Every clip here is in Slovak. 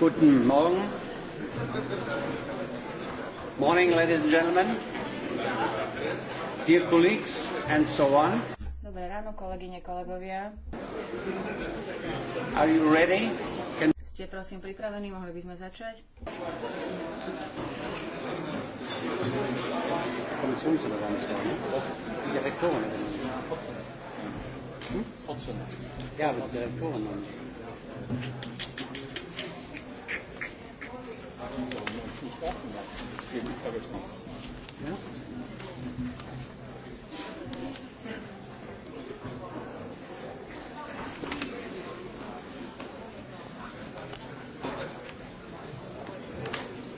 Guten Morgen. Morning, ladies and gentlemen. Dear colleagues and so on. Dobré ráno, kolegyne, kolegovia. Are you ready? Can... Ste prosím pripravení, mohli by sme začať? Hm? Ja, aber der Korn.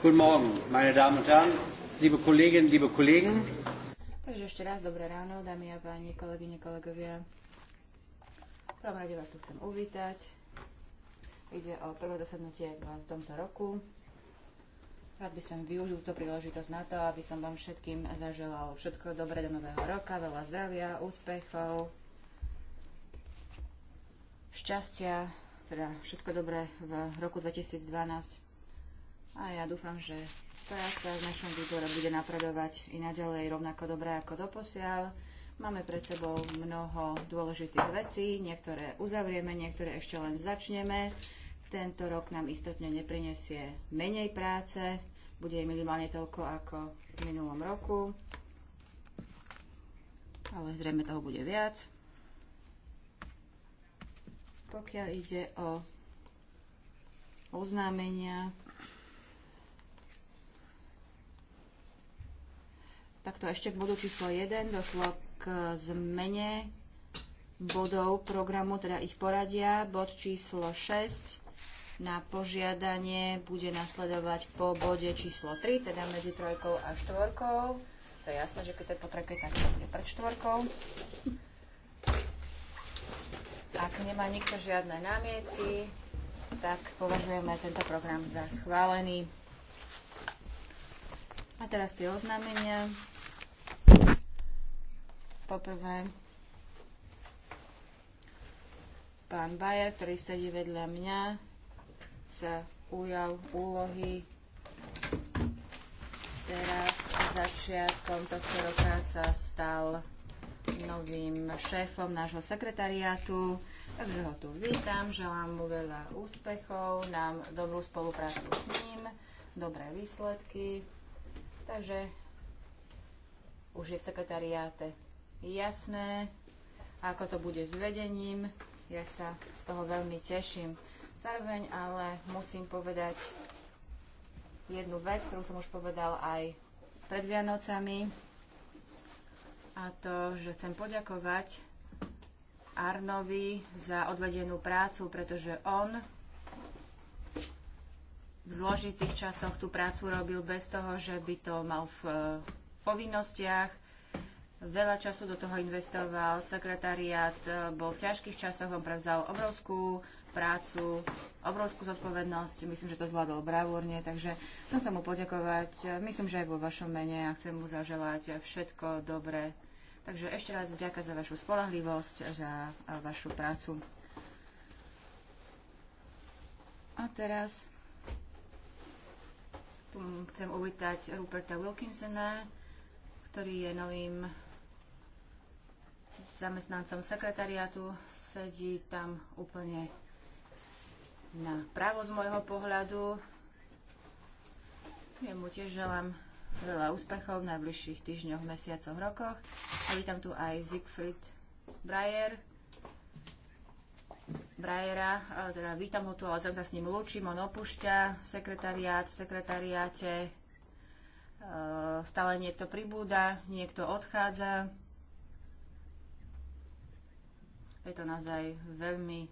Guten Morgen, meine Damen und Herren, liebe Kolleginnen, liebe Kollegen. Takže ešte raz dobré ráno, dámy a páni, kolegyne, kolegovia. V prvom rade vás tu chcem uvítať. Ide o prvé zasadnutie v tomto roku. Rád by som využil tú príležitosť na to, aby som vám všetkým zaželal všetko dobré do nového roka, veľa zdravia, úspechov, šťastia, teda všetko dobré v roku 2012. A ja dúfam, že práca v našom výbore bude napredovať i naďalej rovnako dobré ako doposiaľ. Máme pred sebou mnoho dôležitých vecí, niektoré uzavrieme, niektoré ešte len začneme. Tento rok nám istotne neprinesie menej práce, bude minimálne toľko ako v minulom roku, ale zrejme toho bude viac. Pokiaľ ide o oznámenia, takto ešte k bodu číslo 1 došlo k zmene bodov programu, teda ich poradia. Bod číslo 6 na požiadanie bude nasledovať po bode číslo 3, teda medzi trojkou a štvorkou. To je jasné, že keď to je po trojke, tak to bude pred štvorkou. Ak nemá nikto žiadne námietky, tak považujeme tento program za schválený. A teraz tie oznámenia. Poprvé, pán Bajer, ktorý sedí vedľa mňa, sa ujal úlohy. Teraz začiatkom tohto roka sa stal novým šéfom nášho sekretariátu. Takže ho tu vítam, želám mu veľa úspechov, nám dobrú spoluprácu s ním, dobré výsledky. Takže už je v sekretariáte jasné, ako to bude s vedením. Ja sa z toho veľmi teším. Zároveň ale musím povedať jednu vec, ktorú som už povedal aj pred Vianocami, a to, že chcem poďakovať Arnovi za odvedenú prácu, pretože on v zložitých časoch tú prácu robil bez toho, že by to mal v eh, povinnostiach. Veľa času do toho investoval, sekretariat eh, bol v ťažkých časoch, on prevzal obrovskú prácu, obrovskú zodpovednosť. Myslím, že to zvládol bravúrne, takže chcem sa mu poďakovať. Myslím, že aj vo vašom mene a chcem mu zaželať všetko dobré. Takže ešte raz vďaka za vašu spolahlivosť, za vašu prácu. A teraz tu chcem uvítať Ruperta Wilkinsona, ktorý je novým zamestnancom sekretariátu. Sedí tam úplne na právo z môjho pohľadu. Ja mu tiež želám veľa úspechov v najbližších týždňoch, mesiacoch, rokoch. A vítam tu aj Siegfried Breyer, Brajera, teda vítam ho tu, ale zem sa s ním lúčim, on opúšťa sekretariát, v sekretariáte e, stále niekto pribúda, niekto odchádza. Je to naozaj veľmi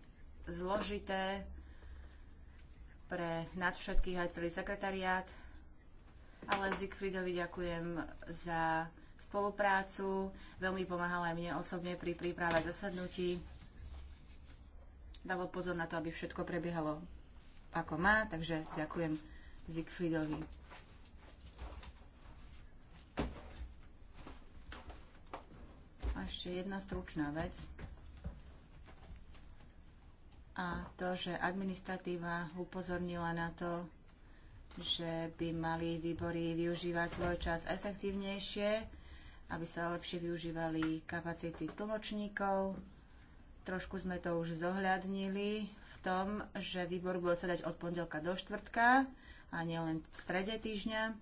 zložité pre nás všetkých aj celý sekretariát. Ale Zigfridovi ďakujem za spoluprácu. Veľmi pomáhal aj mne osobne pri príprave zasadnutí. Dával pozor na to, aby všetko prebiehalo ako má, takže ďakujem Zigfridovi. A ešte jedna stručná vec a to, že administratíva upozornila na to, že by mali výbory využívať svoj čas efektívnejšie, aby sa lepšie využívali kapacity tlmočníkov. Trošku sme to už zohľadnili v tom, že výbor bude sedať od pondelka do štvrtka a nielen v strede týždňa,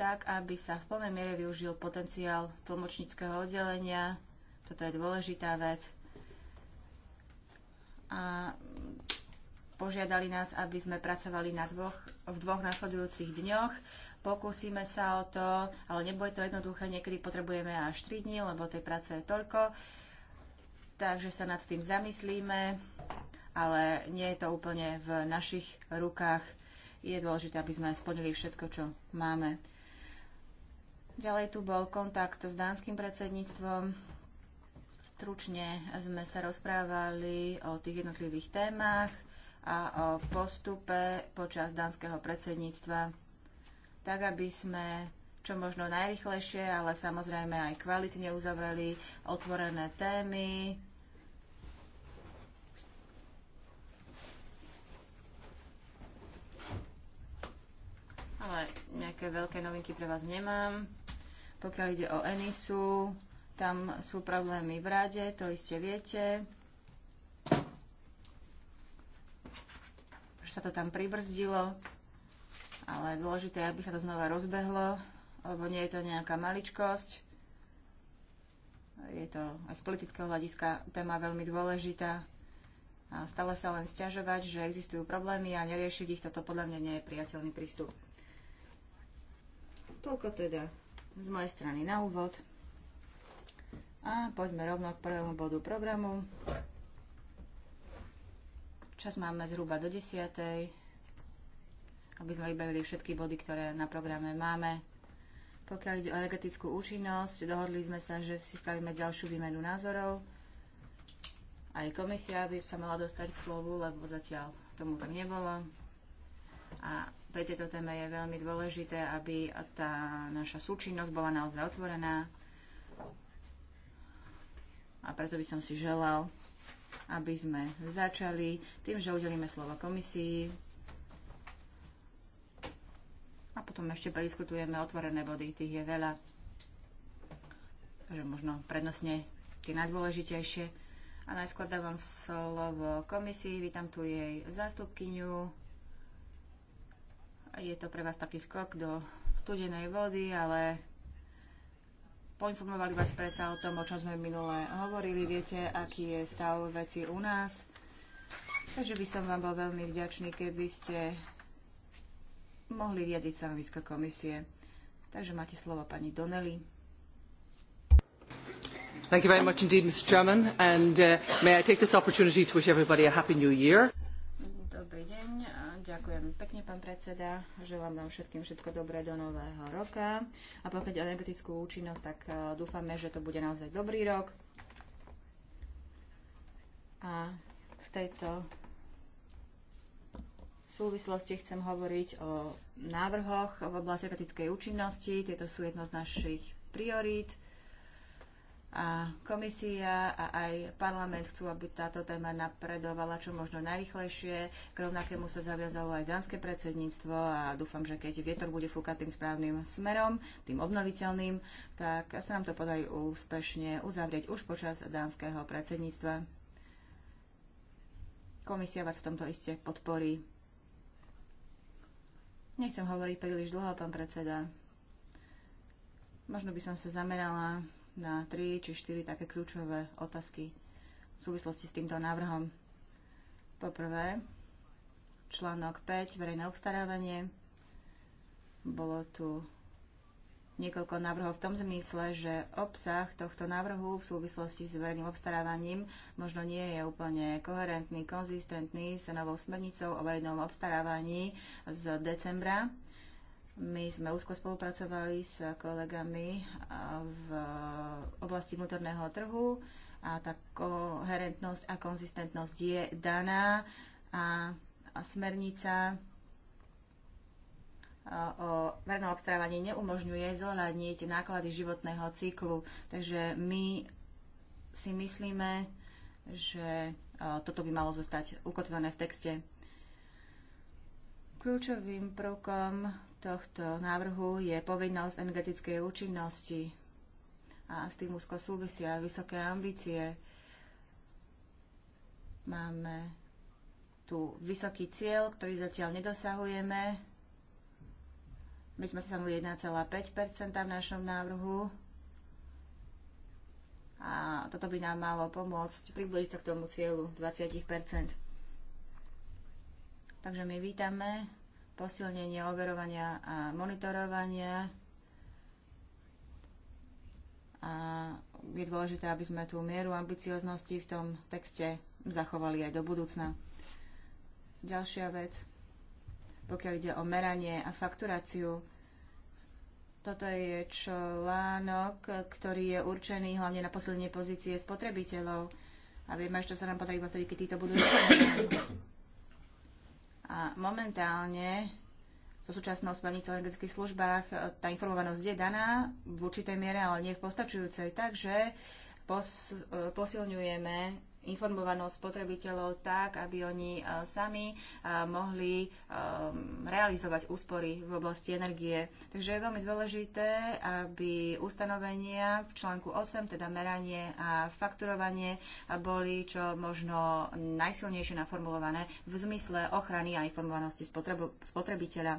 tak aby sa v plnej miere využil potenciál tlmočníckého oddelenia. Toto je dôležitá vec a požiadali nás, aby sme pracovali na dvoch, v dvoch nasledujúcich dňoch. Pokúsime sa o to, ale nebude to jednoduché, niekedy potrebujeme až 3 dní, lebo tej práce je toľko. Takže sa nad tým zamyslíme, ale nie je to úplne v našich rukách. Je dôležité, aby sme splnili všetko, čo máme. Ďalej tu bol kontakt s dánskym predsedníctvom. Stručne sme sa rozprávali o tých jednotlivých témach a o postupe počas dánskeho predsedníctva, tak aby sme čo možno najrychlejšie, ale samozrejme aj kvalitne uzavreli otvorené témy. Ale nejaké veľké novinky pre vás nemám. Pokiaľ ide o Enisu, tam sú problémy v rade, to iste viete. Že sa to tam pribrzdilo, ale dôležité je, aby sa to znova rozbehlo, lebo nie je to nejaká maličkosť. Je to aj z politického hľadiska téma veľmi dôležitá. A stále sa len stiažovať, že existujú problémy a neriešiť ich, toto podľa mňa nie je priateľný prístup. Toľko teda z mojej strany na úvod. A poďme rovno k prvému bodu programu. Čas máme zhruba do desiatej, aby sme vybavili všetky body, ktoré na programe máme. Pokiaľ ide o energetickú účinnosť, dohodli sme sa, že si spravíme ďalšiu výmenu názorov. Aj komisia by sa mala dostať k slovu, lebo zatiaľ tomu tak nebolo. A pri tejto téme je veľmi dôležité, aby tá naša súčinnosť bola naozaj otvorená, a preto by som si želal, aby sme začali tým, že udelíme slovo komisii a potom ešte prediskutujeme otvorené body, tých je veľa. Takže možno prednostne tie najdôležitejšie. A najskôr dávam slovo komisii, vítam tu jej zástupkyňu. Je to pre vás taký skok do studenej vody, ale Poinformovali vás predsa o tom, o čom sme minule hovorili. Viete, aký je stav veci u nás. Takže by som vám bol veľmi vďačný, keby ste mohli vyjadriť stanovisko komisie. Takže máte slovo pani Donnelly. Thank you very much indeed, Mr. Chairman, and uh, may I take this opportunity to wish everybody a happy new year. Dobrý deň Ďakujem pekne, pán predseda. Želám vám všetkým všetko dobré do nového roka. A pokiaľ o energetickú účinnosť, tak e, dúfame, že to bude naozaj dobrý rok. A v tejto súvislosti chcem hovoriť o návrhoch v oblasti energetickej účinnosti. Tieto sú jedno z našich priorít. A komisia a aj parlament chcú, aby táto téma napredovala čo možno najrychlejšie. K rovnakému sa zaviazalo aj dánske predsedníctvo a dúfam, že keď vietor bude fúkať tým správnym smerom, tým obnoviteľným, tak sa nám to podarí úspešne uzavrieť už počas dánskeho predsedníctva. Komisia vás v tomto iste podporí. Nechcem hovoriť príliš dlho, pán predseda. Možno by som sa zamerala na tri či štyri také kľúčové otázky v súvislosti s týmto návrhom. Poprvé, článok 5, verejné obstarávanie. Bolo tu niekoľko návrhov v tom zmysle, že obsah tohto návrhu v súvislosti s verejným obstarávaním možno nie je úplne koherentný, konzistentný s novou smernicou o verejnom obstarávaní z decembra my sme úzko spolupracovali s kolegami v oblasti vnútorného trhu a tá koherentnosť a konzistentnosť je daná a, a smernica o verejnom obstarávaní neumožňuje zohľadniť náklady životného cyklu. Takže my si myslíme, že toto by malo zostať ukotvené v texte. Kľúčovým prvkom tohto návrhu je povinnosť energetickej účinnosti a s tým úzko súvisia vysoké ambície. Máme tu vysoký cieľ, ktorý zatiaľ nedosahujeme. My sme sa mu 1,5 v našom návrhu a toto by nám malo pomôcť približiť sa k tomu cieľu 20 Takže my vítame posilnenie overovania a monitorovania. A je dôležité, aby sme tú mieru ambicioznosti v tom texte zachovali aj do budúcna. Ďalšia vec, pokiaľ ide o meranie a fakturáciu, toto je článok, ktorý je určený hlavne na posilnenie pozície spotrebiteľov a vieme, čo sa nám podarí vtedy, keď títo budú A momentálne so súčasnou smernicou o energetických službách e, tá informovanosť je daná v určitej miere, ale nie v postačujúcej. Takže pos, e, posilňujeme informovanosť spotrebiteľov tak, aby oni e, sami e, mohli e, realizovať úspory v oblasti energie. Takže je veľmi dôležité, aby ustanovenia v článku 8, teda meranie a fakturovanie, boli čo možno najsilnejšie naformulované v zmysle ochrany a informovanosti spotrebiteľa.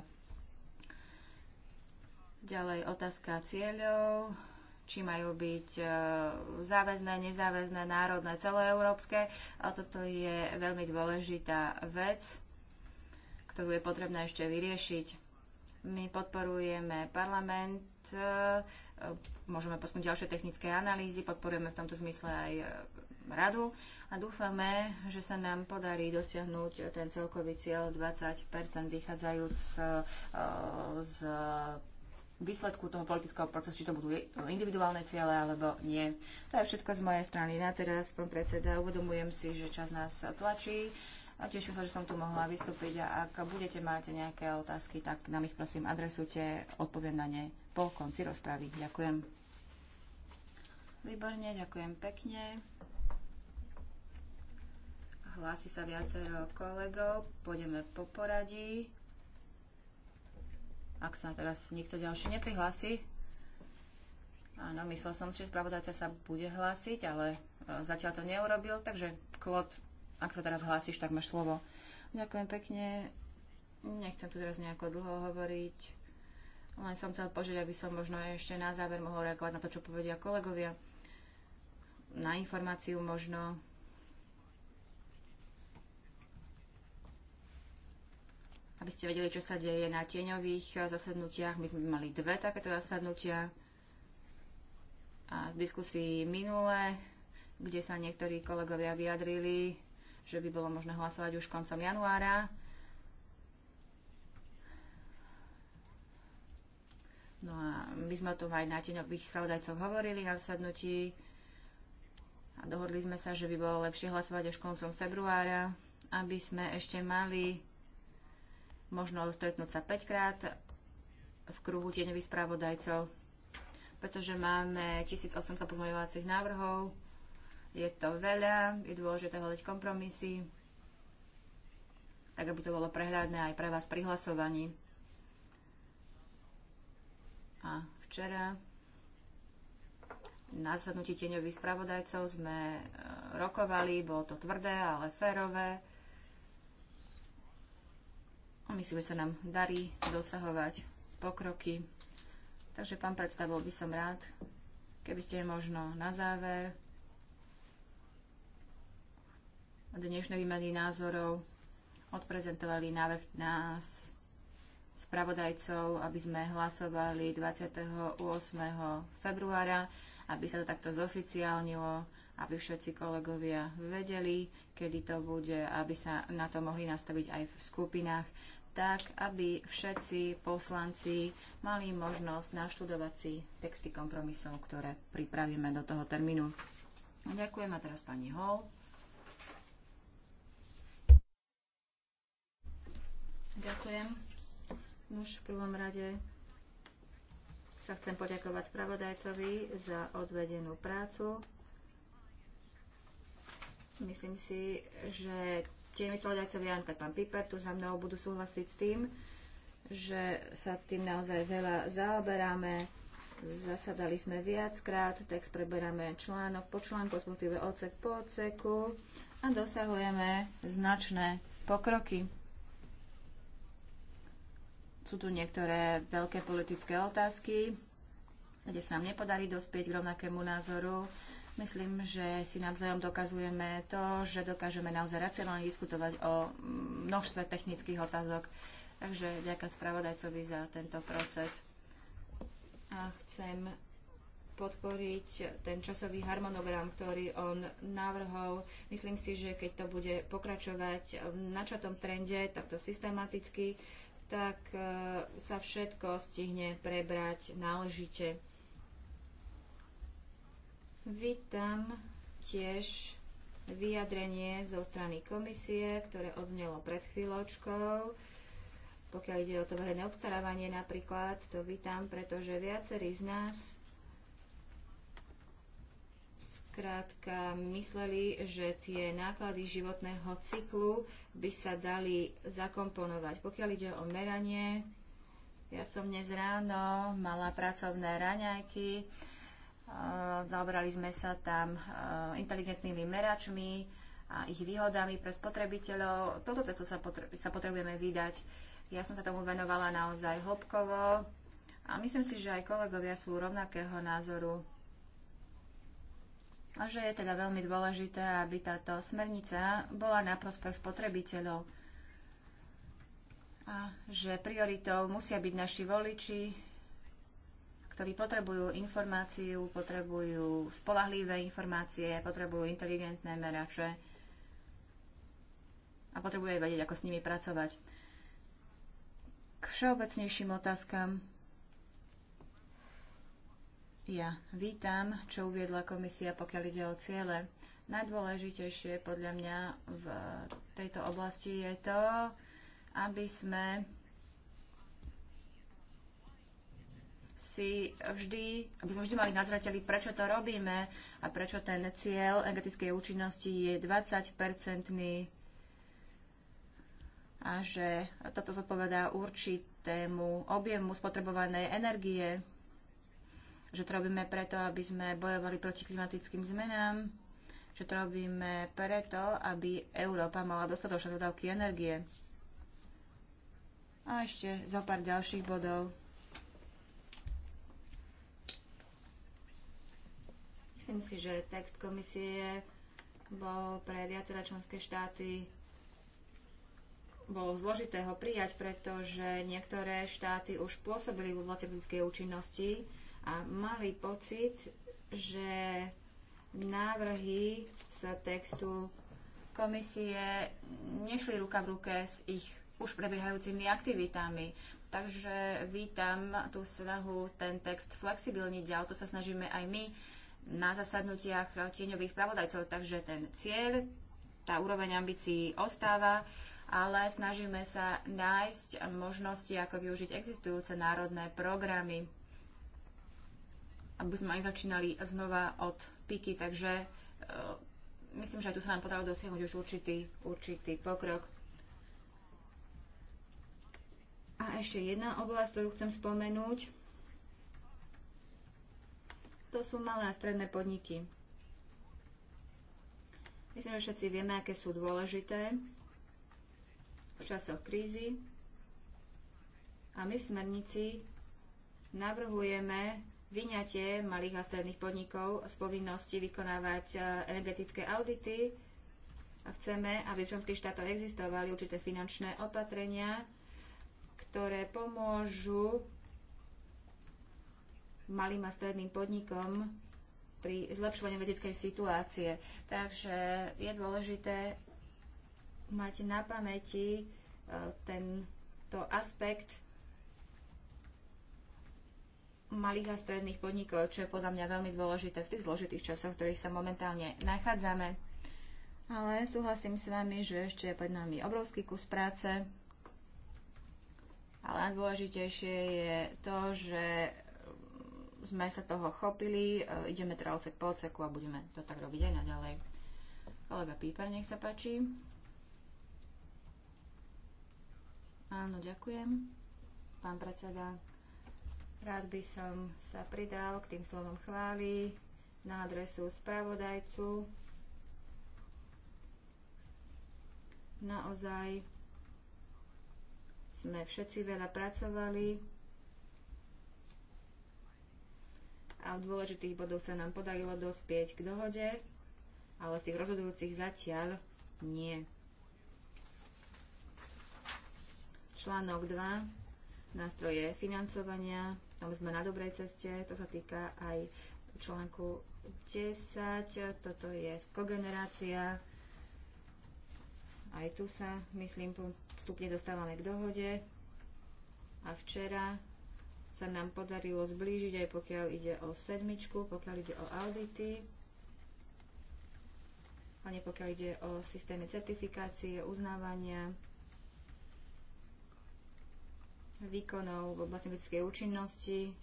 Ďalej otázka cieľov či majú byť e, záväzné, nezáväzné, národné, celoeurópske. A toto je veľmi dôležitá vec, ktorú je potrebné ešte vyriešiť. My podporujeme parlament, e, môžeme poskúť ďalšie technické analýzy, podporujeme v tomto zmysle aj e, radu a dúfame, že sa nám podarí dosiahnuť ten celkový cieľ 20 vychádzajúc z, z výsledku toho politického procesu, či to budú no, individuálne ciele alebo nie. To je všetko z mojej strany na teraz, pán predseda. Uvedomujem si, že čas nás tlačí. A teším sa, že som tu mohla vystúpiť a ak budete mať nejaké otázky, tak nám ich prosím adresujte, odpoviem na ne po konci rozpravy. Ďakujem. Výborne, ďakujem pekne. Hlási sa viacero kolegov, pôjdeme po poradí. Ak sa teraz nikto ďalší neprihlási, áno, myslel som si, že spravodajca sa bude hlásiť, ale e, zatiaľ to neurobil, takže Klod, ak sa teraz hlásiš, tak máš slovo. Ďakujem pekne. Nechcem tu teraz nejako dlho hovoriť. Len som chcel požiť, aby som možno ešte na záver mohol reagovať na to, čo povedia kolegovia. Na informáciu možno aby ste vedeli, čo sa deje na tieňových eh, zasadnutiach. My sme mali dve takéto zasadnutia a z diskusí minule, kde sa niektorí kolegovia vyjadrili, že by bolo možné hlasovať už koncom januára. No a my sme o tom aj na tieňových spravodajcov hovorili na zasadnutí a dohodli sme sa, že by bolo lepšie hlasovať až koncom februára, aby sme ešte mali možno stretnúť sa 5 krát v kruhu tieňových správodajcov, pretože máme 1800 pozmeňovacích návrhov, je to veľa, je dôležité hľadať kompromisy, tak aby to bolo prehľadné aj pre vás pri hlasovaní. A včera na zasadnutí tieňových spravodajcov sme e, rokovali, bolo to tvrdé, ale férové. Myslím, že sa nám darí dosahovať pokroky. Takže, pán predseda, bol by som rád, keby ste možno na záver dnešnej výmeny názorov odprezentovali návrh nás, spravodajcov, aby sme hlasovali 28. februára, aby sa to takto zoficiálnilo, aby všetci kolegovia vedeli, kedy to bude, aby sa na to mohli nastaviť aj v skupinách tak, aby všetci poslanci mali možnosť naštudovať si texty kompromisov, ktoré pripravíme do toho termínu. Ďakujem a teraz pani Hall. Ďakujem. Už v prvom rade sa chcem poďakovať spravodajcovi za odvedenú prácu. Myslím si, že tie spravodajcovia, napríklad pán Piper, tu za mnou budú súhlasiť s tým, že sa tým naozaj veľa zaoberáme. Zasadali sme viackrát, text preberáme článok po článku, respektíve odsek po odseku a dosahujeme značné pokroky. Sú tu niektoré veľké politické otázky, kde sa nám nepodarí dospieť k rovnakému názoru. Myslím, že si navzájom dokazujeme to, že dokážeme naozaj racionálne diskutovať o množstve technických otázok. Takže ďakujem spravodajcovi za tento proces. A chcem podporiť ten časový harmonogram, ktorý on navrhol. Myslím si, že keď to bude pokračovať v načatom trende, takto systematicky, tak eh, sa všetko stihne prebrať náležite. Vítam tiež vyjadrenie zo strany komisie, ktoré odznelo pred chvíľočkou. Pokiaľ ide o to verejné obstarávanie napríklad, to vítam, pretože viacerí z nás skrátka mysleli, že tie náklady životného cyklu by sa dali zakomponovať. Pokiaľ ide o meranie, ja som dnes ráno mala pracovné raňajky, Zaoberali sme sa tam e, inteligentnými meračmi a ich výhodami pre spotrebiteľov. Toto cestu sa, potre- sa potrebujeme vydať. Ja som sa tomu venovala naozaj hlbkovo a myslím si, že aj kolegovia sú rovnakého názoru. A že je teda veľmi dôležité, aby táto smernica bola na prospech spotrebiteľov. A že prioritou musia byť naši voliči, ktorí potrebujú informáciu, potrebujú spolahlivé informácie, potrebujú inteligentné merače a potrebujú aj vedieť, ako s nimi pracovať. K všeobecnejším otázkam ja vítam, čo uviedla komisia, pokiaľ ide o ciele. Najdôležitejšie podľa mňa v tejto oblasti je to, aby sme si vždy, aby sme vždy mali na prečo to robíme a prečo ten cieľ energetickej účinnosti je 20-percentný a že toto zodpovedá určitému objemu spotrebovanej energie, že to robíme preto, aby sme bojovali proti klimatickým zmenám, že to robíme preto, aby Európa mala dostatočné dodávky energie. A ešte zo pár ďalších bodov. Myslím si, že text komisie bol pre viaceré členské štáty bolo zložité ho prijať, pretože niektoré štáty už pôsobili v oblasti politickej účinnosti a mali pocit, že návrhy z textu komisie nešli ruka v ruke s ich už prebiehajúcimi aktivitami. Takže vítam tú snahu ten text flexibilniť a o to sa snažíme aj my na zasadnutiach tieňových spravodajcov. Takže ten cieľ, tá úroveň ambícií ostáva, ale snažíme sa nájsť možnosti, ako využiť existujúce národné programy, aby sme aj začínali znova od piky. Takže e, myslím, že aj tu sa nám podalo dosiahnuť už určitý, určitý pokrok. A ešte jedna oblasť, ktorú chcem spomenúť, to sú malé a stredné podniky. Myslím, že všetci vieme, aké sú dôležité v časoch krízy. A my v smernici navrhujeme vyňatie malých a stredných podnikov z povinnosti vykonávať e, energetické audity a chceme, aby v členských štátoch existovali určité finančné opatrenia, ktoré pomôžu malým a stredným podnikom pri zlepšovaní vedeckej situácie. Takže je dôležité mať na pamäti e, tento aspekt malých a stredných podnikov, čo je podľa mňa veľmi dôležité v tých zložitých časoch, v ktorých sa momentálne nachádzame. Ale súhlasím s vami, že ešte je pred nami obrovský kus práce. Ale najdôležitejšie je to, že sme sa toho chopili, e, ideme teda odsek po odseku a budeme to tak robiť aj naďalej. Kolega Píper, nech sa páči. Áno, ďakujem. Pán predseda, rád by som sa pridal k tým slovom chvály na adresu spravodajcu. Naozaj sme všetci veľa pracovali a v dôležitých bodov sa nám podarilo dospieť k dohode, ale z tých rozhodujúcich zatiaľ nie. Článok 2, nástroje financovania, tam sme na dobrej ceste, to sa týka aj článku 10, toto je kogenerácia, aj tu sa, myslím, postupne dostávame k dohode. A včera sa nám podarilo zblížiť, aj pokiaľ ide o sedmičku, pokiaľ ide o audity, hlavne pokiaľ ide o systémy certifikácie, uznávania, výkonov v oblasti vedeckej účinnosti.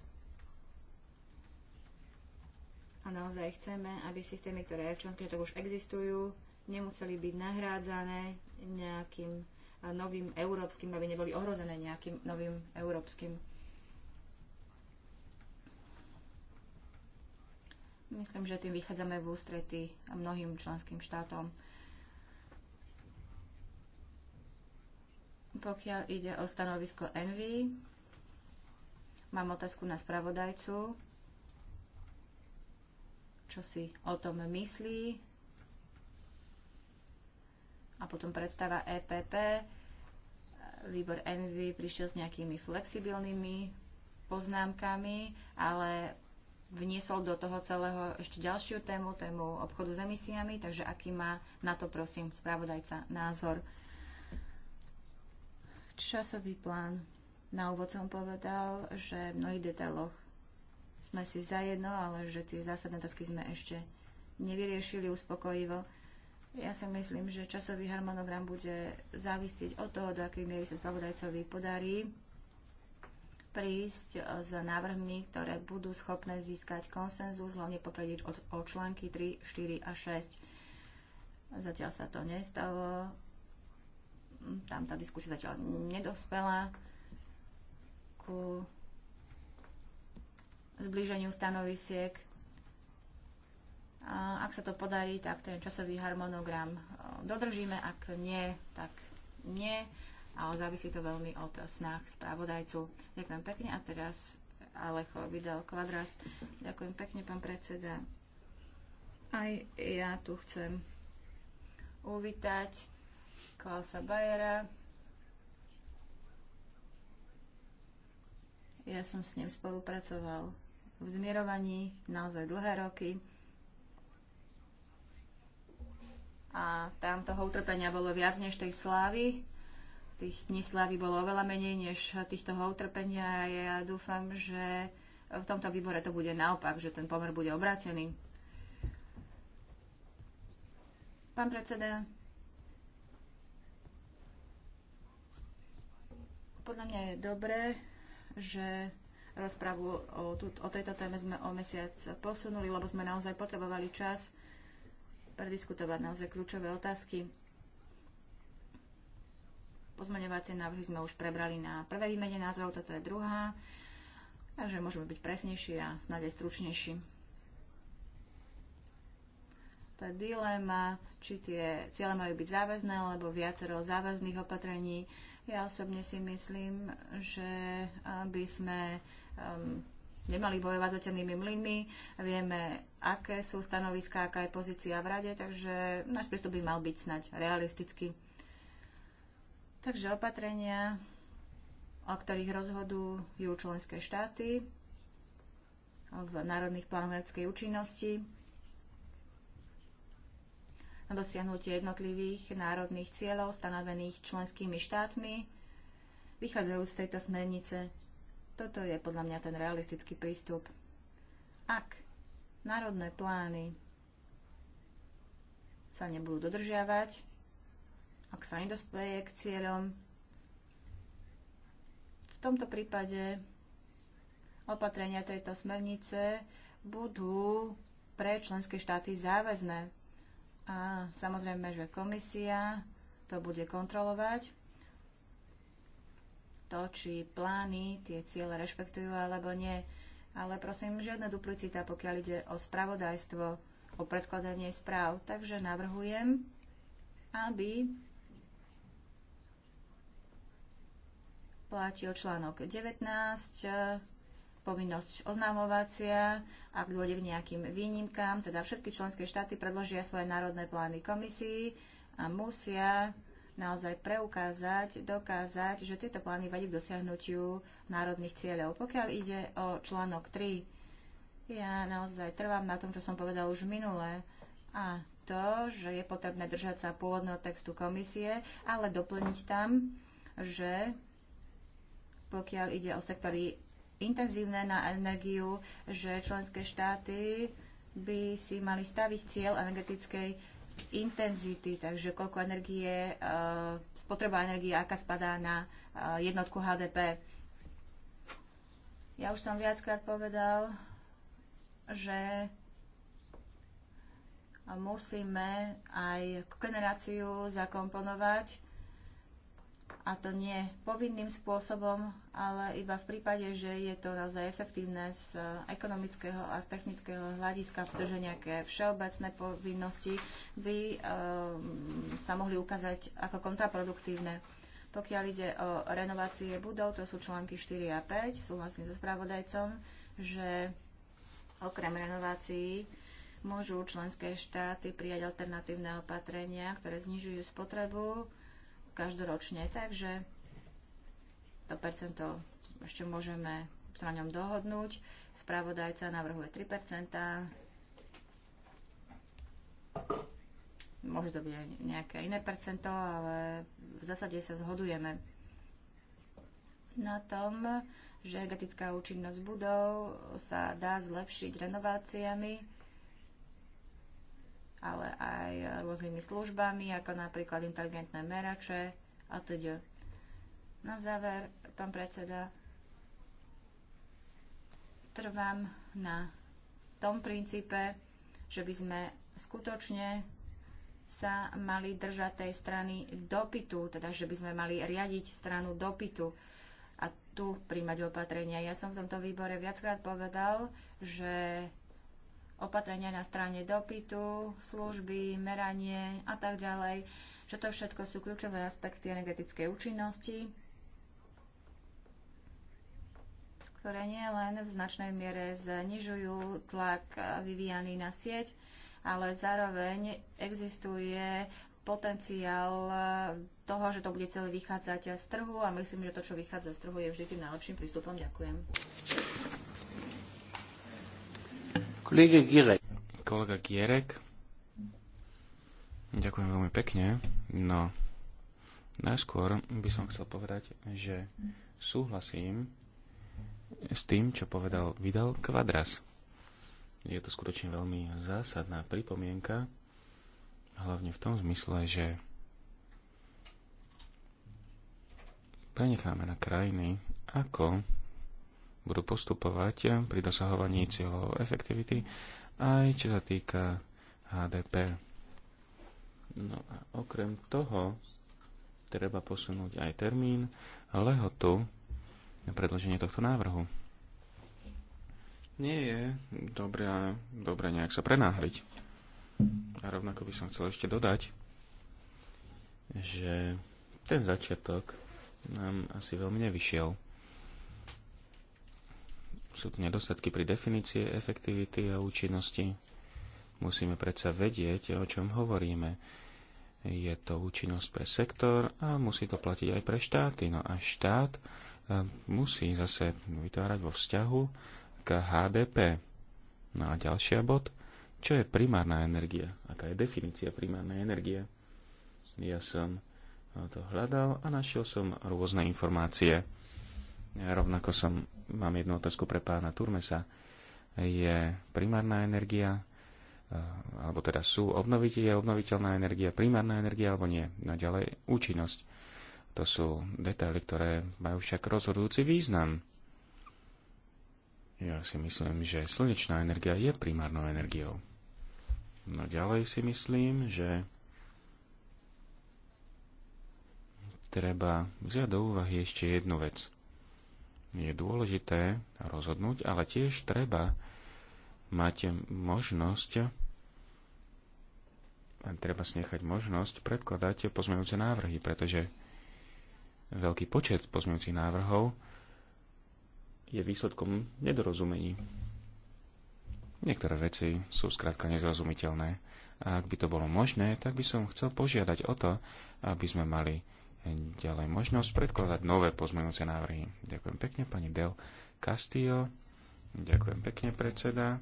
A naozaj chceme, aby systémy, ktoré v členských štátoch už existujú, nemuseli byť nahrádzané nejakým novým európskym, aby neboli ohrozené nejakým novým európskym Myslím, že tým vychádzame v ústrety mnohým členským štátom. Pokiaľ ide o stanovisko Envy, mám otázku na spravodajcu, čo si o tom myslí a potom predstava EPP. Výbor Envy prišiel s nejakými flexibilnými poznámkami, ale vniesol do toho celého ešte ďalšiu tému, tému obchodu s emisiami, takže aký má na to, prosím, spravodajca názor. Časový plán. Na úvod som povedal, že v mnohých detailoch sme si zajedno, ale že tie zásadné otázky sme ešte nevyriešili uspokojivo. Ja si myslím, že časový harmonogram bude závisieť od toho, do akej miery sa spravodajcovi podarí prísť eh, s návrhmi, ktoré budú schopné získať konsenzus, hlavne pokiaľ ide o, o články 3, 4 a 6. Zatiaľ sa to nestalo. Tam tá diskusia zatiaľ nedospela ku zbliženiu stanovisiek. A ak sa to podarí, tak ten časový harmonogram eh, dodržíme, ak nie, tak nie ale závisí to veľmi od snách správodajcu. Ďakujem pekne a teraz Alecho Vidal Kvadras. Ďakujem pekne, pán predseda. Aj ja tu chcem uvítať Klausa Bajera. Ja som s ním spolupracoval v zmierovaní naozaj dlhé roky. A tam toho utrpenia bolo viac než tej slávy tých dní slavy bolo oveľa menej než týchto utrpenia a ja dúfam, že v tomto výbore to bude naopak, že ten pomer bude obrátený. Pán predseda, podľa mňa je dobré, že rozpravu o, tu, o tejto téme sme o mesiac posunuli, lebo sme naozaj potrebovali čas prediskutovať naozaj kľúčové otázky. Pozmeňovacie návrhy sme už prebrali na prvej výmene názvov, toto je druhá. Takže môžeme byť presnejší a snáď aj stručnejší. To je dilema, či tie ciele majú byť záväzné, alebo viacero záväzných opatrení. Ja osobne si myslím, že by sme um, nemali bojovať za temnými mlynmi. Vieme, aké sú stanoviská, aká je pozícia v rade, takže náš prístup by mal byť snať realistický. Takže opatrenia, o ktorých rozhodujú členské štáty, v národných plánverskej účinnosti, na dosiahnutie jednotlivých národných cieľov stanovených členskými štátmi, vychádzajú z tejto smernice. Toto je podľa mňa ten realistický prístup. Ak národné plány sa nebudú dodržiavať, ak sa nedospeje k cieľom. V tomto prípade opatrenia tejto smernice budú pre členské štáty záväzné. A samozrejme, že komisia to bude kontrolovať, to, či plány tie ciele rešpektujú alebo nie. Ale prosím, žiadna duplicita, pokiaľ ide o spravodajstvo, o predkladanie správ. Takže navrhujem, aby platil článok 19, e, povinnosť oznamovacia, ak dôjde k nejakým výnimkám, teda všetky členské štáty predložia svoje národné plány komisii a musia naozaj preukázať, dokázať, že tieto plány vedú k dosiahnutiu národných cieľov. Pokiaľ ide o článok 3, ja naozaj trvám na tom, čo som povedal už minule, a to, že je potrebné držať sa pôvodného textu komisie, ale doplniť tam, že pokiaľ ide o sektory intenzívne na energiu, že členské štáty by si mali staviť cieľ energetickej intenzity, takže koľko energie, e, spotreba energie, aká spadá na e, jednotku HDP. Ja už som viackrát povedal, že musíme aj generáciu zakomponovať a to nie povinným spôsobom, ale iba v prípade, že je to naozaj efektívne z e, ekonomického a z technického hľadiska, pretože nejaké všeobecné povinnosti by um, sa mohli ukázať ako kontraproduktívne. Pokiaľ ide o renovácie budov, to sú články 4 a 5, súhlasím so spravodajcom, že okrem renovácií môžu členské štáty prijať alternatívne opatrenia, ktoré znižujú spotrebu každoročne, takže to percento ešte môžeme sa na ňom dohodnúť. Spravodajca navrhuje 3%. Môže to byť aj nejaké iné percento, ale v zásade sa zhodujeme na tom, že energetická účinnosť budov sa dá zlepšiť renováciami ale aj e, rôznymi službami, ako napríklad inteligentné merače a teď. Teda. Na záver, pán predseda, trvám na tom princípe, že by sme skutočne sa mali držať tej strany dopytu, teda že by sme mali riadiť stranu dopytu a tu príjmať opatrenia. Ja som v tomto výbore viackrát povedal, že opatrenia na strane dopytu, služby, meranie a tak ďalej, že to všetko sú kľúčové aspekty energetickej účinnosti, ktoré nie len v značnej miere znižujú tlak vyvíjaný na sieť, ale zároveň existuje potenciál toho, že to bude celé vychádzať z trhu a myslím, že to, čo vychádza z trhu, je vždy tým najlepším prístupom. Ďakujem. Kolega Kolega Gierek. Ďakujem veľmi pekne. No, najskôr by som chcel povedať, že súhlasím s tým, čo povedal Vidal Kvadras. Je to skutočne veľmi zásadná pripomienka, hlavne v tom zmysle, že prenecháme na krajiny ako budú postupovať pri dosahovaní cieľov efektivity, aj čo sa týka HDP. No a okrem toho treba posunúť aj termín lehotu na predloženie tohto návrhu. Nie je dobré, dobré nejak sa prenáhliť. A rovnako by som chcel ešte dodať, že ten začiatok nám asi veľmi nevyšiel sú tu nedostatky pri definície efektivity a účinnosti. Musíme predsa vedieť, o čom hovoríme. Je to účinnosť pre sektor a musí to platiť aj pre štáty. No a štát eh, musí zase vytvárať vo vzťahu k HDP. No a ďalšia bod, čo je primárna energia? Aká je definícia primárnej energie? Ja som to hľadal a našiel som rôzne informácie. Ja rovnako som mám jednu otázku pre pána Turmesa. Je primárna energia, e, alebo teda sú obnoviteľ, je obnoviteľná energia, primárna energia alebo nie. No ďalej účinnosť. To sú detaily, ktoré majú však rozhodujúci význam. Ja si myslím, že slnečná energia je primárnou energiou. No ďalej si myslím, že treba vziať do úvahy ešte jednu vec je dôležité rozhodnúť, ale tiež treba mať možnosť treba snechať možnosť predkladať pozmeňujúce návrhy, pretože veľký počet pozmeňujúcich návrhov je výsledkom nedorozumení. Niektoré veci sú skrátka nezrozumiteľné a ak by to bolo možné, tak by som chcel požiadať o to, aby sme mali ďalej možnosť predkladať nové pozmeňujúce návrhy. Ďakujem pekne, pani Del Castillo. Ďakujem pekne, predseda.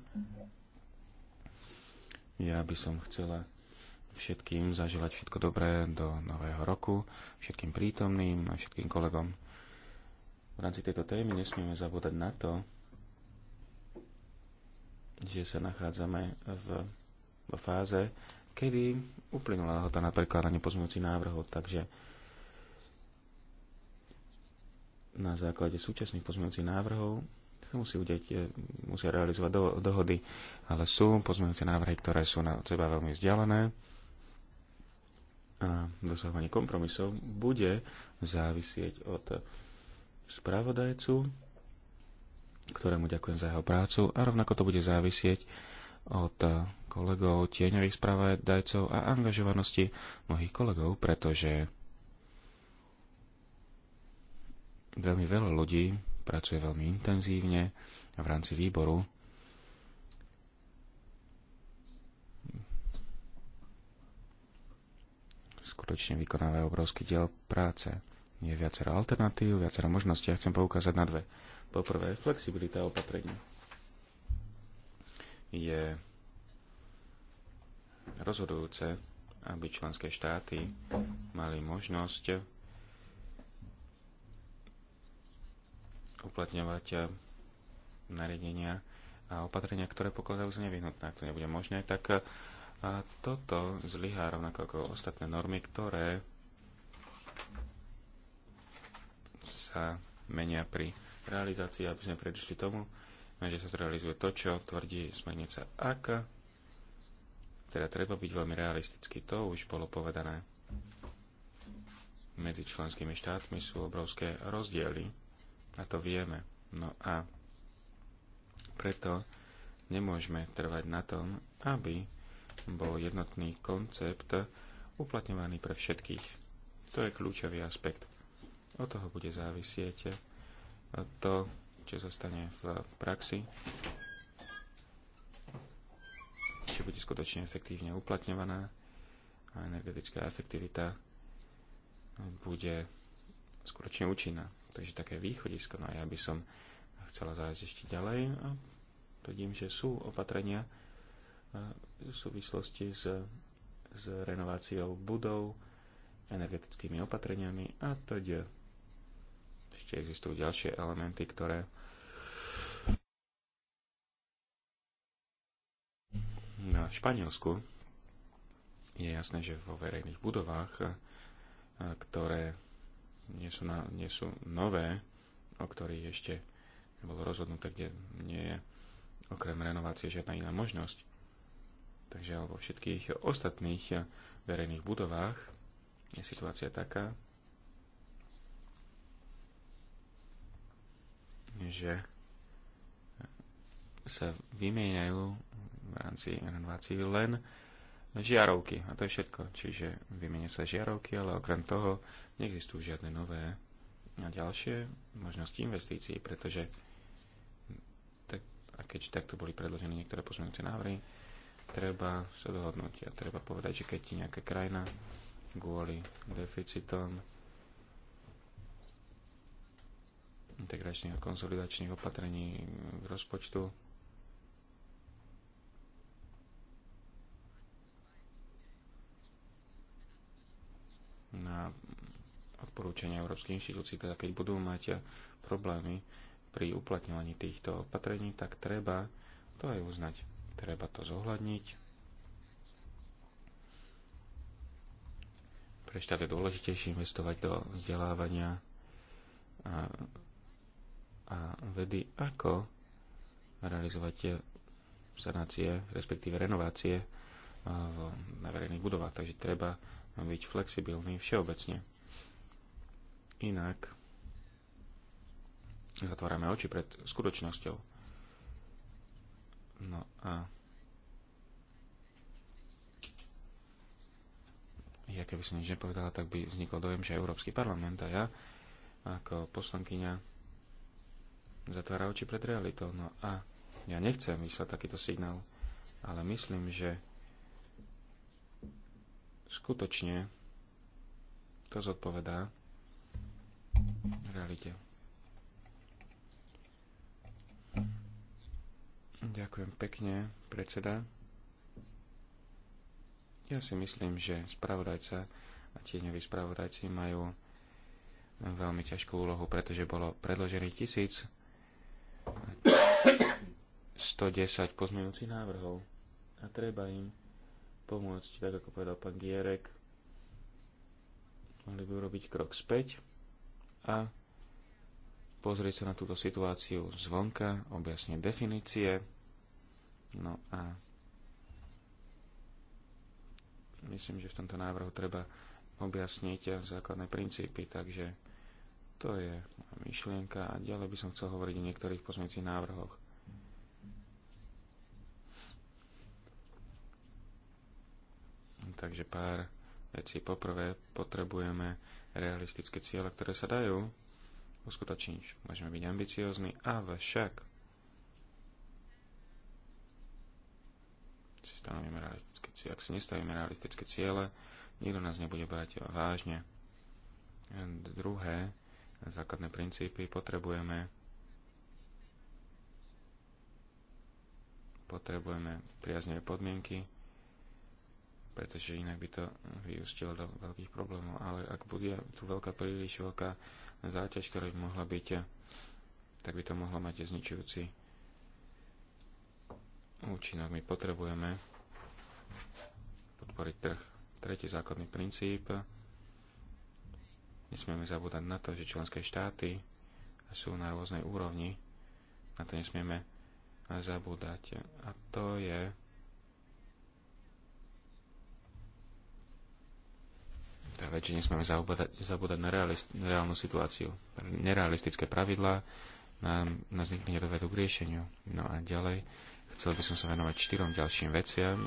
Ja by som chcela všetkým zaželať všetko dobré do nového roku, všetkým prítomným a všetkým kolegom. V rámci tejto témy nesmieme zabúdať na to, že sa nachádzame v, v fáze, kedy uplynula hota na prekladanie pozmeňujúcich návrhov, takže na základe súčasných pozmeňujúcich návrhov sa musí udeť, e, musia realizovať do, dohody, ale sú pozmeňujúce návrhy, ktoré sú na seba veľmi vzdialené a dosahovanie kompromisov bude závisieť od spravodajcu, ktorému ďakujem za jeho prácu a rovnako to bude závisieť od kolegov tieňových spravodajcov a angažovanosti mnohých kolegov, pretože Veľmi veľa ľudí pracuje veľmi intenzívne v rámci výboru. Skutočne vykonávajú obrovský diel práce. Je viacero alternatív, viacero možností. Ja chcem poukázať na dve. Poprvé, flexibilita opatrení. Je rozhodujúce, aby členské štáty mali možnosť uplatňovať eh, nariadenia a opatrenia, ktoré pokladajú za nevyhnutné. Ak to nebude možné, tak eh, a toto zlyhá rovnako ako ostatné normy, ktoré sa menia pri realizácii, aby sme predišli tomu, že sa zrealizuje to, čo tvrdí smernica AK. Eh, teda treba byť veľmi realistický, to už bolo povedané. Medzi členskými štátmi sú obrovské rozdiely a to vieme. No a preto nemôžeme trvať na tom, aby bol jednotný koncept uplatňovaný pre všetkých. To je kľúčový aspekt. Od toho bude závisieť to, čo zostane v praxi, či bude skutočne efektívne uplatňovaná a energetická efektivita bude skutočne účinná. Takže také východisko. No a ja by som chcela zájsť ešte ďalej a vidím, že sú opatrenia e, v súvislosti s, s renováciou budov, energetickými opatreniami a teď ešte existujú ďalšie elementy, ktoré no, v Španielsku je jasné, že vo verejných budovách, e, ktoré nie sú, na, nie sú nové, o ktorých ešte nebolo rozhodnuté, kde nie je okrem renovácie žiadna iná možnosť. Takže alebo vo všetkých ostatných eh, verejných budovách je situácia taká, že eh, sa vymieňajú v rámci renovácií len žiarovky. A to je všetko. Čiže vymenia sa žiarovky, ale okrem toho neexistujú žiadne nové a ďalšie možnosti investícií, pretože tak, a keď takto boli predložené niektoré posunúce návrhy, treba sa dohodnúť a treba povedať, že keď ti nejaká krajina kvôli deficitom integračných a konsolidačných opatrení k rozpočtu na odporúčania európskych inštitúcií, teda keď budú mať problémy pri uplatňovaní týchto opatrení, tak treba to aj uznať. Treba to zohľadniť. Pre štát je dôležitejšie investovať do vzdelávania a, a vedy, ako realizovať sanácie, respektíve renovácie v, na verejných budovách. Takže treba byť flexibilní všeobecne. Inak zatvárame oči pred skutočnosťou. No a ja keby som nič nepovedala, tak by vznikol dojem, že Európsky parlament a ja ako poslankyňa zatvára oči pred realitou. No a ja nechcem vyslať takýto signál, ale myslím, že skutočne to zodpovedá realite. Ďakujem pekne, predseda. Ja si myslím, že spravodajca a tieňoví spravodajci majú veľmi ťažkú úlohu, pretože bolo predložených 1110 pozmeňujúcich návrhov a treba im pomôcť, tak ako povedal pán Gierek, mali by urobiť krok späť a pozrieť sa na túto situáciu zvonka, objasniť definície, no a myslím, že v tomto návrhu treba objasniť základné princípy, takže to je myšlienka a ďalej by som chcel hovoriť o niektorých pozmeňujúcich návrhoch. Takže pár vecí. Poprvé potrebujeme realistické ciele, ktoré sa dajú uskutočniť. Môžeme byť ambiciózni, avšak si stanovíme realistické ciele. Ak si nestavíme realistické ciele, nikto nás nebude brať vážne. Druhé, základné princípy potrebujeme potrebujeme priaznivé podmienky, pretože inak by to vyústilo do veľkých problémov. Ale ak bude tu veľká, príliš veľká záťaž, ktorá by mohla byť, tak by to mohlo mať zničujúci účinok. My potrebujeme podporiť trh. Tretí základný princíp. Nesmieme zabúdať na to, že členské štáty sú na rôznej úrovni. Na to nesmieme zabúdať. A to je Tak väčšie že nesmieme zabúdať, zabúdať na realist, reálnu situáciu. Nerealistické pravidlá nám, na nikdy nedovedú k riešeniu. No a ďalej, chcel by som sa venovať štyrom ďalším veciam,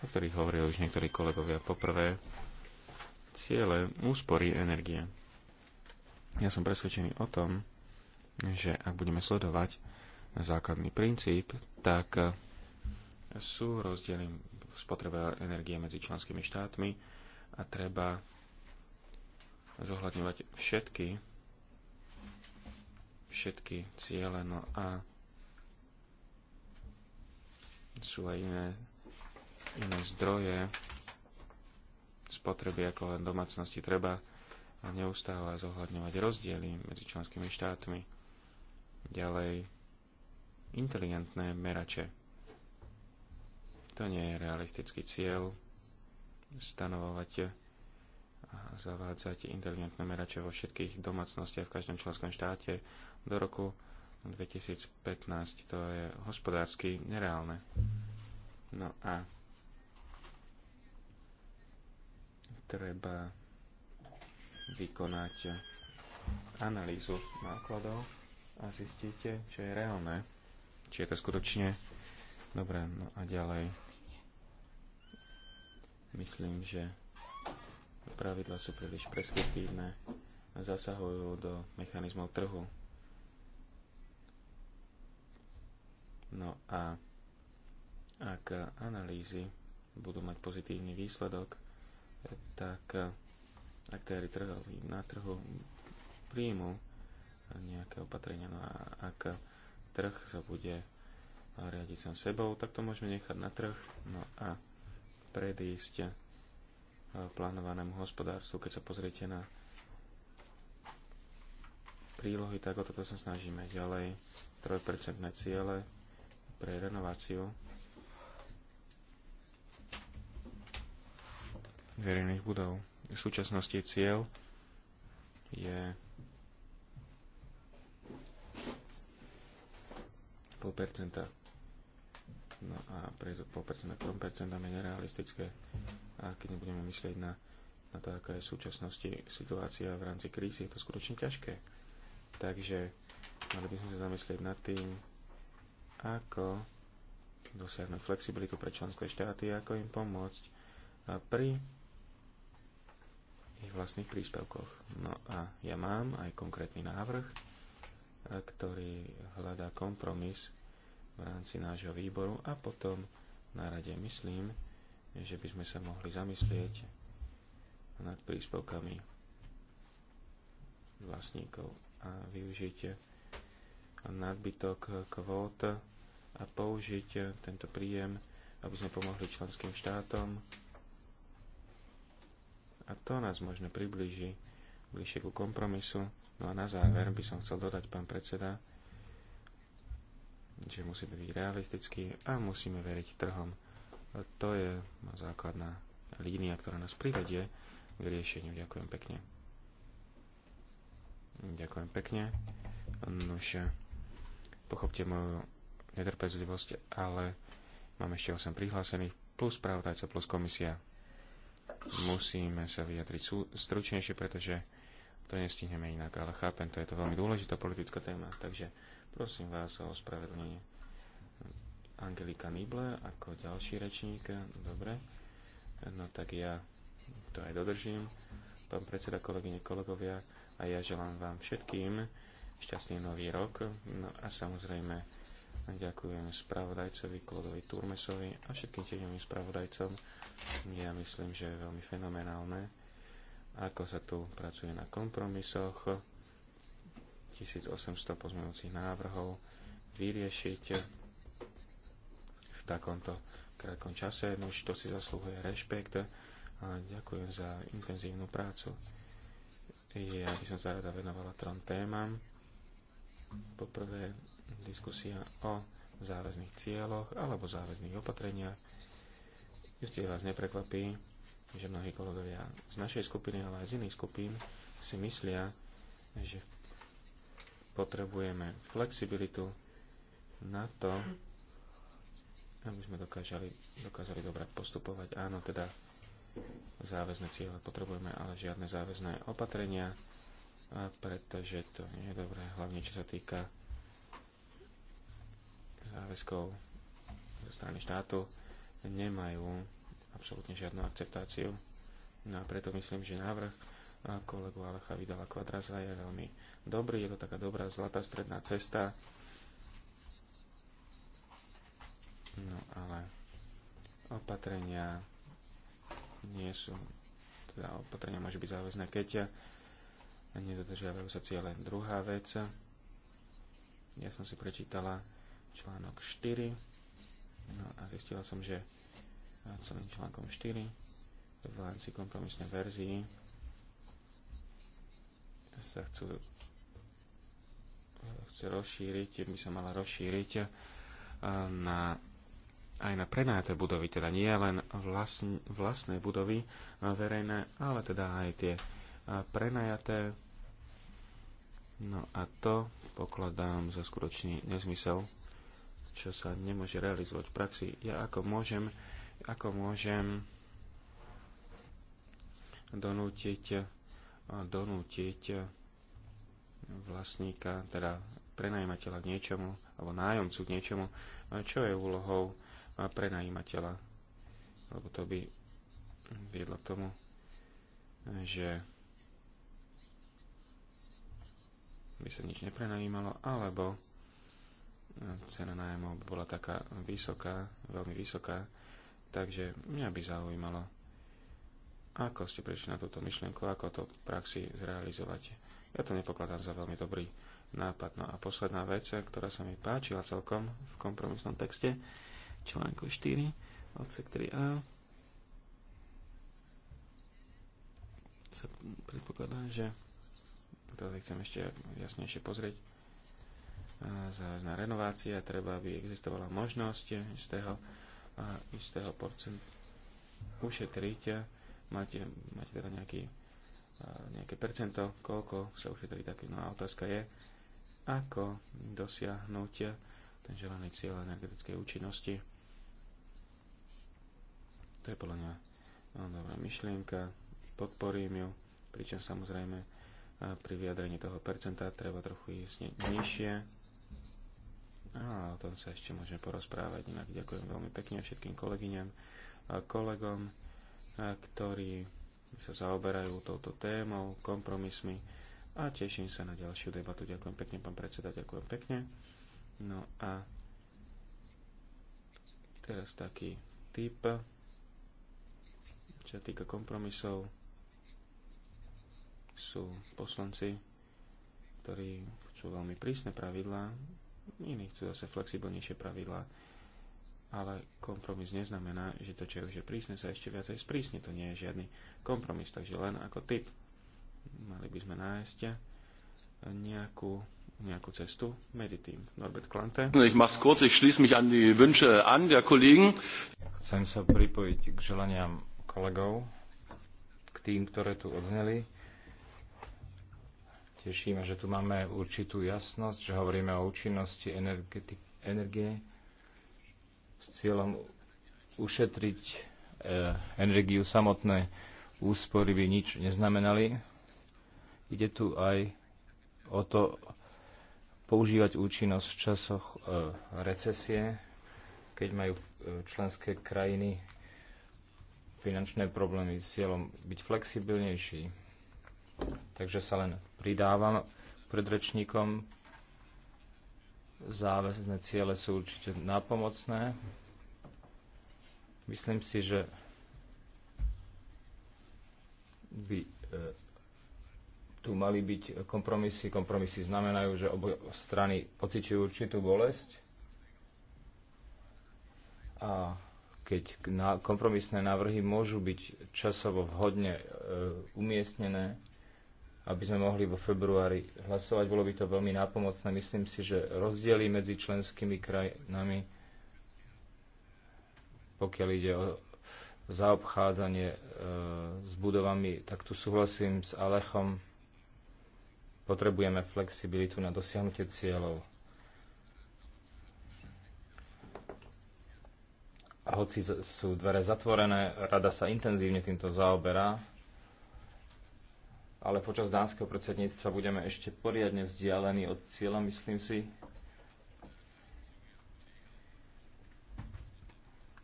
o ktorých hovorili už niektorí kolegovia. Poprvé, ciele úspory energie. Ja som presvedčený o tom, že ak budeme sledovať základný princíp, tak sú rozdiely spotreba energie medzi členskými štátmi a treba zohľadňovať všetky všetky ciele, no a sú aj iné, iné zdroje spotreby ako len domácnosti. Treba neustále zohľadňovať rozdiely medzi členskými štátmi. Ďalej inteligentné merače. To nie je realistický cieľ, stanovovať a zavádzať inteligentné merače vo všetkých domácnostiach v každom členskom štáte do roku 2015. To je hospodársky nereálne. No a treba vykonať analýzu nákladov a zistíte, čo je reálne, či je to skutočne dobré. No a ďalej Myslím, že pravidla sú príliš preskriptívne a zasahujú do mechanizmov trhu. No a ak analýzy budú mať pozitívny výsledok, tak aktéry trhoví na trhu príjmu nejaké opatrenia. No a ak trh sa bude riadiť sám sebou, tak to môžeme nechať na trh. No a predísť eh, plánovanému hospodárstvu. Keď sa pozriete na prílohy, tak o toto sa snažíme ďalej. 3% ciele pre renováciu verejných budov. V súčasnosti cieľ je pol percentách No a pre, po 3% je nerealistické. A keď nebudeme myslieť na, na to, aká je v súčasnosti situácia v rámci krízy, je to skutočne ťažké. Takže mali by sme sa zamyslieť nad tým, ako dosiahnuť flexibilitu pre členské štáty, ako im pomôcť pri ich vlastných príspevkoch. No a ja mám aj konkrétny návrh, ktorý hľadá kompromis v rámci nášho výboru a potom na rade myslím, že by sme sa mohli zamyslieť nad príspevkami vlastníkov a využiť nadbytok kvót a použiť tento príjem, aby sme pomohli členským štátom. A to nás možno priblíži bližšie ku kompromisu. No a na záver by som chcel dodať, pán predseda, že musíme byť realistickí a musíme veriť trhom. A to je základná línia, ktorá nás privedie k riešeniu. Ďakujem pekne. Ďakujem pekne. Nož, pochopte moju netrpezlivosť, ale mám ešte 8 prihlásených, plus pravodajca, plus komisia. Musíme sa vyjadriť stručnejšie, pretože to nestihneme inak, ale chápem, to je to veľmi dôležitá politická téma, takže Prosím vás o ospravedlnenie. Angelika Nible ako ďalší rečník. Dobre. No tak ja to aj dodržím. Pán predseda, kolegyne, kolegovia, a ja želám vám všetkým šťastný nový rok. No a samozrejme ďakujem spravodajcovi Klodovi Turmesovi a všetkým tieňovým spravodajcom. Ja myslím, že je veľmi fenomenálne, ako sa tu pracuje na kompromisoch 1800 pozmeňujúcich návrhov vyriešiť v takomto krátkom čase. No už to si zaslúhuje rešpekt a ďakujem za intenzívnu prácu. Ja by som sa rada venovala trom témam. Poprvé diskusia o záväzných cieľoch alebo záväzných opatreniach. Isté vás neprekvapí, že mnohí kolegovia z našej skupiny, ale aj z iných skupín si myslia, že v potrebujeme flexibilitu na to, aby sme dokážali, dokázali dobre postupovať. Áno, teda záväzne cieľe potrebujeme, ale žiadne záväzné opatrenia, pretože to nie je dobré, hlavne čo sa týka záväzkov zo strany štátu, nemajú absolútne žiadnu akceptáciu. No a preto myslím, že návrh kolegu Alecha Vidala Kvadraza je veľmi dobrý, je to taká dobrá zlatá stredná cesta. No ale opatrenia nie sú, teda opatrenia môže byť záväzné, keď nedodržiavajú sa cieľe. Druhá vec, ja som si prečítala článok 4 no a zistila som, že celým článkom 4 v rámci kompromisnej verzii sa chcú chce rozšíriť, by sa mala rozšíriť eh, na, aj na prenajaté budovy, teda nie len vlastn, vlastné budovy eh, verejné, ale teda aj tie eh, prenajaté. No a to pokladám za skutočný nezmysel, čo sa nemôže realizovať v praxi. Ja ako môžem, ako môžem donútiť, donútiť vlastníka, teda prenajímateľa k niečomu, alebo nájomcu k niečomu, čo je úlohou prenajímateľa. Lebo to by viedlo k tomu, že by sa nič neprenajímalo, alebo cena nájmu by bola taká vysoká, veľmi vysoká, takže mňa by zaujímalo, ako ste prišli na túto myšlienku, ako to v praxi zrealizovať. Ja to nepokladám za veľmi dobrý nápad. No a posledná vec, ktorá sa mi páčila celkom v kompromisnom texte, článku 4, odsek 3a, sa predpokladá, že to chcem ešte jasnejšie pozrieť, záväzná renovácia, treba, aby existovala možnosť istého, istého porcent ušetriť, máte, máte teda nejaký nejaké percento, koľko sa ušetrí taký. No a otázka je, ako dosiahnuť ten želaný cieľ energetickej účinnosti. To je podľa mňa no, dobrá myšlienka, podporím ju, pričom samozrejme pri vyjadrení toho percenta treba trochu ísť nižšie. A o tom sa ešte môžeme porozprávať. Inak ďakujem veľmi pekne všetkým kolegyňam a kolegom, ktorí sa zaoberajú touto témou, kompromismi a teším sa na ďalšiu debatu. Ďakujem pekne, pán predseda, ďakujem pekne. No a teraz taký tip, čo týka kompromisov, sú poslanci, ktorí chcú veľmi prísne pravidlá, iní chcú zase flexibilnejšie pravidlá ale kompromis neznamená, že to, čo už je prísne, sa ešte viacej sprísne. To nie je žiadny kompromis, takže len ako typ. Mali by sme nájsť nejakú, nejakú cestu medzi tým. Norbert Klante. Ich mach's kurz, ich schließe mich an die Wünsche an der Kollegen. Chcem sa pripojiť k želaniam kolegov, k tým, ktoré tu odzneli. Tešíme, že tu máme určitú jasnosť, že hovoríme o účinnosti energie s cieľom ušetriť e, energiu samotné úspory by nič neznamenali. Ide tu aj o to používať účinnosť v časoch e, recesie, keď majú e, členské krajiny finančné problémy s cieľom byť flexibilnejší. Takže sa len pridávam pred rečníkom Záväzné ciele sú určite napomocné. Myslím si, že by e, tu mali byť kompromisy. Kompromisy znamenajú, že obo strany pociťujú určitú bolesť. A keď kompromisné návrhy môžu byť časovo vhodne e, umiestnené, aby sme mohli vo februári hlasovať. Bolo by to veľmi nápomocné. Myslím si, že rozdiely medzi členskými krajinami, pokiaľ ide o zaobchádzanie e, s budovami, tak tu súhlasím s Alechom. Potrebujeme flexibilitu na dosiahnutie cieľov. A hoci sú dvere zatvorené, rada sa intenzívne týmto zaoberá ale počas dánskeho predsedníctva budeme ešte poriadne vzdialení od cieľa, myslím si.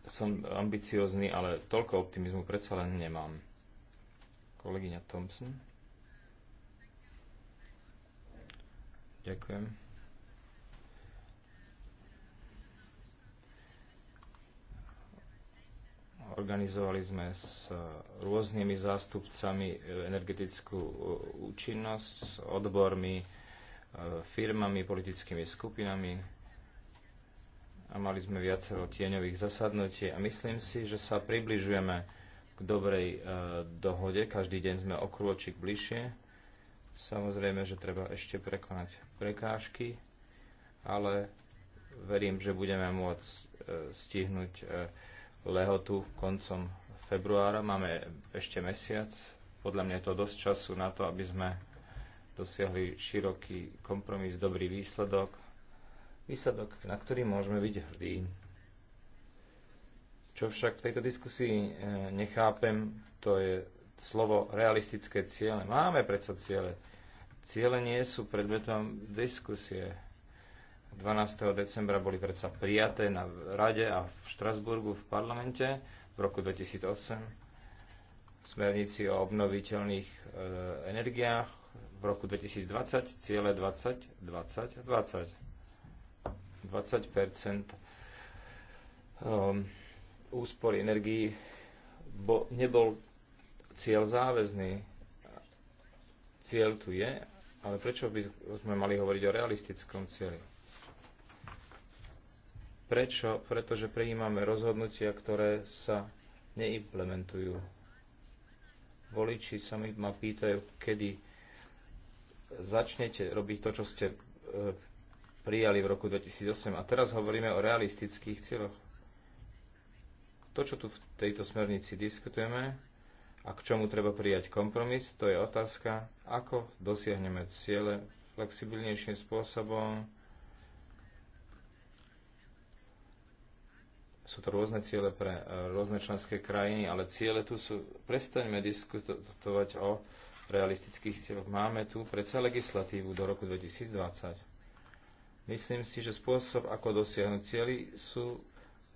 Som ambiciozný, ale toľko optimizmu predsa len nemám. Kolegyňa Thompson. Ďakujem. Organizovali sme s eh, rôznymi zástupcami energetickú eh, účinnosť, s odbormi, eh, firmami, politickými skupinami a mali sme viacero tieňových zasadnutí a myslím si, že sa približujeme k dobrej dohode. Každý deň sme o krôčik bližšie. Samozrejme, že treba ešte prekonať prekážky, ale verím, že budeme môcť stihnúť lehotu koncom februára. Máme ešte mesiac. Podľa mňa je to dosť času na to, aby sme dosiahli široký kompromis, dobrý výsledok. Výsledok, na ktorý môžeme byť hrdí. Čo však v tejto diskusii e, nechápem, to je slovo realistické ciele. Máme predsa ciele. Ciele nie sú predmetom diskusie 12. decembra boli predsa prijaté na Rade a v Štrasburgu v parlamente v roku 2008 smernici o obnoviteľných e, energiách v roku 2020 ciele 20, 20 a 20. 20 um, úspor energii bo, nebol cieľ záväzný. Cieľ tu je, ale prečo by sme mali hovoriť o realistickom cieli? Prečo? Pretože prijímame rozhodnutia, ktoré sa neimplementujú. Voliči sa mi ma pýtajú, kedy začnete robiť to, čo ste e, prijali v roku 2008. A teraz hovoríme o realistických cieľoch. To, čo tu v tejto smernici diskutujeme a k čomu treba prijať kompromis, to je otázka, ako dosiahneme ciele flexibilnejším spôsobom, Sú to rôzne ciele pre e, rôzne členské krajiny, ale ciele tu sú... Prestaňme diskutovať o realistických cieľoch. Máme tu predsa legislatívu do roku 2020. Myslím si, že spôsob, ako dosiahnuť cieľy, sú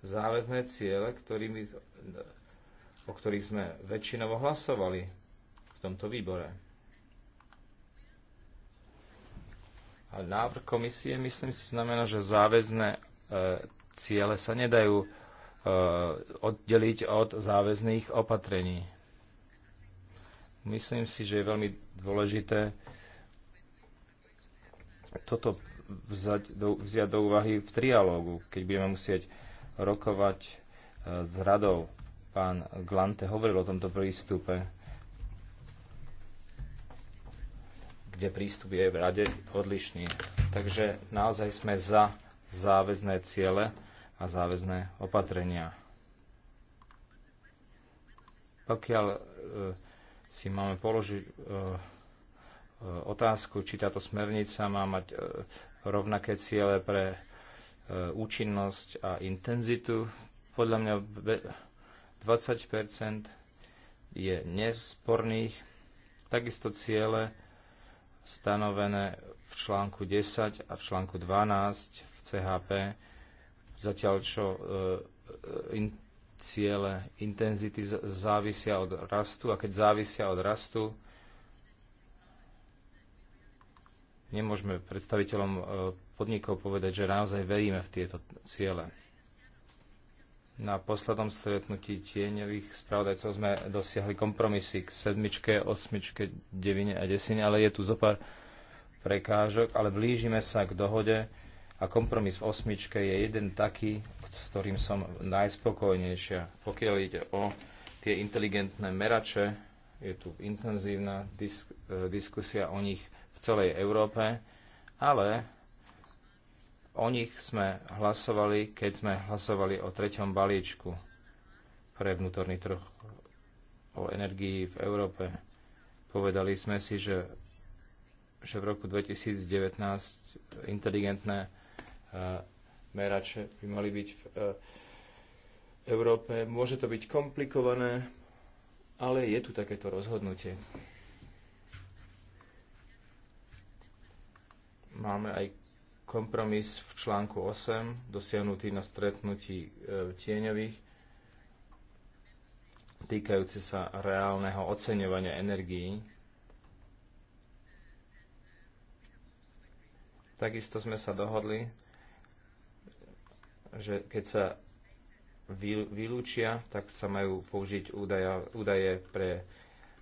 záväzné ciele, ktorými, o ktorých sme väčšinovo hlasovali v tomto výbore. A návrh komisie, myslím si, znamená, že záväzné e, ciele sa nedajú e, oddeliť od záväzných opatrení. Myslím si, že je veľmi dôležité toto vzať do, vziať do úvahy v trialógu, keď budeme musieť rokovať e, s radou. Pán Glante hovoril o tomto prístupe, kde prístup je v rade odlišný. Takže naozaj sme za záväzné ciele a záväzné opatrenia. Pokiaľ e, si máme položiť e, e otázku, či táto smernica má mať e, rovnaké ciele pre e, účinnosť a intenzitu. Podľa mňa 20 je nesporných. Takisto ciele stanovené v článku 10 a v článku 12 CHP, zatiaľ čo e, e, in, ciele intenzity závisia od rastu a keď závisia od rastu, nemôžeme predstaviteľom e, podnikov povedať, že naozaj veríme v tieto ciele. Na poslednom stretnutí tieňových spravodajcov sme dosiahli kompromisy k sedmičke, osmičke, devine a desine, ale je tu zopár prekážok, ale blížime sa k dohode, a kompromis v osmičke je jeden taký, s ktorým som najspokojnejšia. Pokiaľ ide o tie inteligentné merače, je tu intenzívna disk, e, diskusia o nich v celej Európe, ale o nich sme hlasovali, keď sme hlasovali o treťom balíčku pre vnútorný trh o energii v Európe. Povedali sme si, že, že v roku 2019 inteligentné merače by mali byť e, v Európe. Môže to byť komplikované, ale je tu takéto rozhodnutie. Máme aj kompromis v článku 8, dosiahnutý na stretnutí e, tieňových, týkajúce sa reálneho oceňovania energií. Takisto sme sa dohodli, že keď sa vylúčia, tak sa majú použiť údaja, údaje pre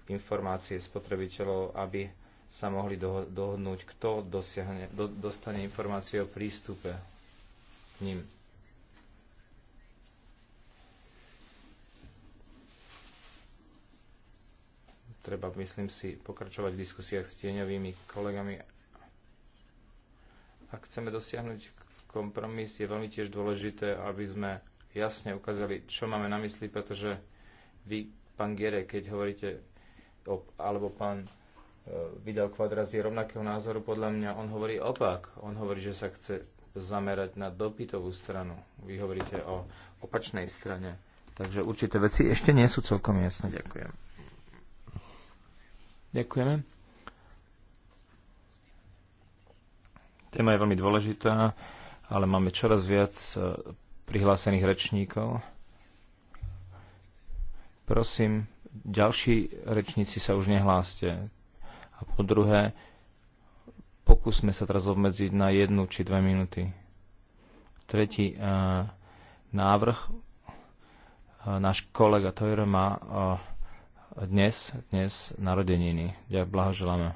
informácie spotrebiteľov, aby sa mohli do, dohodnúť, kto dosiahne, do, dostane informácie o prístupe k ním. Treba, myslím si, pokračovať v diskusiách s tieňovými kolegami. Ak chceme dosiahnuť kompromis je veľmi tiež dôležité, aby sme jasne ukázali, čo máme na mysli, pretože vy, pán Gere, keď hovoríte, o, alebo pán e, Vidal Kvadraz je rovnakého názoru, podľa mňa on hovorí opak. On hovorí, že sa chce zamerať na dopytovú stranu. Vy hovoríte o opačnej strane. Takže určité veci ešte nie sú celkom jasné. Ďakujem. Ďakujeme. Téma je veľmi dôležitá ale máme čoraz viac e, prihlásených rečníkov. Prosím, ďalší rečníci sa už nehláste. A po druhé, pokúsme sa teraz obmedziť na jednu či dve minúty. Tretí e, návrh. E, náš kolega Tojer má dnes, dnes narodeniny. Ďakujem blahoželáme.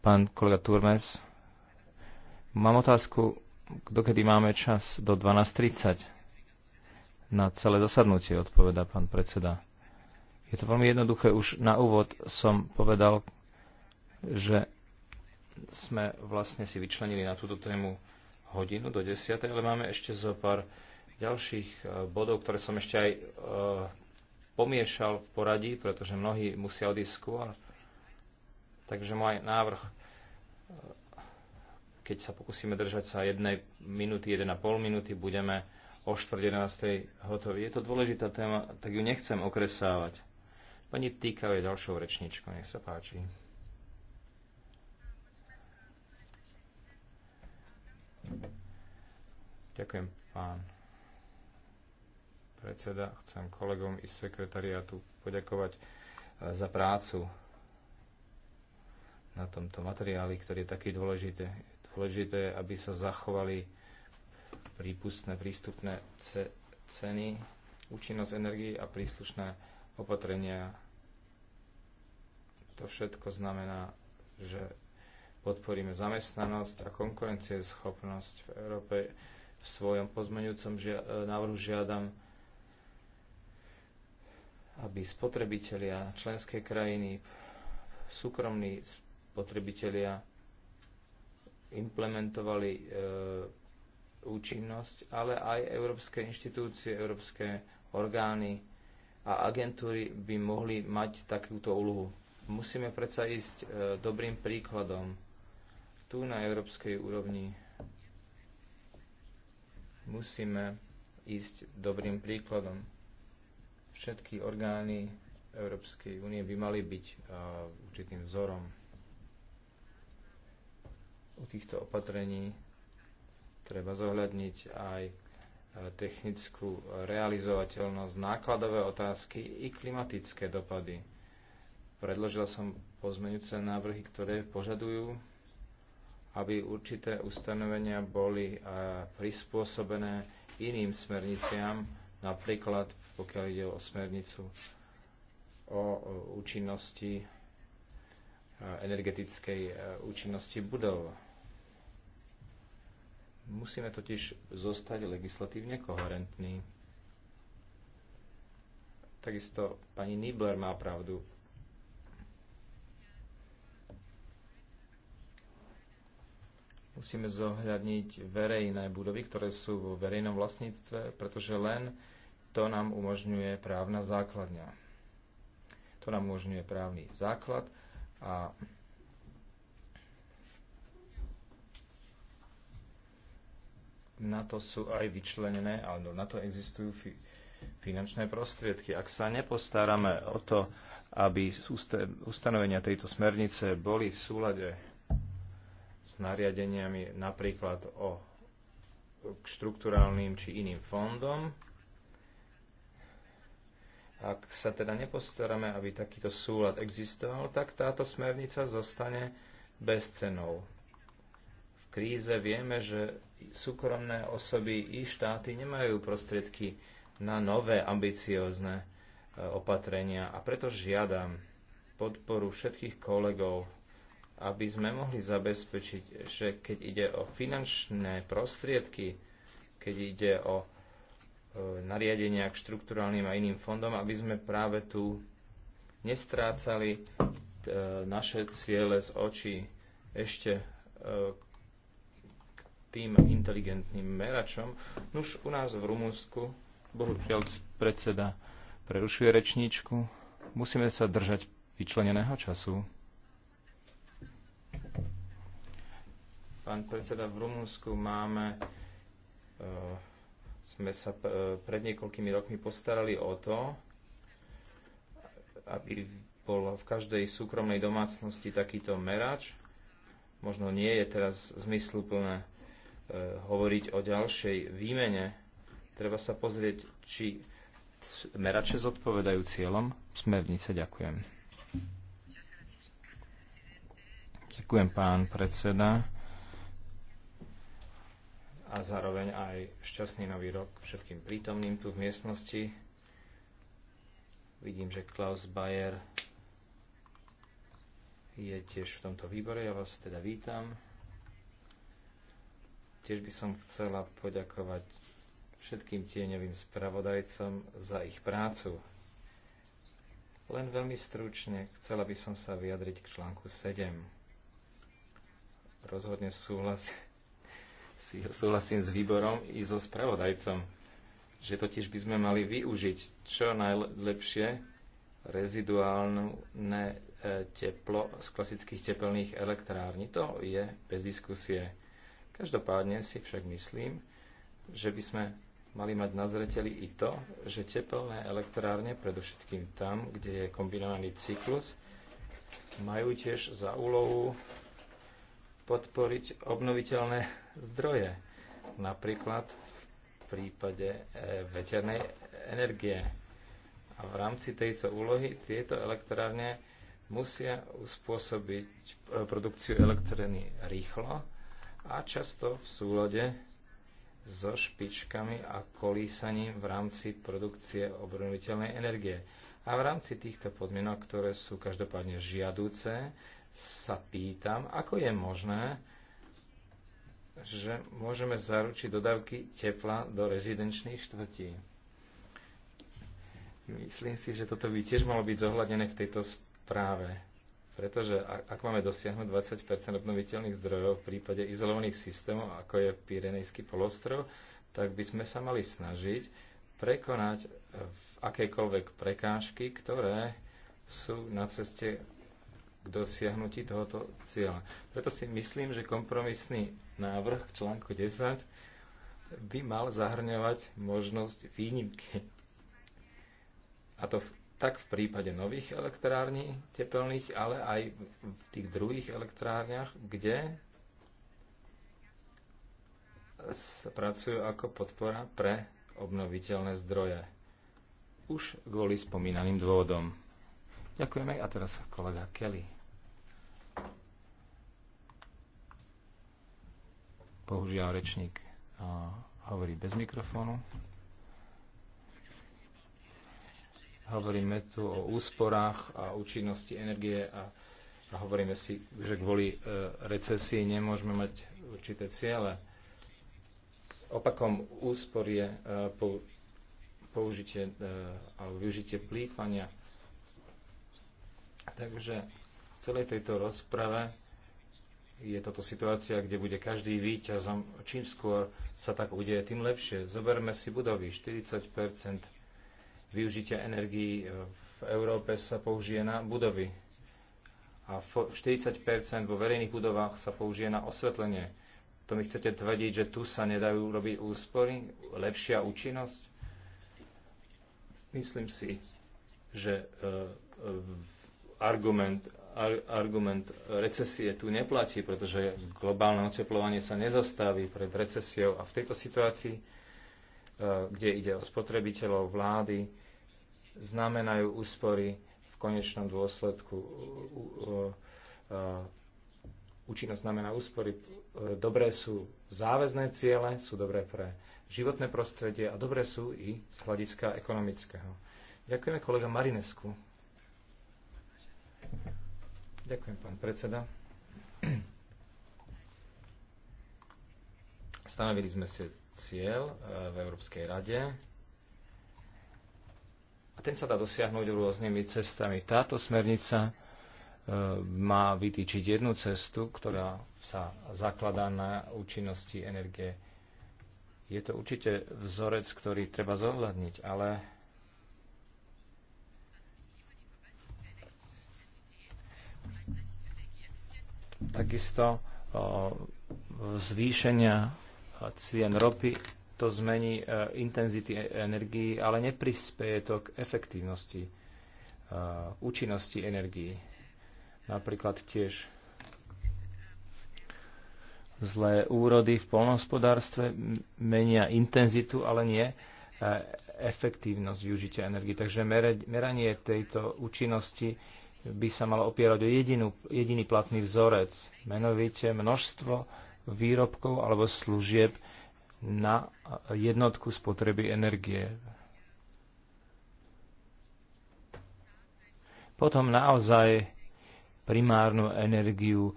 Pán kolega Turmes. Mám otázku, dokedy máme čas do 12.30 na celé zasadnutie, odpoveda pán predseda. Je to veľmi jednoduché. Už na úvod som povedal, že sme vlastne si vyčlenili na túto tému hodinu do 10, ale máme ešte zo pár ďalších e, bodov, ktoré som ešte aj e, pomiešal v poradí, pretože mnohí musia odísť skôr. Takže môj návrh e, keď sa pokúsime držať sa jednej minúty, 1,5 minúty, budeme o 4.11. hotoví. Je to dôležitá téma, tak ju nechcem okresávať. Pani Týka je ďalšou rečničkou, nech sa páči. Ďakujem, pán predseda. Chcem kolegom i sekretariátu poďakovať e, za prácu na tomto materiáli, ktorý je taký dôležitý dôležité, aby sa zachovali prípustné prístupné ceny, účinnosť energii a príslušné opatrenia. To všetko znamená, že podporíme zamestnanosť a konkurencieschopnosť v Európe. V svojom pozmeňujúcom žia- e, návrhu žiadam, aby spotrebitelia členskej krajiny, súkromní spotrebitelia implementovali e, účinnosť, ale aj európske inštitúcie, európske orgány a agentúry by mohli mať takúto úlohu. Musíme predsa ísť e, dobrým príkladom tu na európskej úrovni. Musíme ísť dobrým príkladom. Všetky orgány Európskej únie by mali byť e, určitým vzorom u týchto opatrení treba zohľadniť aj e, technickú realizovateľnosť, nákladové otázky i klimatické dopady. Predložila som pozmeňujúce návrhy, ktoré požadujú, aby určité ustanovenia boli e, prispôsobené iným smerniciam, napríklad pokiaľ ide o smernicu o účinnosti e, energetickej účinnosti budov. Musíme totiž zostať legislatívne koherentní. Takisto pani Nibler má pravdu. Musíme zohľadniť verejné budovy, ktoré sú vo verejnom vlastníctve, pretože len to nám umožňuje právna základňa. To nám umožňuje právny základ a na to sú aj vyčlenené, alebo na to existujú fi- finančné prostriedky. Ak sa nepostarame o to, aby ustanovenia tejto smernice boli v súlade s nariadeniami napríklad o k štruktúrálnym či iným fondom. Ak sa teda nepostaráme, aby takýto súlad existoval, tak táto smernica zostane bez cenou. V kríze vieme, že súkromné osoby i štáty nemajú prostriedky na nové ambiciózne e, opatrenia a preto žiadam podporu všetkých kolegov, aby sme mohli zabezpečiť, že keď ide o finančné prostriedky, keď ide o e, nariadenia k štruktúrálnym a iným fondom, aby sme práve tu nestrácali e, naše ciele z očí. Ešte tým inteligentným meračom. Nuž u nás v Rumunsku, bohužiaľ predseda prerušuje rečníčku, musíme sa držať vyčleneného času. Pán predseda, v Rumunsku máme, e, sme sa e, pred niekoľkými rokmi postarali o to, aby bol v každej súkromnej domácnosti takýto merač. Možno nie je teraz zmysluplné E, hovoriť o ďalšej výmene, treba sa pozrieť, či merače zodpovedajú cieľom smernice. Ďakujem. Ďakujem, pán predseda. A zároveň aj šťastný nový rok všetkým prítomným tu v miestnosti. Vidím, že Klaus Bayer je tiež v tomto výbore. Ja vás teda vítam. Tiež by som chcela poďakovať všetkým tieňovým spravodajcom za ich prácu. Len veľmi stručne chcela by som sa vyjadriť k článku 7. Rozhodne súhlas, si súhlasím s výborom i so spravodajcom, že totiž by sme mali využiť čo najlepšie reziduálne e, teplo z klasických tepelných elektrární. To je bez diskusie Každopádne si však myslím, že by sme mali mať na zreteli i to, že teplné elektrárne, predovšetkým tam, kde je kombinovaný cyklus, majú tiež za úlohu podporiť obnoviteľné zdroje. Napríklad v prípade eh, veternej energie. A v rámci tejto úlohy tieto elektrárne musia uspôsobiť eh, produkciu elektriny rýchlo, a často v súlade so špičkami a kolísaním v rámci produkcie obnoviteľnej energie. A v rámci týchto podmienok, ktoré sú každopádne žiadúce, sa pýtam, ako je možné, že môžeme zaručiť dodávky tepla do rezidenčných štvrtí. Myslím si, že toto by tiež malo byť zohľadené v tejto správe. Pretože ak, ak máme dosiahnuť 20 obnoviteľných zdrojov v prípade izolovaných systémov, ako je Pirenejský polostrov, tak by sme sa mali snažiť prekonať e, akékoľvek prekážky, ktoré sú na ceste k dosiahnutí tohoto cieľa. Preto si myslím, že kompromisný návrh k článku 10 by mal zahrňovať možnosť výnimky. A to v tak v prípade nových elektrární tepelných, ale aj v tých druhých elektrárniach, kde pracujú ako podpora pre obnoviteľné zdroje. Už kvôli spomínaným dôvodom. Ďakujeme a teraz kolega Kelly. Bohužiaľ, rečník hovorí bez mikrofónu. Hovoríme tu o úsporách a účinnosti energie a, a hovoríme si, že kvôli e, recesii nemôžeme mať určité ciele. Opakom úspor je e, použitie e, alebo využitie plýtvania. Takže v celej tejto rozprave je toto situácia, kde bude každý výťazom. Čím skôr sa tak udeje, tým lepšie. Zoberme si budovy. 40 využitia energií e, v Európe sa použije na budovy a 40 vo verejných budovách sa použije na osvetlenie. To mi chcete tvrdiť, že tu sa nedajú robiť úspory, lepšia účinnosť? Myslím si, že e, e, argument, argument recesie tu neplatí, pretože globálne oteplovanie sa nezastaví pred recesiou a v tejto situácii, kde ide o spotrebiteľov, vlády, znamenajú úspory v konečnom dôsledku. E, účinnosť znamená úspory. E, dobré sú záväzné ciele, sú dobré pre životné prostredie a dobré sú i z hľadiska ekonomického. Ďakujeme kolega Marinesku. Ďakujem, pán predseda. Stanovili sme si cieľ e, v Európskej rade a ten sa dá dosiahnuť rôznymi cestami. Táto smernica e, má vytýčiť jednu cestu, ktorá sa zakladá na účinnosti energie. Je to určite vzorec, ktorý treba zohľadniť, ale takisto e, zvýšenia cien ropy to zmení e, intenzity e, energií, ale neprispieje to k efektívnosti, e, účinnosti energií. Napríklad tiež zlé úrody v polnohospodárstve menia intenzitu, ale nie efektívnosť využitia energii. Takže meranie tejto účinnosti by sa malo opierať o jedinú, jediný platný vzorec, menovite množstvo výrobkov alebo služieb, na jednotku spotreby energie. Potom naozaj primárnu energiu e,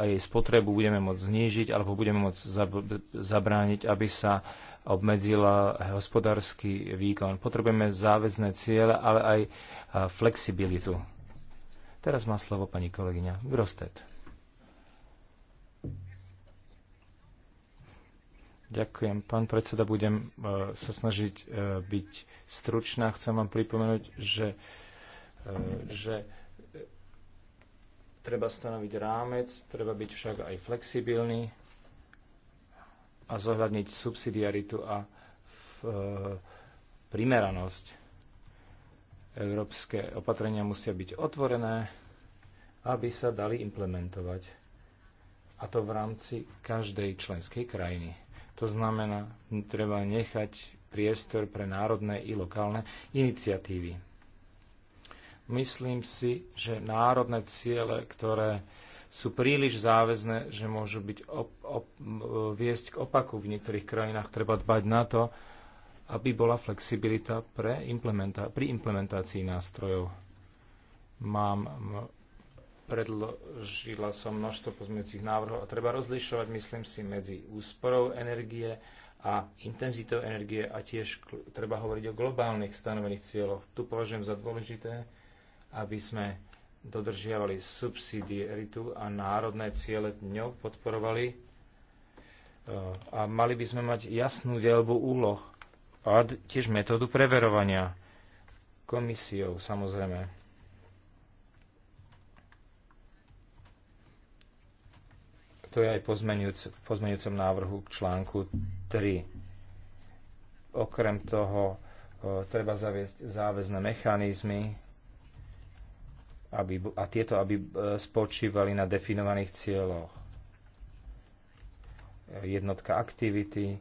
a jej spotrebu budeme môcť znížiť alebo budeme môcť zabrániť, aby sa obmedzila hospodársky výkon. Potrebujeme záväzné ciele, ale aj flexibilitu. Teraz má slovo pani kolegyňa Grostet. Ďakujem, pán predseda. Budem e, sa snažiť e, byť stručná. Chcem vám pripomenúť, že, e, že treba stanoviť rámec, treba byť však aj flexibilný a zohľadniť subsidiaritu a primeranosť. Európske opatrenia musia byť otvorené, aby sa dali implementovať. A to v rámci každej členskej krajiny. To znamená, treba nechať priestor pre národné i lokálne iniciatívy. Myslím si, že národné ciele, ktoré sú príliš záväzné, že môžu byť op- op- viesť k opaku v niektorých krajinách. Treba dbať na to, aby bola flexibilita pre implementa- pri implementácii nástrojov. Mám Predložila som množstvo pozmeňujúcich návrhov a treba rozlišovať, myslím si, medzi úsporou energie a intenzitou energie a tiež treba hovoriť o globálnych stanovených cieľoch. Tu považujem za dôležité, aby sme dodržiavali subsidiaritu a národné ciele dňov podporovali e, a mali by sme mať jasnú dielbu úloh a tiež metódu preverovania komisiou samozrejme. To je aj pozmenujúc, v pozmenujúcom návrhu k článku 3. Okrem toho o, e, treba zaviesť záväzné mechanizmy aby, a tieto, aby e, spočívali na definovaných cieľoch. Jednotka aktivity,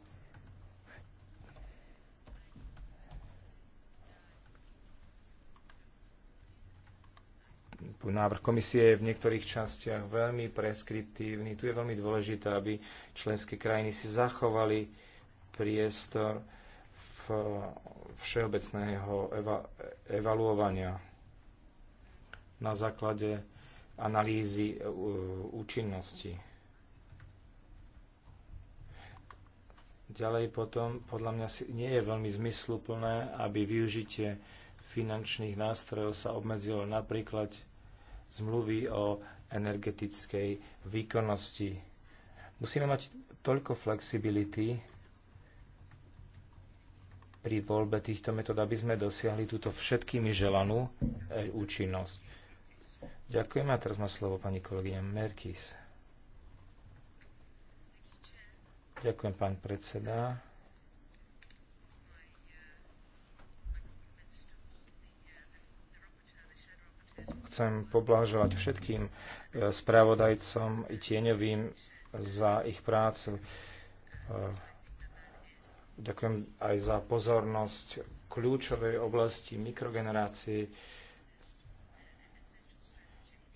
návrh komisie je v niektorých častiach veľmi preskriptívny. Tu je veľmi dôležité, aby členské krajiny si zachovali priestor všeobecného eva- evaluovania na základe analýzy e, účinnosti. Ďalej potom, podľa mňa nie je veľmi zmysluplné, aby využitie finančných nástrojov sa obmedzilo napríklad zmluvy o energetickej výkonnosti. Musíme mať toľko flexibility pri voľbe týchto metód, aby sme dosiahli túto všetkými želanú e, účinnosť. Ďakujem a teraz má slovo pani kolegyňa Merkis. Ďakujem, pán predseda. Chcem poblážovať všetkým e, spravodajcom i tieňovým za ich prácu. E, ďakujem aj za pozornosť kľúčovej oblasti mikrogenerácie.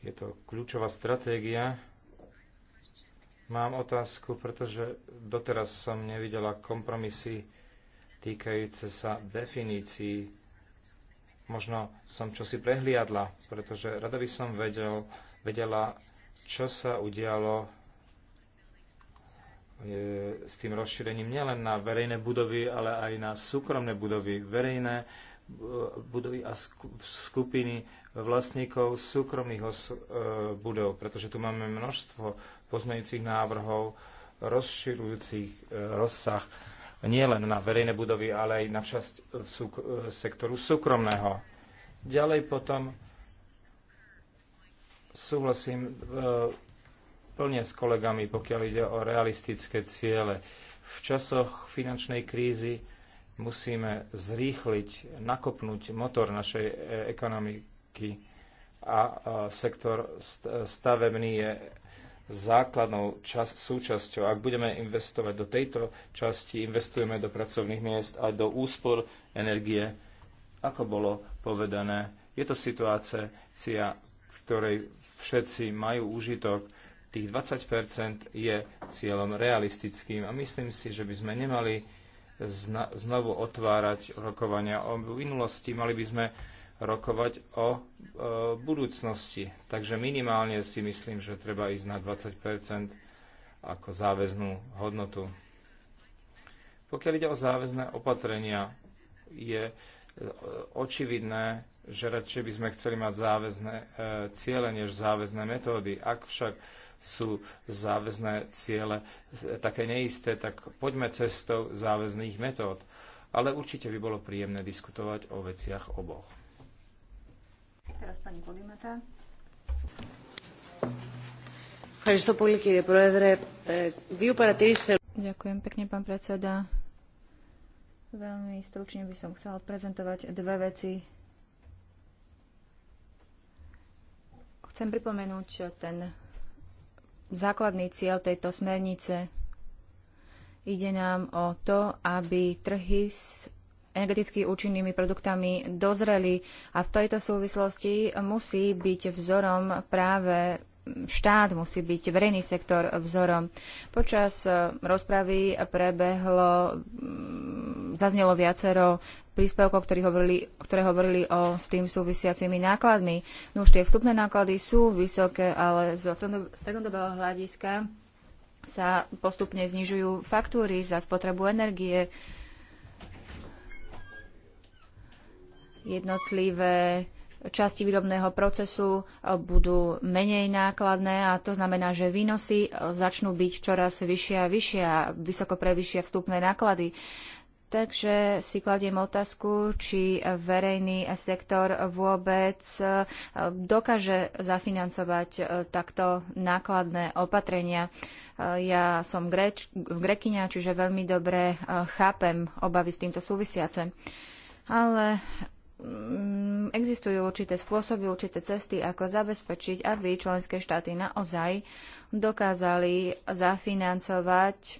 Je to kľúčová stratégia. Mám otázku, pretože doteraz som nevidela kompromisy týkajúce sa definícií Možno som čosi prehliadla, pretože rada by som vedel, vedela, čo sa udialo e, s tým rozšírením nielen na verejné budovy, ale aj na súkromné budovy. Verejné e, budovy a skupiny vlastníkov súkromných e, budov, pretože tu máme množstvo pozmeňujúcich návrhov rozširujúcich rozsah nie len na verejné budovy, ale aj na časť e, súk- e, sektoru súkromného. Ďalej potom súhlasím e, plne s kolegami, pokiaľ ide o realistické ciele. V časoch finančnej krízy musíme zrýchliť, nakopnúť motor našej ekonomiky a sektor stavebný je základnou čas, súčasťou. Ak budeme investovať do tejto časti, investujeme do pracovných miest aj do úspor energie. Ako bolo povedané, je to situácia, v ktorej všetci majú úžitok. Tých 20 je cieľom realistickým a myslím si, že by sme nemali znovu otvárať rokovania o minulosti. Mali by sme rokovať o e, budúcnosti. Takže minimálne si myslím, že treba ísť na 20 ako záväznú hodnotu. Pokiaľ ide o záväzné opatrenia, je e, očividné, že radšej by sme chceli mať záväzné e, ciele než záväzné metódy. Ak však sú záväzné ciele e, také neisté, tak poďme cestou záväzných metód. Ale určite by bolo príjemné diskutovať o veciach oboch. Teraz pani Podimata. Ďakujem pekne, pán predseda. Veľmi stručne by som chcela odprezentovať dve veci. Chcem pripomenúť ten základný cieľ tejto smernice. Ide nám o to, aby trhy s energeticky účinnými produktami dozreli a v tejto súvislosti musí byť vzorom práve štát, musí byť verejný sektor vzorom. Počas e, rozpravy prebehlo, mm, zaznelo viacero príspevkov, hovorili, ktoré hovorili o s tým súvisiacimi nákladmi. No už tie vstupné náklady sú vysoké, ale z strednodobého hľadiska sa postupne znižujú faktúry za spotrebu energie, jednotlivé časti výrobného procesu budú menej nákladné a to znamená, že výnosy začnú byť čoraz vyššie a vyššie a vysoko prevyššia vstupné náklady. Takže si kladiem otázku, či verejný sektor vôbec e, dokáže zafinancovať e, takto nákladné opatrenia. E, ja som greč, grekyňa, čiže veľmi dobre chápem obavy s týmto súvisiace. Ale Mm, existujú určité spôsoby, určité cesty, ako zabezpečiť, aby členské štáty naozaj dokázali zafinancovať eh,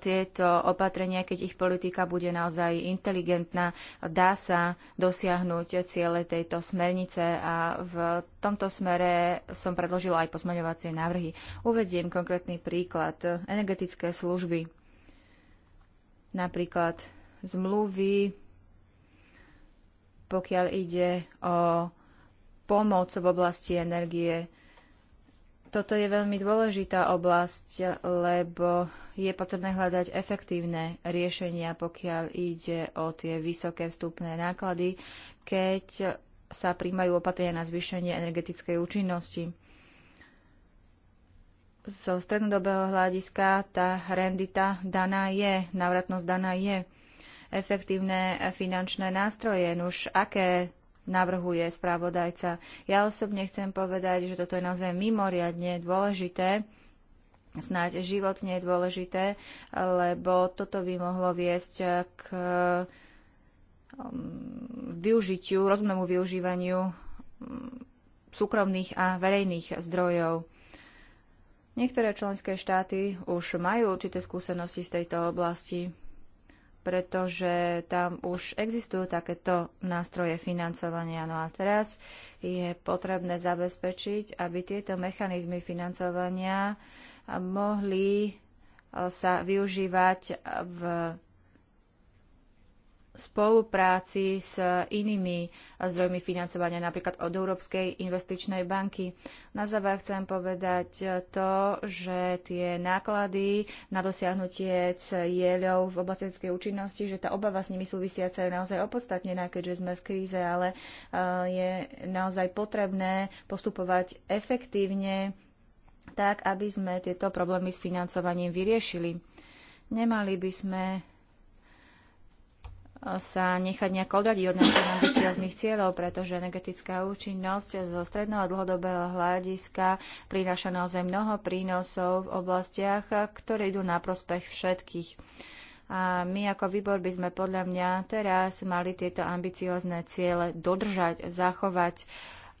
tieto opatrenia, keď ich politika bude naozaj inteligentná, dá sa dosiahnuť ciele tejto smernice a v tomto smere som predložila aj pozmaňovacie návrhy. Uvediem konkrétny príklad. Energetické služby, napríklad zmluvy pokiaľ ide o pomoc v oblasti energie. Toto je veľmi dôležitá oblasť, lebo je potrebné hľadať efektívne riešenia, pokiaľ ide o tie vysoké vstupné náklady, keď sa príjmajú opatrenia na zvýšenie energetickej účinnosti. Zo strednodobého hľadiska tá rendita daná je, návratnosť daná je efektívne finančné nástroje. Nuž, aké navrhuje správodajca. Ja osobne chcem povedať, že toto je naozaj mimoriadne dôležité, snáď životne dôležité, lebo toto by mohlo viesť k um, využitiu, rozumnému využívaniu um, súkromných a verejných zdrojov. Niektoré členské štáty už majú určité skúsenosti z tejto oblasti pretože tam už existujú takéto nástroje financovania. No a teraz je potrebné zabezpečiť, aby tieto mechanizmy financovania mohli eh, sa využívať v spolupráci s inými zdrojmi financovania, napríklad od Európskej investičnej banky. Na záver chcem povedať to, že tie náklady na dosiahnutie cieľov v oblasti účinnosti, že tá obava s nimi súvisiaca je naozaj opodstatnená, keďže sme v kríze, ale e, je naozaj potrebné postupovať efektívne tak, aby sme tieto problémy s financovaním vyriešili. Nemali by sme sa nechať nejako odradiť od našich ambicioznych cieľov, pretože energetická účinnosť zo stredného a dlhodobého hľadiska prináša naozaj mnoho prínosov v oblastiach, ktoré idú na prospech všetkých. A my ako výbor by sme podľa mňa teraz mali tieto ambiciozne ciele dodržať, zachovať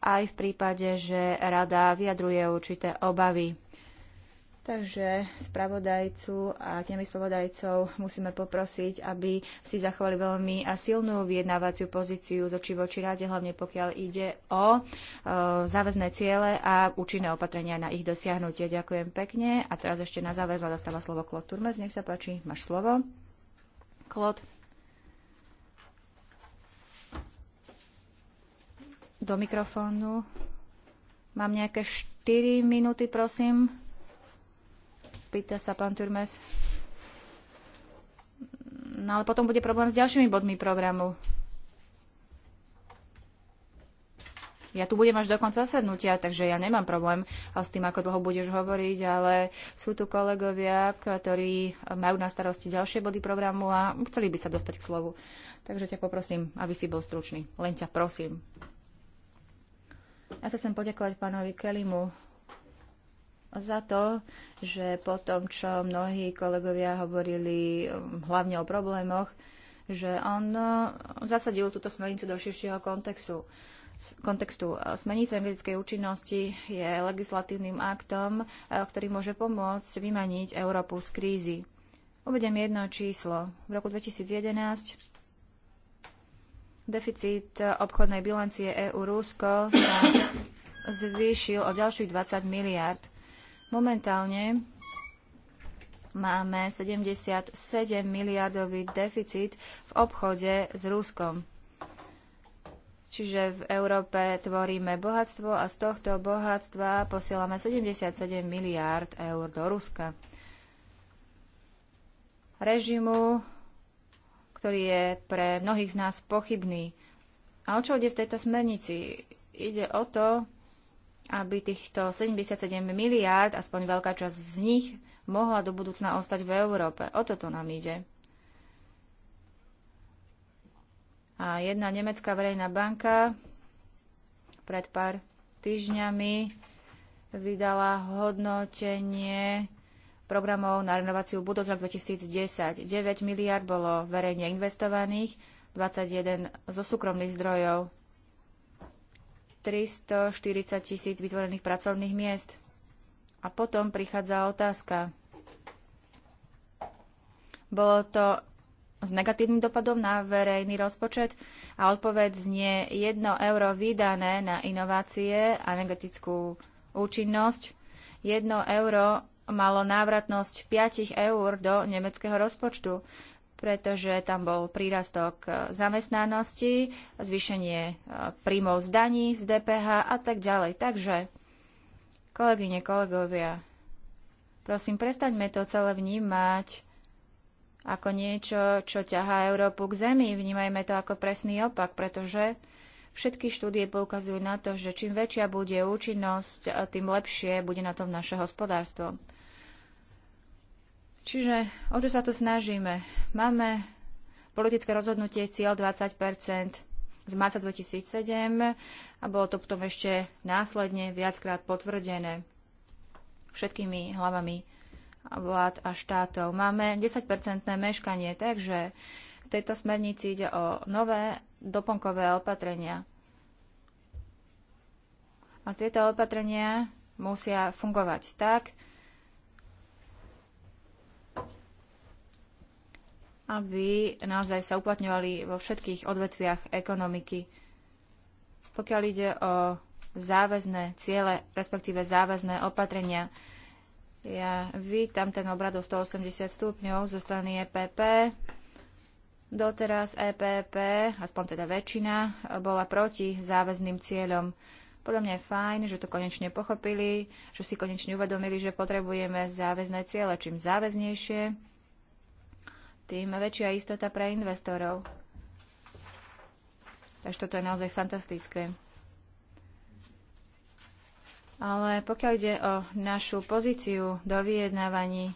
aj v prípade, že rada vyjadruje určité obavy Takže spravodajcu a tými spravodajcov musíme poprosiť, aby si zachovali veľmi silnú vyjednávaciu pozíciu z či voči rade, hlavne pokiaľ ide o e, záväzné ciele a účinné opatrenia na ich dosiahnutie. Ďakujem pekne. A teraz ešte na záväzla dostáva slovo Klod Turmes. Nech sa páči, máš slovo. Klod. Do mikrofónu. Mám nejaké 4 minúty, prosím pýta sa pán Turmes. No ale potom bude problém s ďalšími bodmi programu. Ja tu budem až do konca sednutia, takže ja nemám problém s tým, ako dlho budeš hovoriť, ale sú tu kolegovia, ktorí majú na starosti ďalšie body programu a chceli by sa dostať k slovu. Takže ťa poprosím, aby si bol stručný. Len ťa prosím. Ja sa chcem poďakovať pánovi Kelimu za to, že po tom, čo mnohí kolegovia hovorili um, hlavne o problémoch, že on uh, zasadil túto smernicu do širšieho kontextu. kontextu. Smernica energetickej účinnosti je legislatívnym aktom, uh, ktorý môže pomôcť vymaniť Európu z krízy. Uvediem jedno číslo. V roku 2011 deficit obchodnej bilancie EU-Rusko sa zvýšil o ďalších 20 miliard. Momentálne máme 77 miliardový deficit v obchode s Ruskom. Čiže v Európe tvoríme bohatstvo a z tohto bohatstva posielame 77 miliárd eur do Ruska. Režimu, ktorý je pre mnohých z nás pochybný. A o čo ide v tejto smernici? Ide o to, aby týchto 77 miliárd, aspoň veľká časť z nich, mohla do budúcna ostať v Európe. O toto nám ide. A jedna nemecká verejná banka pred pár týždňami vydala hodnotenie programov na renováciu budov z rok 2010. 9 miliard bolo verejne investovaných, 21 zo súkromných zdrojov. 340 tisíc vytvorených pracovných miest. A potom prichádza otázka. Bolo to s negatívnym dopadom na verejný rozpočet a odpoveď znie 1 euro vydané na inovácie a energetickú účinnosť. 1 euro malo návratnosť 5 eur do nemeckého rozpočtu pretože tam bol prírastok e, zamestnanosti, zvýšenie e, príjmov z daní, z DPH a tak ďalej. Takže, kolegyne, kolegovia, prosím, prestaňme to celé vnímať ako niečo, čo ťahá Európu k zemi. Vnímajme to ako presný opak, pretože všetky štúdie poukazujú na to, že čím väčšia bude účinnosť, e, tým lepšie bude na tom naše hospodárstvo. Čiže o čo sa tu snažíme? Máme politické rozhodnutie cieľ 20 z marca 2007 a bolo to potom ešte následne viackrát potvrdené všetkými hlavami vlád a štátov. Máme 10-percentné meškanie, takže v tejto smernici ide o nové doplnkové opatrenia. A tieto opatrenia musia fungovať tak, aby naozaj sa uplatňovali vo všetkých odvetviach ekonomiky. Pokiaľ ide o záväzné ciele, respektíve záväzné opatrenia, ja vítam ten obrad o 180 stupňov zo strany EPP. Doteraz EPP, aspoň teda väčšina, bola proti záväzným cieľom. Podľa mňa je fajn, že to konečne pochopili, že si konečne uvedomili, že potrebujeme záväzné ciele čím záväznejšie tým väčšia istota pre investorov. Takže toto je naozaj fantastické. Ale pokiaľ ide o našu pozíciu do vyjednávaní,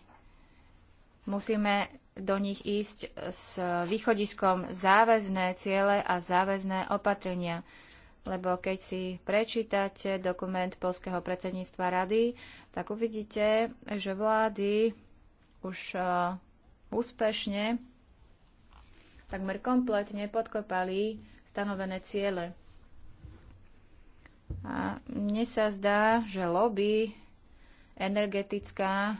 musíme do nich ísť s východiskom záväzné ciele a záväzné opatrenia. Lebo keď si prečítate dokument polského predsedníctva rady, tak uvidíte, že vlády už úspešne takmer kompletne podkopali stanovené ciele. A mne sa zdá, že lobby energetická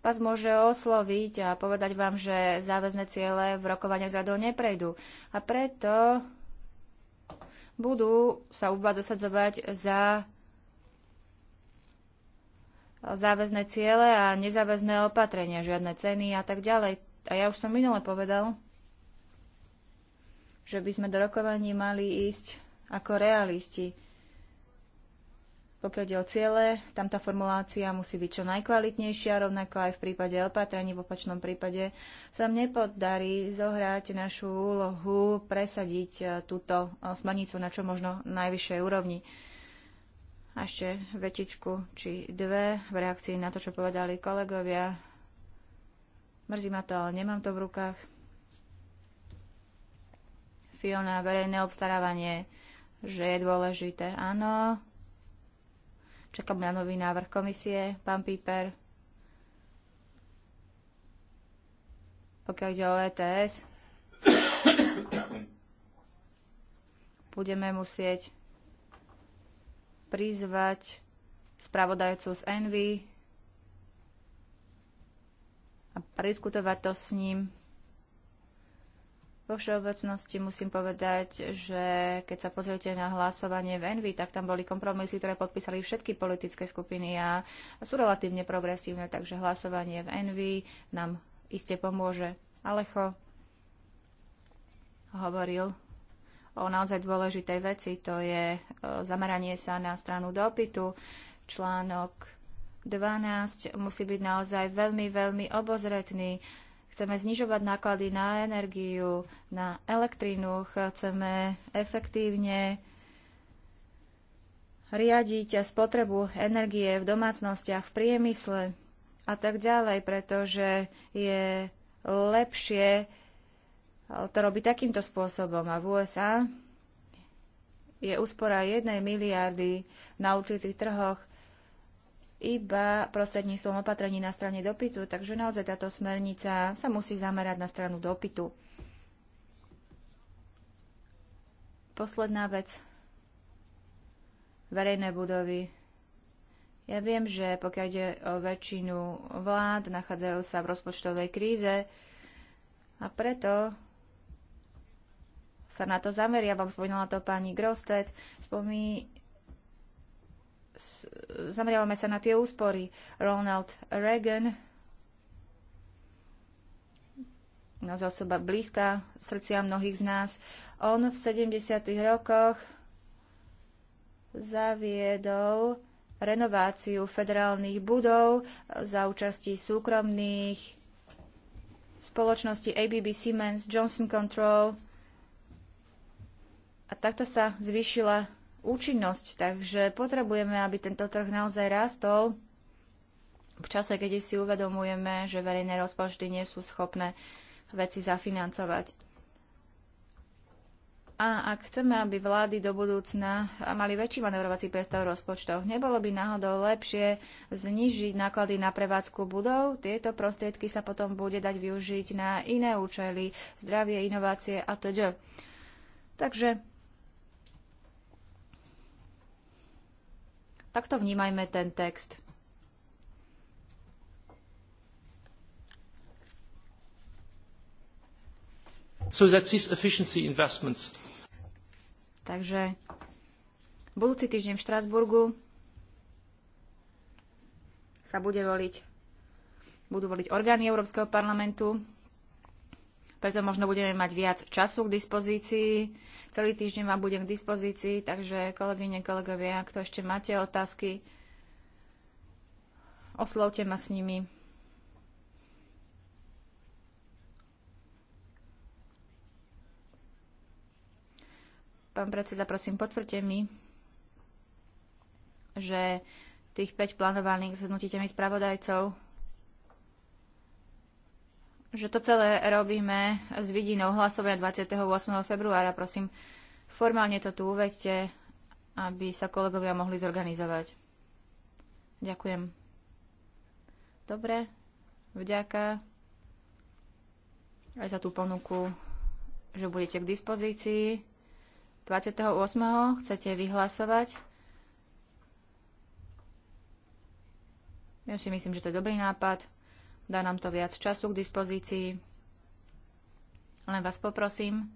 vás môže osloviť a povedať vám, že záväzne ciele v rokovaniach za neprejdú. A preto budú sa u vás zasadzovať za záväzné ciele a nezáväzné opatrenia, žiadne ceny a tak ďalej. A ja už som minule povedal, že by sme do rokovaní mali ísť ako realisti. Pokiaľ ide o ciele, tam tá formulácia musí byť čo najkvalitnejšia, rovnako aj v prípade opatrení, v opačnom prípade sa mne nepodarí zohrať našu úlohu, presadiť eh, túto eh, smanicu na čo možno najvyššej úrovni ešte vetičku či dve v reakcii na to, čo povedali kolegovia. Mrzí ma to, ale nemám to v rukách. Fiona, verejné obstarávanie, že je dôležité. Áno. Čakám na nový návrh komisie. Pán Píper. Pokiaľ ide o ETS, budeme musieť prizvať spravodajcu z Envy a prediskutovať to s ním. Vo všeobecnosti musím povedať, že keď sa pozriete na hlasovanie v Envy, tak tam boli kompromisy, ktoré podpísali všetky politické skupiny a sú relatívne progresívne, takže hlasovanie v Envy nám iste pomôže. Alecho hovoril o naozaj dôležitej veci, to je e, zameranie sa na stranu dopytu. Článok 12 musí byť naozaj veľmi, veľmi obozretný. Chceme znižovať náklady na energiu, na elektrínu, chceme efektívne riadiť spotrebu energie v domácnostiach, v priemysle a tak ďalej, pretože je lepšie to robí takýmto spôsobom. A v USA je úspora 1 miliardy na určitých trhoch iba prostredníctvom opatrení na strane dopytu, takže naozaj táto smernica sa musí zamerať na stranu dopytu. Posledná vec. Verejné budovy. Ja viem, že pokiaľ ide o väčšinu vlád, nachádzajú sa v rozpočtovej kríze a preto sa na to vám Spomínala to pani Grosted. Spomí... Zameriavame sa na tie úspory. Ronald Reagan, nás osoba blízka srdcia mnohých z nás, on v 70. rokoch zaviedol renováciu federálnych budov za účasti súkromných spoločnosti ABB Siemens Johnson Control a takto sa zvýšila účinnosť. Takže potrebujeme, aby tento trh naozaj rastol v čase, keď si uvedomujeme, že verejné rozpočty nie sú schopné veci zafinancovať. A ak chceme, aby vlády do budúcna mali väčší manevrovací priestor v rozpočtoch, nebolo by náhodou lepšie znižiť náklady na prevádzku budov? Tieto prostriedky sa potom bude dať využiť na iné účely, zdravie, inovácie a td. Takže Takto vnímajme ten text. So that these efficiency investments. Takže budúci týždeň v Štrásburgu sa bude voliť, budú voliť orgány Európskeho parlamentu, preto možno budeme mať viac času k dispozícii Celý týždeň vám budem k dispozícii, takže kolegyne, kolegovia, ak to ešte máte otázky, oslovte ma s nimi. Pán predseda, prosím, potvrďte mi, že tých 5 plánovaných s hnutiteľmi spravodajcov že to celé robíme s vidinou hlasovania 28. februára. Prosím, formálne to tu uvedte, aby sa kolegovia mohli zorganizovať. Ďakujem. Dobre, vďaka aj za tú ponuku, že budete k dispozícii. 28. chcete vyhlasovať. Ja si myslím, že to je dobrý nápad. Dá nám to viac času k dispozícii. Len vás poprosím,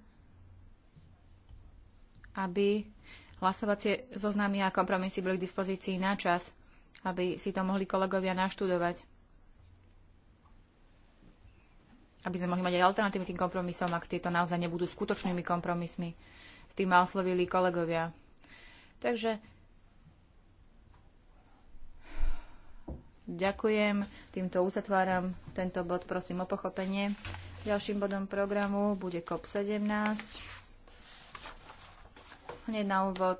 aby hlasovacie zoznamy a kompromisy boli k dispozícii na čas, aby si to mohli kolegovia naštudovať. Aby sme mohli mať aj alternatívy tým kompromisom, ak tieto naozaj nebudú skutočnými kompromismi. S tým ma oslovili kolegovia. Takže Ďakujem. Týmto uzatváram tento bod. Prosím o pochopenie. Ďalším bodom programu bude COP17. Hneď na úvod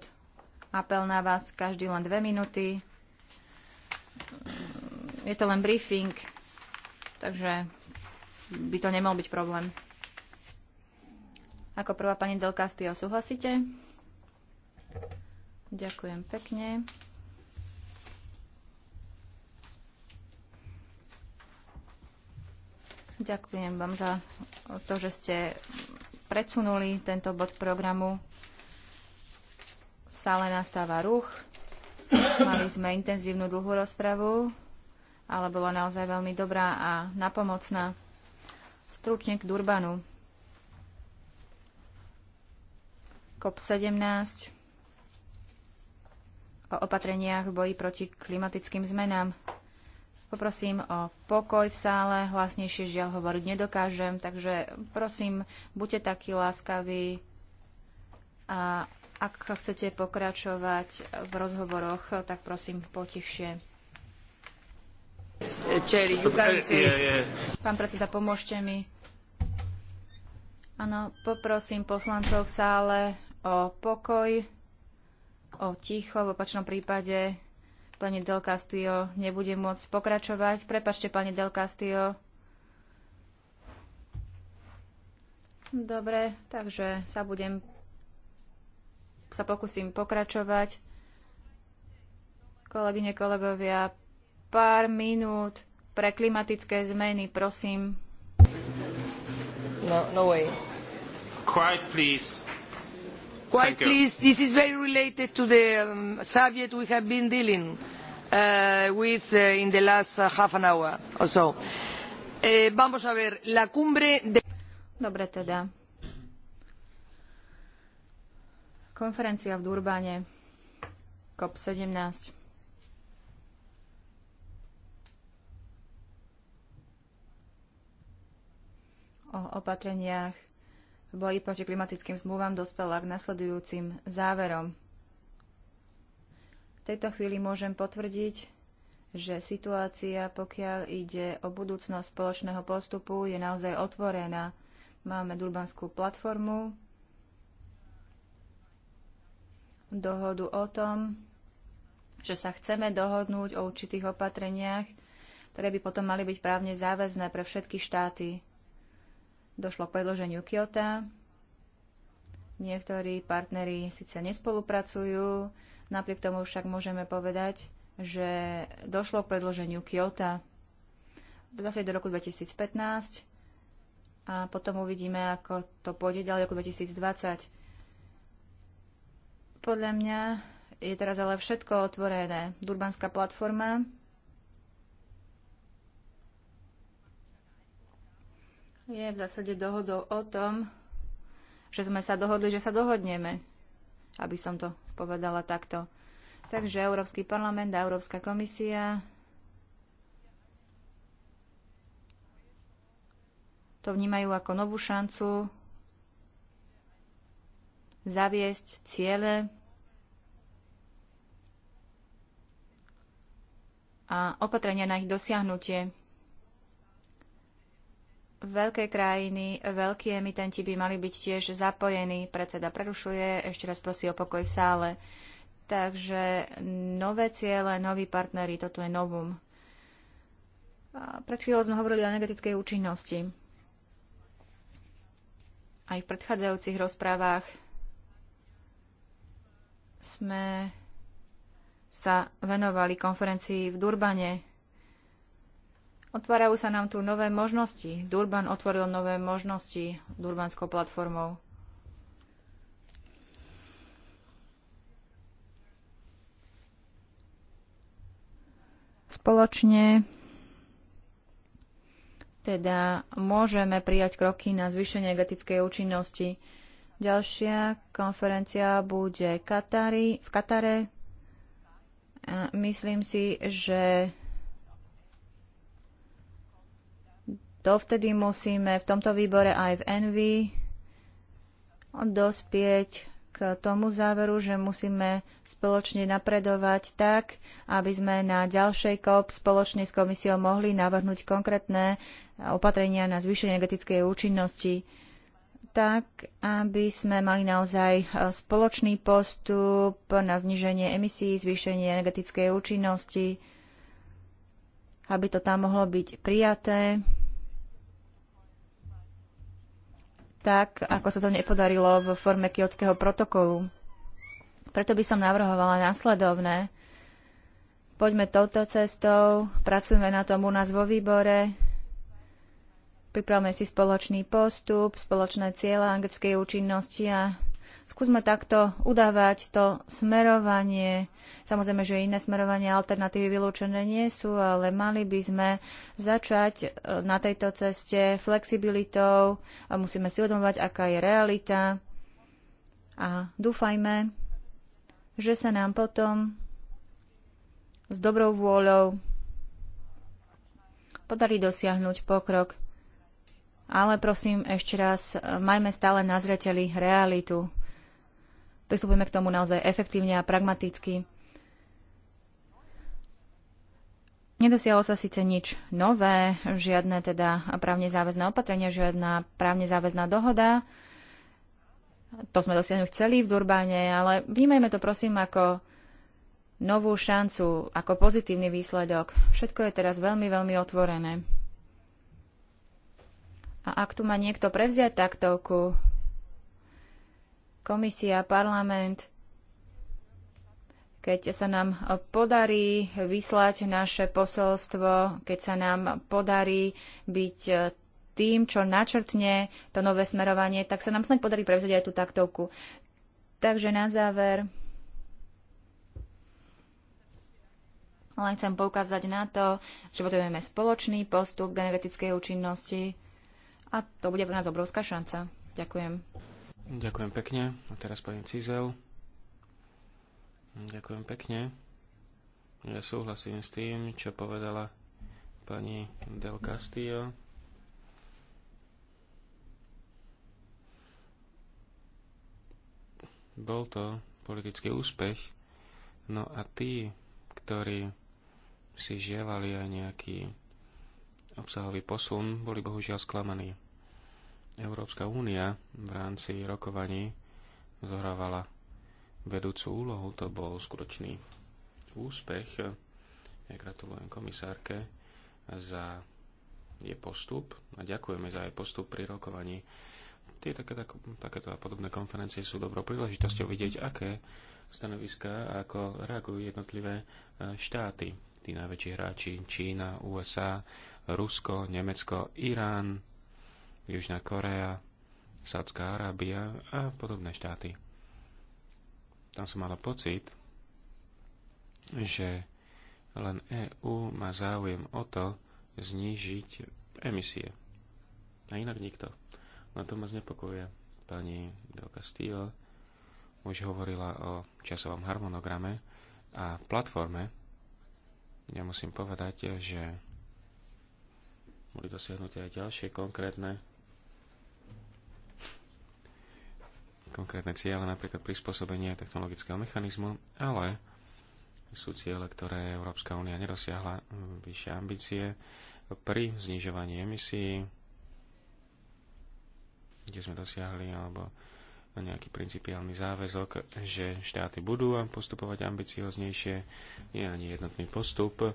apel na vás, každý len dve minúty. Je to len briefing, takže by to nemal byť problém. Ako prvá pani Delkastio, súhlasíte? Ďakujem pekne. Ďakujem vám za to, že ste predsunuli tento bod programu. V sále nastáva ruch. Mali sme intenzívnu dlhú rozpravu, ale bola naozaj veľmi dobrá a napomocná. Stručne k Durbanu. COP17 o opatreniach v boji proti klimatickým zmenám. Poprosím o pokoj v sále, hlasnejšie žiaľ hovoriť nedokážem, takže prosím, buďte takí láskaví a ak chcete pokračovať v rozhovoroch, tak prosím potichšie. E, Pán predseda, pomôžte mi. Áno, poprosím poslancov v sále o pokoj, o ticho, v opačnom prípade Pani Del Castillo nebude môcť pokračovať. Prepačte, pani Del Castillo. Dobre, takže sa budem sa pokúsim pokračovať. Kolegyne, kolegovia, pár minút pre klimatické zmeny, prosím. No, no way. Quiet, please. Quite please, this is very related to the um, subject we have been dealing uh, with uh, in the last uh, half an hour or so. vamos a ver, la cumbre de... Dobre teda. Konferencia v Durbane, COP17. o opatreniach v boji proti klimatickým zmluvám dospela k nasledujúcim záverom. V tejto chvíli môžem potvrdiť, že situácia, pokiaľ ide o budúcnosť spoločného postupu, je naozaj otvorená. Máme Durbanskú platformu, dohodu o tom, že sa chceme dohodnúť o určitých opatreniach, ktoré by potom mali byť právne záväzné pre všetky štáty Došlo k predloženiu Kyoto. Niektorí partneri síce nespolupracujú, napriek tomu však môžeme povedať, že došlo k predloženiu Kyoto zase do roku 2015 a potom uvidíme, ako to pôjde ďalej roku 2020. Podľa mňa je teraz ale všetko otvorené. Durbanská platforma je v zásade dohodou o tom, že sme sa dohodli, že sa dohodneme, aby som to povedala takto. Takže Európsky parlament a Európska komisia to vnímajú ako novú šancu zaviesť ciele a opatrenia na ich dosiahnutie veľké krajiny, veľkí emitenti by mali byť tiež zapojení. Predseda prerušuje, ešte raz prosí o pokoj v sále. Takže nové ciele, noví partnery, toto je novum. A pred chvíľou sme hovorili o energetickej účinnosti. Aj v predchádzajúcich rozprávach sme sa venovali konferencii v Durbane Otvárajú sa nám tu nové možnosti. Durban otvoril nové možnosti Durbanskou platformou. Spoločne teda môžeme prijať kroky na zvýšenie energetickej účinnosti. Ďalšia konferencia bude Katari, v Katare. Myslím si, že to vtedy musíme v tomto výbore aj v NV dospieť k tomu záveru, že musíme spoločne napredovať tak, aby sme na ďalšej COP spoločne s komisiou mohli navrhnúť konkrétne opatrenia na zvýšenie energetickej účinnosti tak, aby sme mali naozaj e, spoločný postup na zniženie emisí, zvýšenie energetickej účinnosti, aby to tam mohlo byť prijaté tak ako sa to nepodarilo v forme kiotského protokolu. Preto by som navrhovala následovné. Poďme touto cestou, pracujme na tom u nás vo výbore, pripravme si spoločný postup, spoločné cieľa anglickej účinnosti a Skúsme takto udávať to smerovanie. Samozrejme, že iné smerovanie alternatívy vylúčené nie sú, ale mali by sme začať e, na tejto ceste flexibilitou. A musíme si uvedomovať, aká je realita. A dúfajme, že sa nám potom s dobrou vôľou podarí dosiahnuť pokrok. Ale prosím ešte raz, e, majme stále na zreteli realitu pristupujeme k tomu naozaj efektívne a pragmaticky. Nedosialo sa síce nič nové, žiadne teda právne záväzné opatrenia, žiadna právne záväzná dohoda. To sme dosiahnuť chceli v Durbáne, ale vnímajme to prosím ako novú šancu, ako pozitívny výsledok. Všetko je teraz veľmi, veľmi otvorené. A ak tu má niekto prevziať taktovku, komisia, parlament, keď sa nám podarí vyslať naše posolstvo, keď sa nám podarí byť tým, čo načrtne to nové smerovanie, tak sa nám snaď podarí prevziať aj tú taktovku. Takže na záver len chcem poukázať na to, že potrebujeme spoločný postup k energetickej účinnosti a to bude pre nás obrovská šanca. Ďakujem. Ďakujem pekne. A teraz pani Cizel. Ďakujem pekne. Ja súhlasím s tým, čo povedala pani Del Castillo. Bol to politický úspech. No a tí, ktorí si želali aj nejaký obsahový posun, boli bohužiaľ sklamaní. Európska únia v rámci rokovaní zohrávala vedúcu úlohu. To bol skutočný úspech. Ja gratulujem komisárke za jej postup a ďakujeme za jej postup pri rokovaní. Tie také, tak, takéto a podobné konferencie sú dobrou príležitosťou vidieť, aké stanoviská a ako reagujú jednotlivé e, štáty. Tí najväčší hráči Čína, USA, Rusko, Nemecko, Irán, Južná Korea, Sádzka Arábia a podobné štáty. Tam som mal pocit, že len EÚ má záujem o to znížiť emisie. A inak nikto. Na no to ma znepokojuje. Pani Del Castillo už hovorila o časovom harmonograme a platforme. Ja musím povedať, že boli dosiahnuté aj ďalšie konkrétne konkrétne ciele, napríklad prispôsobenie technologického mechanizmu, ale sú ciele, ktoré Európska únia nedosiahla vyššie ambície pri znižovaní emisí, kde sme dosiahli alebo nejaký principiálny záväzok, že štáty budú postupovať ambicioznejšie. Nie ani jednotný postup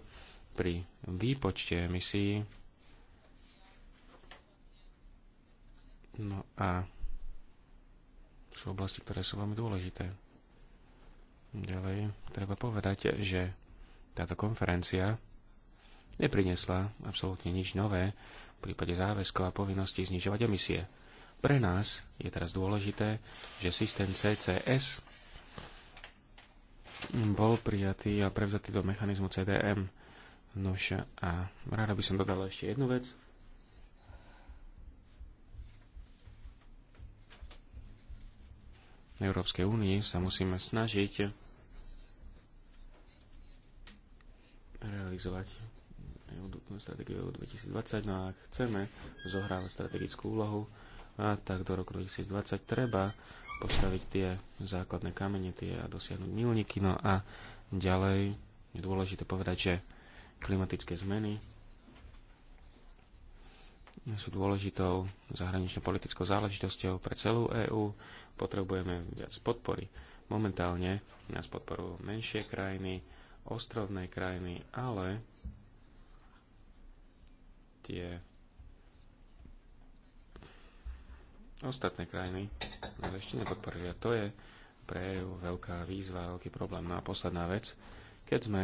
pri výpočte emisí. No a sú oblasti, ktoré sú veľmi dôležité. Ďalej, treba povedať, že táto konferencia neprinesla absolútne nič nové v prípade záväzkov a povinností znižovať emisie. Pre nás je teraz dôležité, že systém CCS bol prijatý a prevzatý do mechanizmu CDM. Nož a rada by som dodala ešte jednu vec. Európskej únii sa musíme snažiť realizovať stratégiu 2020. No a ak chceme zohrávať strategickú úlohu, a tak do roku 2020 treba postaviť tie základné kamene, tie a dosiahnuť milníky. No a ďalej je dôležité povedať, že klimatické zmeny sú dôležitou zahranično-politickou záležitosťou pre celú EÚ. Potrebujeme viac podpory. Momentálne nás podporujú menšie krajiny, ostrovné krajiny, ale tie ostatné krajiny nás ešte nepodporili. A to je pre EÚ veľká výzva, veľký problém. No a posledná vec, keď sme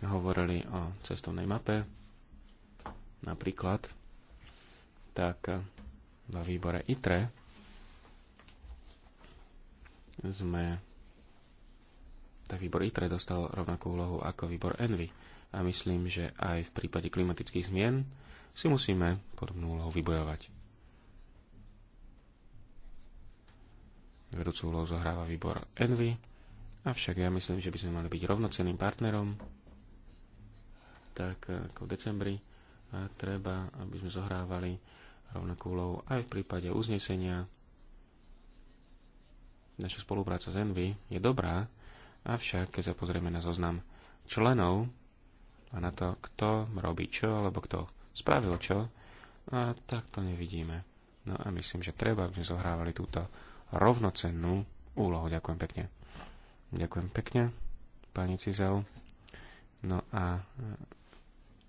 hovorili o cestovnej mape, napríklad tak vo výbore ITRE sme tak výbor ITRE dostal rovnakú úlohu ako výbor ENVY. A myslím, že aj v prípade klimatických zmien si musíme podobnú úlohu vybojovať. Vedúcu úlohu zohráva výbor ENVY, avšak ja myslím, že by sme mali byť rovnocenným partnerom, tak ako v decembri, a treba, aby sme zohrávali rovnakú úlohu aj v prípade uznesenia. Naša spolupráca s Envy je dobrá, avšak keď sa pozrieme na zoznam členov a na to, kto robí čo, alebo kto spravil čo, a tak to nevidíme. No a myslím, že treba, aby sme zohrávali túto rovnocennú úlohu. Ďakujem pekne. Ďakujem pekne, pani Cizel. No a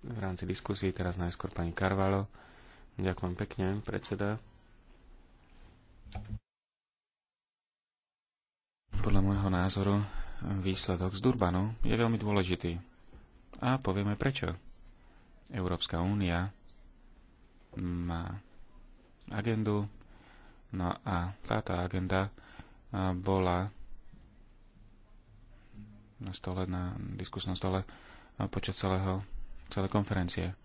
v rámci diskusie teraz najskôr pani Karvalo Ďakujem pekne, predseda. Podľa môjho názoru výsledok z Durbanu je veľmi dôležitý. A povieme prečo. Európska únia má agendu, no a táto agenda bola na stole, na diskusnom stole počas celého, celé konferencie.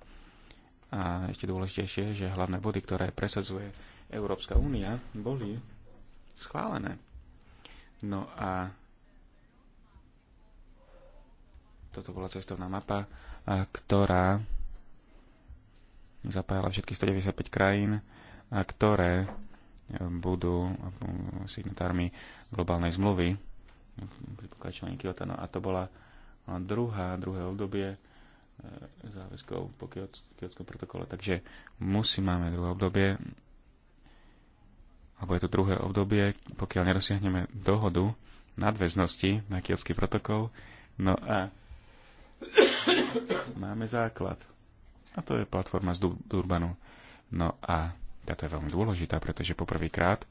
A ešte dôležitejšie, že hlavné body, ktoré presadzuje Európska únia, boli schválené. No a toto bola cestovná mapa, ktorá zapájala všetky 195 krajín, a ktoré budú signatármi globálnej zmluvy pri pokračovaní Kyoto. No a to bola druhá, druhé obdobie E, záväzkov po kiotskom protokole. Takže musí máme druhé obdobie, alebo je to druhé obdobie, pokiaľ nerozsiahneme dohodu nadväznosti na kiotský protokol. No a máme základ. A to je platforma z Durbanu. No a táto je veľmi dôležitá, pretože poprvýkrát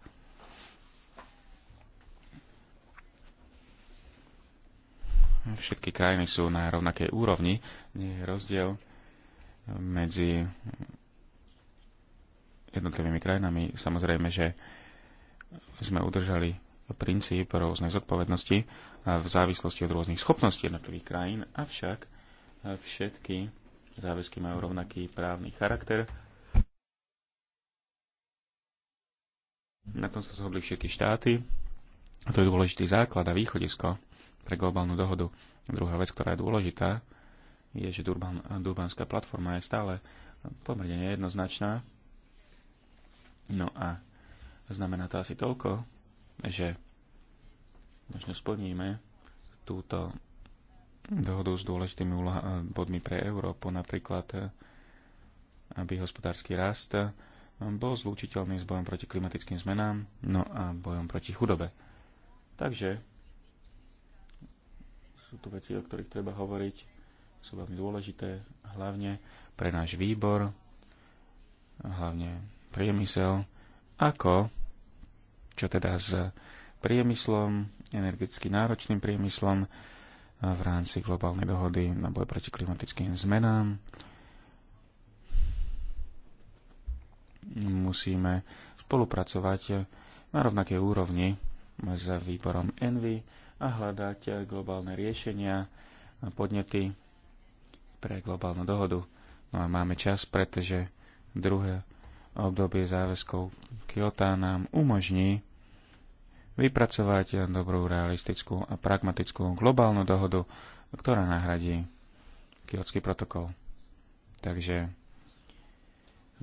všetky krajiny sú na rovnakej úrovni. Nie je rozdiel medzi jednotlivými krajinami. Samozrejme, že sme udržali princíp rôznej zodpovednosti v závislosti od rôznych schopností jednotlivých krajín, avšak všetky záväzky majú rovnaký právny charakter. Na tom sa zhodli všetky štáty. A to je dôležitý základ a východisko pre globálnu dohodu. Druhá vec, ktorá je dôležitá, je, že Durban, Durbanská platforma je stále pomerne nejednoznačná. No a znamená to asi toľko, že možno splníme túto dohodu s dôležitými bodmi pre Európu, napríklad aby hospodársky rast bol zlúčiteľný s bojom proti klimatickým zmenám, no a bojom proti chudobe. Takže sú tu veci, o ktorých treba hovoriť, sú veľmi dôležité, hlavne pre náš výbor, hlavne priemysel, ako, čo teda s priemyslom, energeticky náročným priemyslom v rámci globálnej dohody na boj proti klimatickým zmenám. Musíme spolupracovať na rovnakej úrovni s výborom Envy a hľadať eh, globálne riešenia a podnety pre globálnu dohodu. No a máme čas, pretože druhé obdobie záväzkov Kyoto nám umožní vypracovať dobrú, realistickú a pragmatickú globálnu dohodu, ktorá nahradí Kyotský protokol. Takže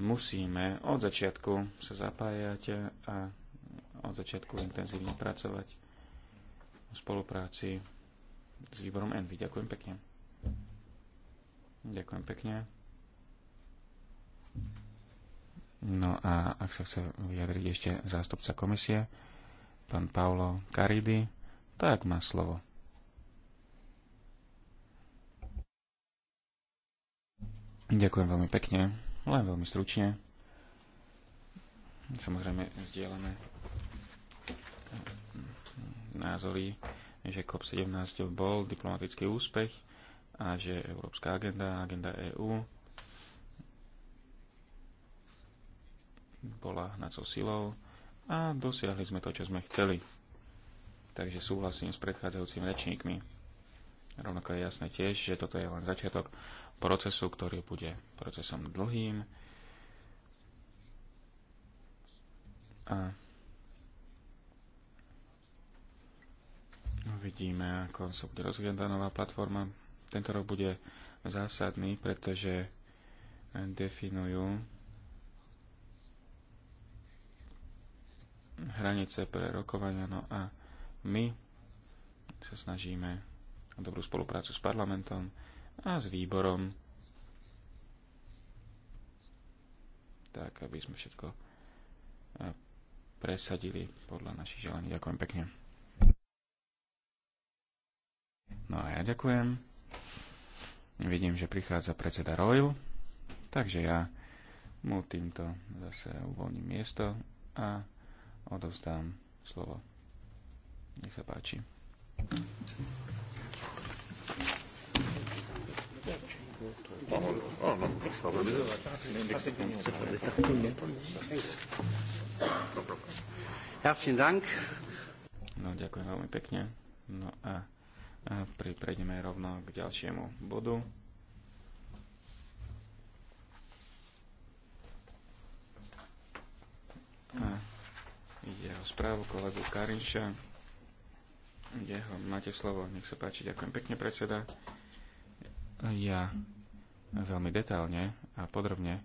musíme od začiatku sa zapájať a od začiatku intenzívne pracovať o spolupráci s výborom Envy. Ďakujem pekne. Ďakujem pekne. No a ak sa chce vyjadriť ešte zástupca komisie, pán Paolo Caridy, tak má slovo. Ďakujem veľmi pekne, len veľmi stručne. Samozrejme, zdieľame názory, že COP17 bol diplomatický úspech a že Európska agenda, agenda EÚ bola hnacou silou a dosiahli sme to, čo sme chceli. Takže súhlasím s predchádzajúcimi rečníkmi. Rovnako je jasné tiež, že toto je len začiatok procesu, ktorý bude procesom dlhým. A Vidíme, ako sa bude rozvíjať nová platforma. Tento rok bude zásadný, pretože definujú hranice pre rokovania. No a my sa snažíme o dobrú spoluprácu s parlamentom a s výborom, tak aby sme všetko presadili podľa našich želaní. Ďakujem pekne. No a ja ďakujem. Vidím, že prichádza predseda Royal, takže ja mu týmto zase uvoľním miesto a odovzdám slovo. Nech sa páči. No, ďakujem veľmi pekne. No a a prejdeme rovno k ďalšiemu bodu. A ide o správu kolegu Karinša. Ide ho, máte slovo, nech sa páči, ďakujem pekne predseda. Ja veľmi detálne a podrobne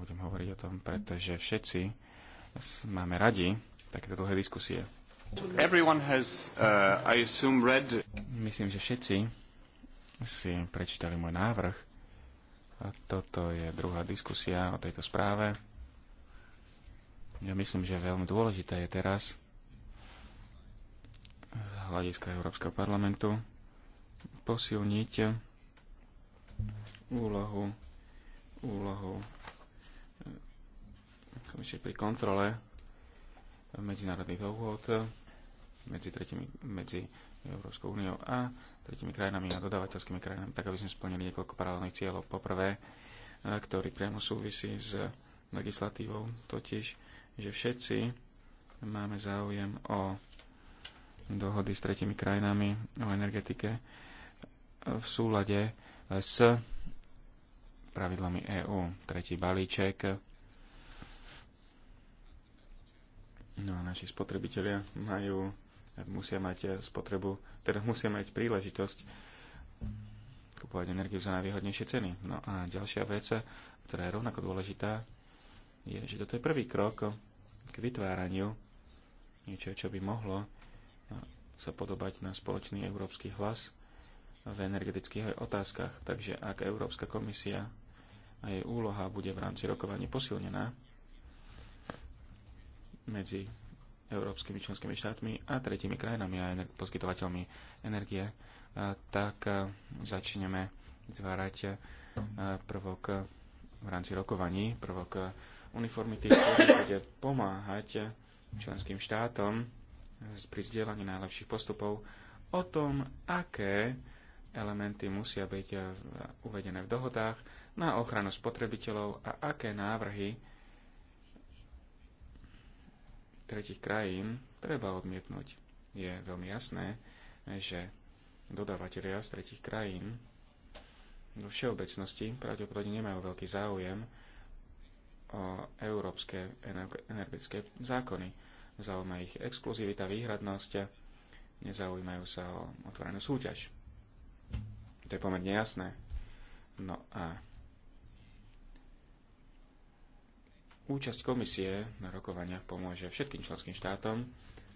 budem hovoriť o tom, pretože všetci máme radi takéto dlhé diskusie. Uh, myslím, že všetci si prečítali môj návrh. A toto je druhá diskusia o tejto správe. Ja myslím, že veľmi dôležité je teraz z hľadiska Európskeho parlamentu posilniť úlohu, úlohu eh, komisie pri kontrole medzinárodných dohôd medzi, tretimi, medzi Európskou úniou a tretimi krajinami a dodávateľskými krajinami, tak aby sme splnili niekoľko paralelných cieľov. Poprvé, e, ktorý priamo súvisí s legislatívou, totiž, že všetci máme záujem o dohody s tretimi krajinami o energetike e, v súlade e, s pravidlami EÚ. Tretí balíček. No a naši spotrebitelia majú musia mať eh, spotrebu, teda musia mať príležitosť kupovať energiu za najvýhodnejšie ceny. No a ďalšia vec, ktorá je rovnako dôležitá, je, že toto je prvý krok k vytváraniu niečo, čo by mohlo eh, sa podobať na spoločný európsky hlas v energetických otázkach. Takže ak Európska komisia a jej úloha bude v rámci rokovania posilnená medzi európskymi členskými štátmi a tretími krajinami a ener- poskytovateľmi energie, tak e, začneme zvárať e, prvok e, v rámci rokovaní, prvok uniformity, ktorý bude pomáhať členským štátom pri zdieľaní najlepších postupov o tom, aké elementy musia byť uvedené v dohodách na ochranu spotrebiteľov a aké návrhy tretich krajín treba odmietnúť. Je veľmi jasné, že dodávateľia z tretich krajín vo všeobecnosti pravdepodobne nemajú veľký záujem o európske energetické zákony. Zaujíma ich exkluzivita, výhradnosť, nezaujímajú sa o otvorenú súťaž. To je pomerne jasné. No a účasť komisie na rokovaniach pomôže všetkým členským štátom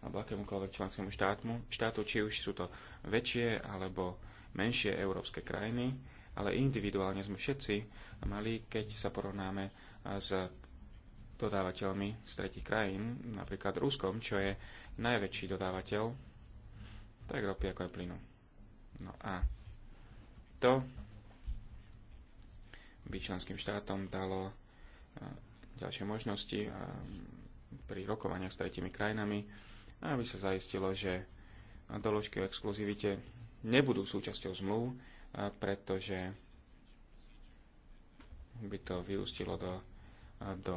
alebo akémukoľvek členskému štátmu, štátu, či už sú to väčšie alebo menšie európske krajiny, ale individuálne sme všetci mali, keď sa porovnáme s dodávateľmi z tretich krajín, napríklad Ruskom, čo je najväčší dodávateľ tak ropy ako aj plynu. No a to by členským štátom dalo ďalšie možnosti pri rokovaniach s tretimi krajinami, aby sa zaistilo, že doložky o exkluzivite nebudú súčasťou zmluv, pretože by to vyústilo do, do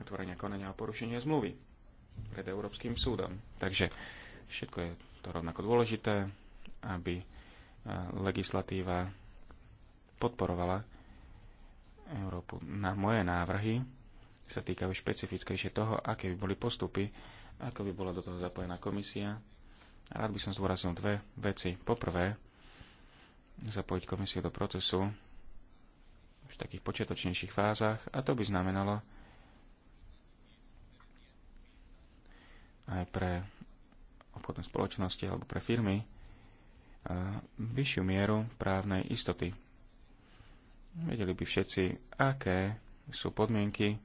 otvorenia konania o porušenie zmluvy pred Európskym súdom. Takže všetko je to rovnako dôležité, aby legislatíva podporovala Európu na moje návrhy sa týkajú špecifickejšie toho, aké by boli postupy, ako by bola do toho zapojená komisia. Rád by som zdôraznil dve veci. Poprvé, zapojiť komisiu do procesu v takých počiatočnejších fázach a to by znamenalo aj pre obchodné spoločnosti alebo pre firmy vyššiu mieru právnej istoty. Vedeli by všetci, aké sú podmienky,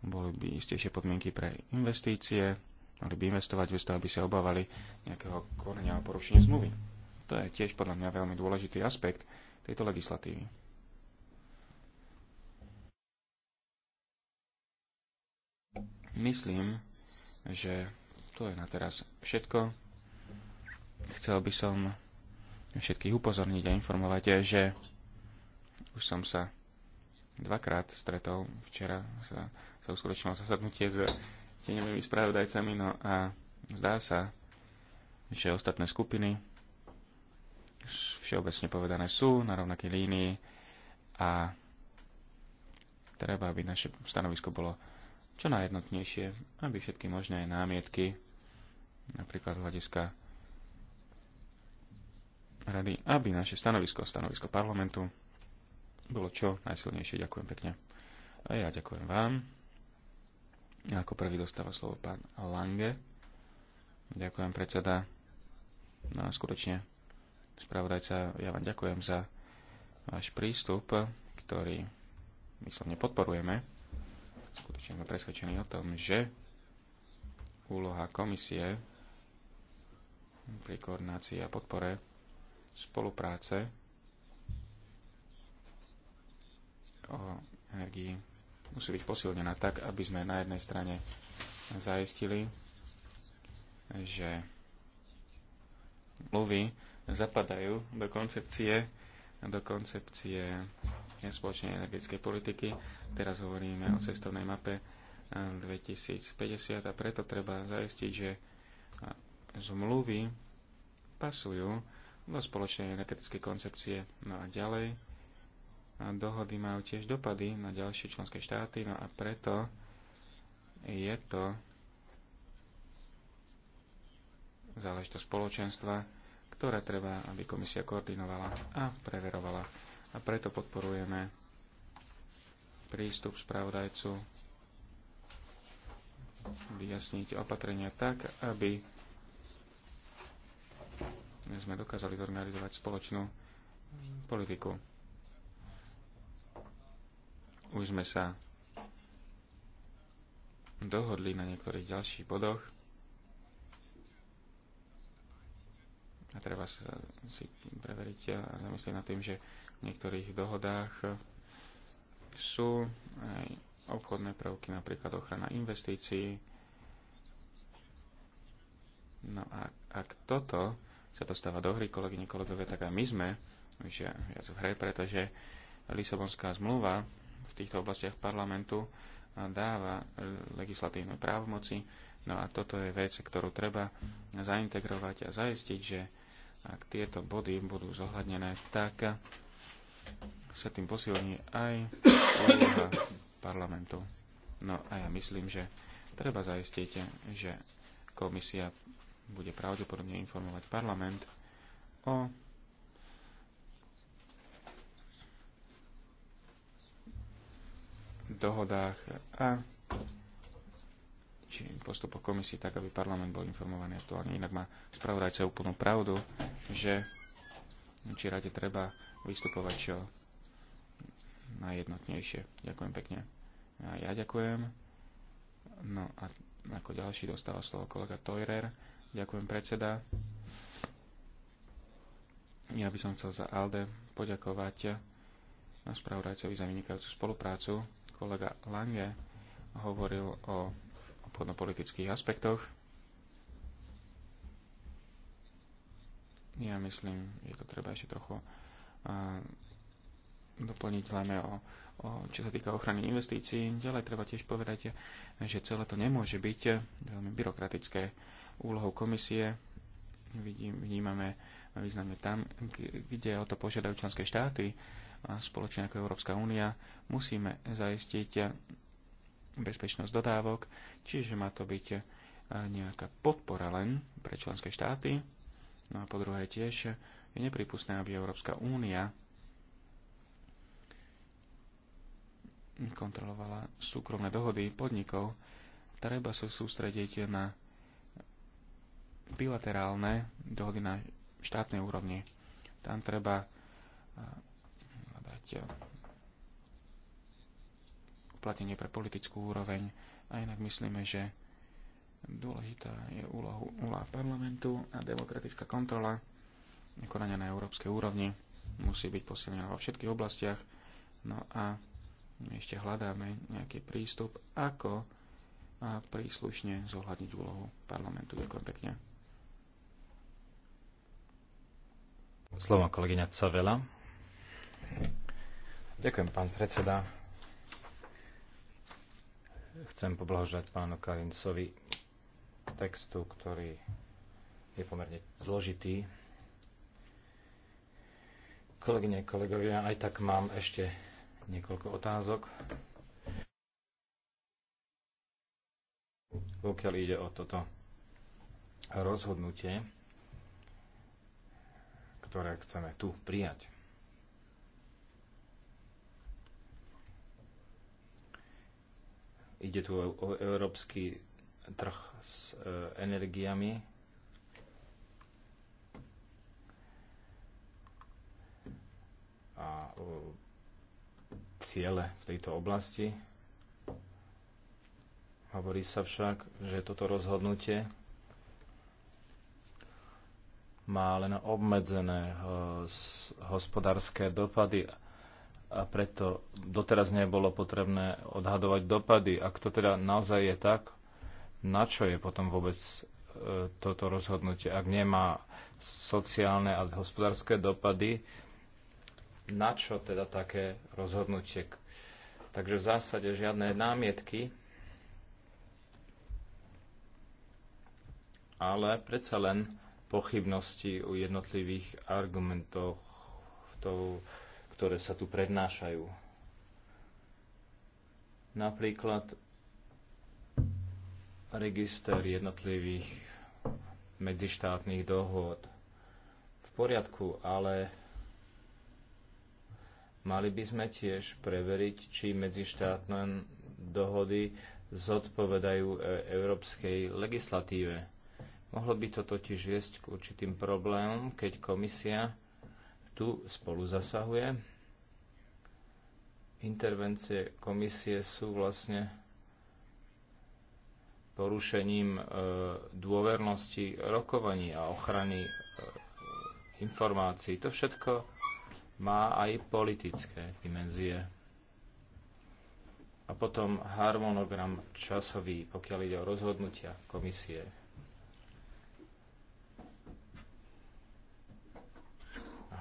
boli by istejšie podmienky pre investície, mali by investovať bez toho, aby sa obávali nejakého koreňa o porušenie zmluvy. To je tiež podľa mňa veľmi dôležitý aspekt tejto legislatívy. Myslím, že to je na teraz všetko. Chcel by som všetkých upozorniť a informovať, že už som sa dvakrát stretol včera sa sa uskutočnilo zasadnutie s tieňovými spravodajcami, no a zdá sa, že ostatné skupiny všeobecne povedané sú na rovnakej línii a treba, aby naše stanovisko bolo čo najjednotnejšie, aby všetky možné námietky, napríklad z hľadiska rady, aby naše stanovisko, stanovisko parlamentu bolo čo najsilnejšie. Ďakujem pekne. A ja ďakujem vám ako prvý dostáva slovo pán Lange. Ďakujem, predseda. No a skutočne, spravodajca, ja vám ďakujem za váš prístup, ktorý my slovne podporujeme. Skutočne sme presvedčení o tom, že úloha komisie pri koordinácii a podpore spolupráce o energii musí byť posilnená tak, aby sme na jednej strane zaistili, že mluvy zapadajú do koncepcie, do koncepcie spoločnej energetickej politiky. Teraz hovoríme o cestovnej mape 2050 eh, a preto treba zaistiť, že zmluvy pasujú do spoločnej energetickej koncepcie. No a ďalej dohody majú tiež dopady na ďalšie členské štáty, no a preto je to záležitosť spoločenstva, ktoré treba, aby komisia koordinovala a preverovala. A preto podporujeme prístup spravodajcu vyjasniť opatrenia tak, aby sme dokázali zorganizovať spoločnú politiku. Už sme sa dohodli na niektorých ďalších bodoch. A treba si preveriť a zamyslieť nad tým, že v niektorých dohodách sú aj obchodné prvky, napríklad ochrana investícií. No a ak toto sa dostáva do hry, kolegyne, kolegovia, tak aj my sme už viac v hre, pretože Lisabonská zmluva v týchto oblastiach parlamentu e, dáva e, legislatívne právomoci. No a toto je vec, ktorú treba zaintegrovať a zaistiť, že ak tieto body budú zohľadnené, tak sa tým posilní aj úloha parlamentu. No a ja myslím, že treba zaistiť, že komisia bude pravdepodobne informovať parlament o dohodách a či postupo komisie tak, aby parlament bol informovaný aktuálne. Inak má spravodajca úplnú pravdu, že či rade treba vystupovať čo najjednotnejšie. Ďakujem pekne. A ja ďakujem. No a ako ďalší dostáva slovo kolega Tojrer. Ďakujem predseda. Ja by som chcel za ALDE poďakovať spravodajcovi za vynikajúcu spoluprácu Kolega Lange hovoril o obchodnopolitických aspektoch. Ja myslím, je to treba ešte trochu uh, doplniť hlavne o, o, čo sa týka ochrany investícií. Ďalej treba tiež povedať, že celé to nemôže byť veľmi byrokratické úlohou komisie. Vidím, vnímame významne tam, kde o to požiadajú členské štáty a spoločne ako Európska únia musíme zaistiť bezpečnosť dodávok, čiže má to byť eh, nejaká podpora len pre členské štáty. No a po druhé tiež je nepripustné, aby Európska únia kontrolovala súkromné dohody podnikov, treba sa sústrediť na bilaterálne dohody na štátnej úrovni. Tam treba eh, uplatnenie pre politickú úroveň a inak myslíme, že dôležitá je úlohu, úloha parlamentu a demokratická kontrola konania na európskej úrovni musí byť posilnená vo všetkých oblastiach. No a my ešte hľadáme nejaký prístup, ako a príslušne zohľadniť úlohu parlamentu. Ďakujem pekne. Slovo kolegyňa Cavela. Ďakujem, pán predseda. Chcem poblahožať pánu Karincovi textu, ktorý je pomerne zložitý. Kolegyne, kolegovia, aj tak mám ešte niekoľko otázok. Pokiaľ ide o toto rozhodnutie, ktoré chceme tu prijať. Ide tu o európsky trh s e, energiami. A ciele v tejto oblasti. Hovorí sa však, že toto rozhodnutie má len obmedzené e, hospodárske dopady a preto doteraz nebolo potrebné odhadovať dopady. Ak to teda naozaj je tak, na čo je potom vôbec e, toto rozhodnutie, ak nemá sociálne a hospodárske dopady, na čo teda také rozhodnutie. Takže v zásade žiadne námietky, ale predsa len pochybnosti u jednotlivých argumentoch, tou ktoré sa tu prednášajú. Napríklad register jednotlivých medzištátnych dohôd. V poriadku, ale mali by sme tiež preveriť, či medzištátne dohody zodpovedajú e, európskej legislatíve. Mohlo by to totiž viesť k určitým problémom, keď komisia tu spolu zasahuje intervencie komisie sú vlastne porušením e, dôvernosti rokovaní a ochrany e, informácií. To všetko má aj politické dimenzie. A potom harmonogram časový, pokiaľ ide o rozhodnutia komisie.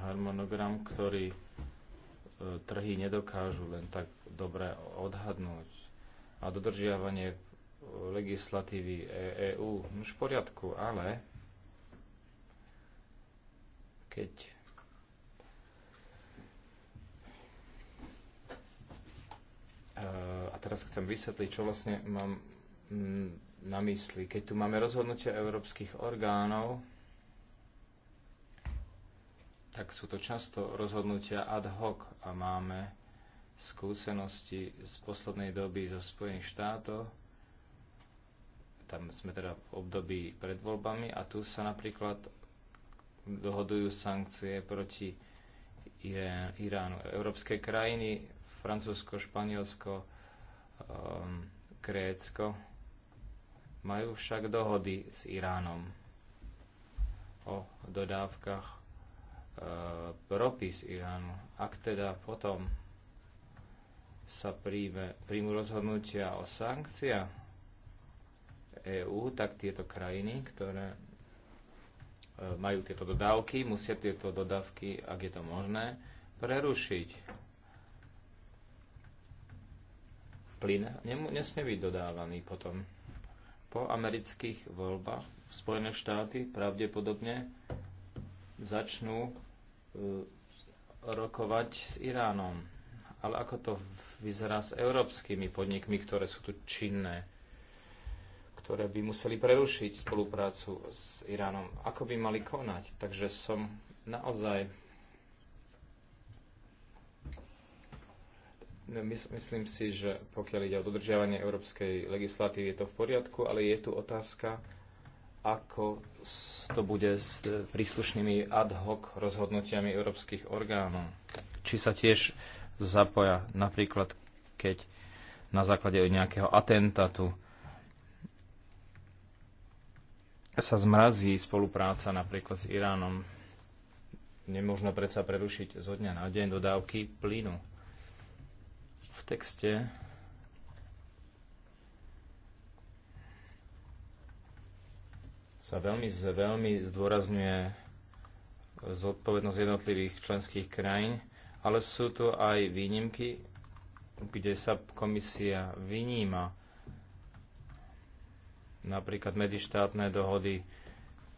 Harmonogram, ktorý E, trhy nedokážu len tak dobre odhadnúť. A dodržiavanie e, legislatívy EÚ, e no v poriadku, ale keď a teraz chcem vysvetliť, čo vlastne mám na mysli. Keď tu máme rozhodnutie európskych orgánov, tak sú to často rozhodnutia ad hoc a máme skúsenosti z poslednej doby zo Spojených štátov. Tam sme teda v období pred voľbami a tu sa napríklad dohodujú sankcie proti Iránu. Európske krajiny, Francúzsko, Španielsko, um, Grécko, majú však dohody s Iránom o dodávkach E, propis Iránu. Ak teda potom sa príjme, príjmu rozhodnutia o sankcia EÚ, tak tieto krajiny, ktoré e, majú tieto dodávky, musia tieto dodávky, ak je to možné, prerušiť. Plyn nesmie byť dodávaný potom. Po amerických voľbách Spojené štáty pravdepodobne začnú E, rokovať s Iránom. Ale ako to vyzerá s európskymi podnikmi, ktoré sú tu činné, ktoré by museli prerušiť spoluprácu s Iránom? Ako by mali konať? Takže som naozaj no, Myslím si, že pokiaľ ide o dodržiavanie európskej legislatívy, je to v poriadku, ale je tu otázka, ako to bude s e, príslušnými ad hoc rozhodnutiami európskych orgánov. Či sa tiež zapoja napríklad, keď na základe nejakého atentátu sa zmrazí spolupráca napríklad s Iránom. Nemôžno predsa prerušiť zo dňa na deň dodávky plynu. V texte sa veľmi, veľmi zdôrazňuje zodpovednosť jednotlivých členských krajín, ale sú tu aj výnimky, kde sa komisia vyníma napríklad medzištátne dohody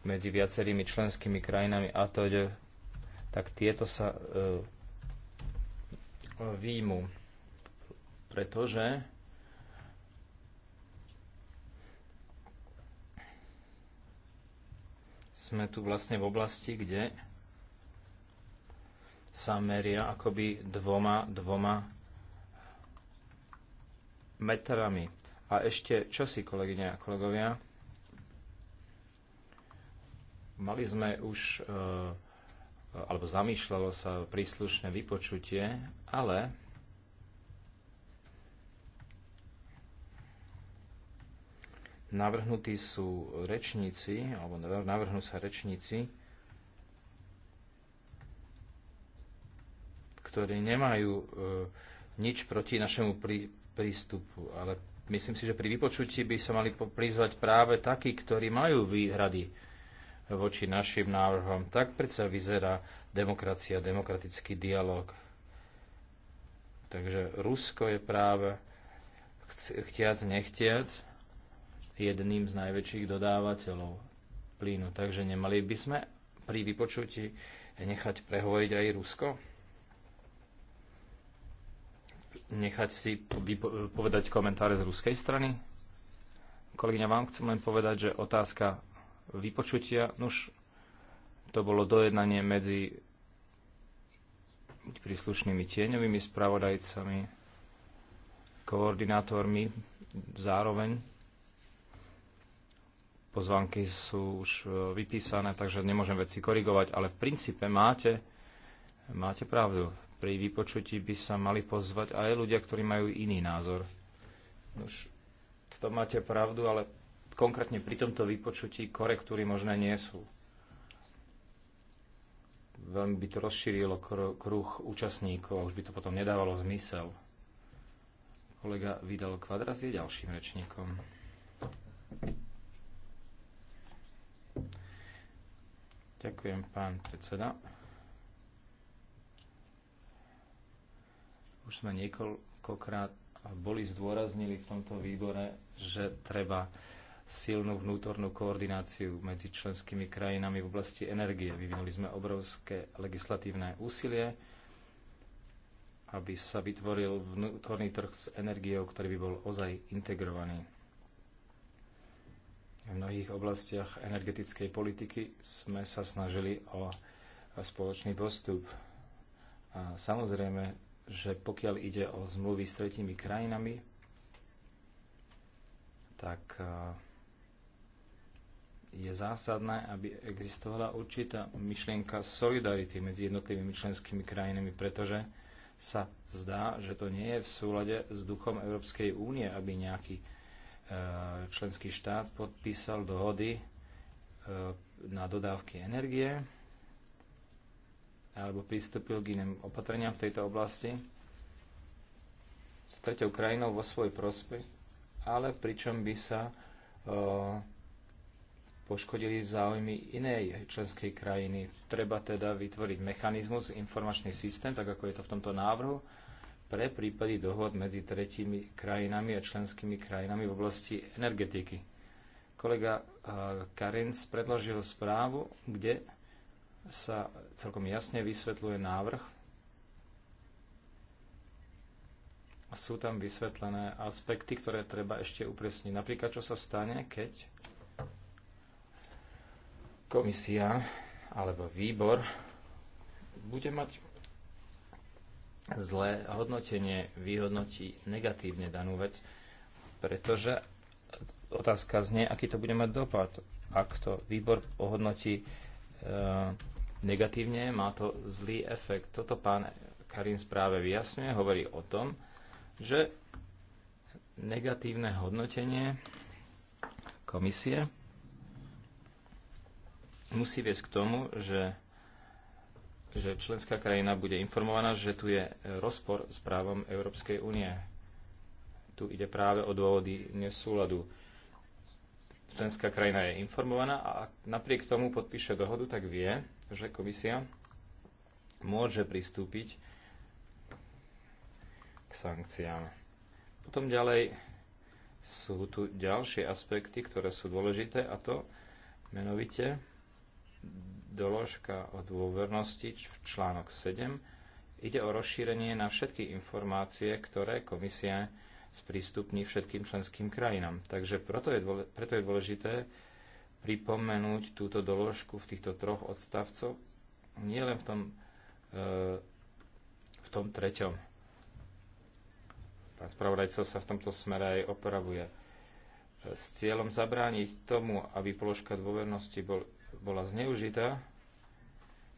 medzi viacerými členskými krajinami a to, tak tieto sa e, e výjmu, pretože sme tu vlastne v oblasti, kde sa meria akoby dvoma, dvoma metrami. A ešte čosi, kolegyne a kolegovia, mali sme už, e, alebo zamýšľalo sa príslušné vypočutie, ale navrhnutí sú rečníci, alebo navrhnú sa rečníci, ktorí nemajú e, nič proti našemu prí, prístupu, ale myslím si, že pri vypočutí by sa mali prizvať práve takí, ktorí majú výhrady voči našim návrhom. Tak predsa vyzerá demokracia, demokratický dialog. Takže Rusko je práve chciac, nechtiac, jedným z najväčších dodávateľov plynu. Takže nemali by sme pri vypočutí nechať prehovoriť aj Rusko? Nechať si povedať komentáre z ruskej strany? Kolegyňa, vám chcem len povedať, že otázka vypočutia, nuž to bolo dojednanie medzi príslušnými tieňovými spravodajcami, koordinátormi zároveň pozvánky sú už e, vypísané, takže nemôžem veci korigovať, ale v princípe máte, máte pravdu. Pri vypočutí by sa mali pozvať aj ľudia, ktorí majú iný názor. Už v tom máte pravdu, ale konkrétne pri tomto vypočutí korektúry možné nie sú. Veľmi by to rozšírilo kruh účastníkov a už by to potom nedávalo zmysel. Kolega Vidal Kvadras je ďalším rečníkom. Ďakujem, pán predseda. Už sme niekoľkokrát boli zdôraznili v tomto výbore, že treba silnú vnútornú koordináciu medzi členskými krajinami v oblasti energie. Vyvinuli sme obrovské legislatívne úsilie, aby sa vytvoril vnútorný trh s energiou, ktorý by bol ozaj integrovaný. V mnohých oblastiach energetickej politiky sme sa snažili o spoločný postup. A samozrejme, že pokiaľ ide o zmluvy s tretími krajinami, tak e, je zásadné, aby existovala určitá myšlienka solidarity medzi jednotlivými členskými krajinami, pretože sa zdá, že to nie je v súlade s duchom Európskej únie, aby nejaký E, členský štát podpísal dohody e, na dodávky energie alebo pristúpil k iným opatreniam v tejto oblasti s tretou krajinou vo svoj prospech, ale pričom by sa e, poškodili záujmy inej členskej krajiny. Treba teda vytvoriť mechanizmus, informačný systém, tak ako je to v tomto návrhu, pre prípady dohod medzi tretími krajinami a členskými krajinami v oblasti energetiky. Kolega eh, Karenc predložil správu, kde sa celkom jasne vysvetľuje návrh a sú tam vysvetlené aspekty, ktoré treba ešte upresniť. Napríklad, čo sa stane, keď komisia alebo výbor bude mať zlé hodnotenie vyhodnotí negatívne danú vec, pretože otázka znie, aký to bude mať dopad. Ak to výbor ohodnotí e, negatívne, má to zlý efekt. Toto pán Karin správe vyjasňuje, hovorí o tom, že negatívne hodnotenie komisie musí viesť k tomu, že že členská krajina bude informovaná, že tu je rozpor s právom Európskej únie. Tu ide práve o dôvody nesúladu. Členská krajina je informovaná a ak napriek tomu podpíše dohodu, tak vie, že komisia môže pristúpiť k sankciám. Potom ďalej sú tu ďalšie aspekty, ktoré sú dôležité a to menovite doložka o dôvernosti v článok 7 ide o rozšírenie na všetky informácie, ktoré komisia sprístupní všetkým členským krajinám. Takže preto je, dôle, preto je dôležité pripomenúť túto doložku v týchto troch odstavcoch, nielen v tom, e, v tom treťom. Pán spravodajca sa v tomto smere aj opravuje. E, s cieľom zabrániť tomu, aby položka dôvernosti bol bola zneužitá,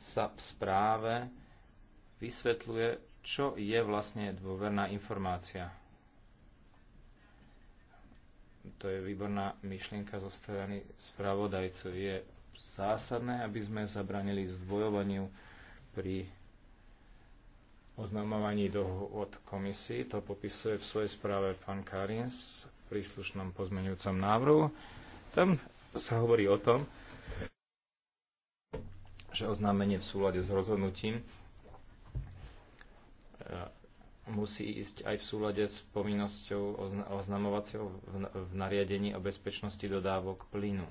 sa v správe vysvetľuje, čo je vlastne dôverná informácia. To je výborná myšlienka zo strany spravodajcu. Je zásadné, aby sme zabranili zdvojovaniu pri oznamovaní dohod komisii. To popisuje v svojej správe pán Karins v príslušnom pozmeňujúcom návrhu. Tam sa hovorí o tom, že oznámenie v súlade s rozhodnutím e, musí ísť aj v súlade s povinnosťou oznamovacieho v nariadení o bezpečnosti dodávok plynu.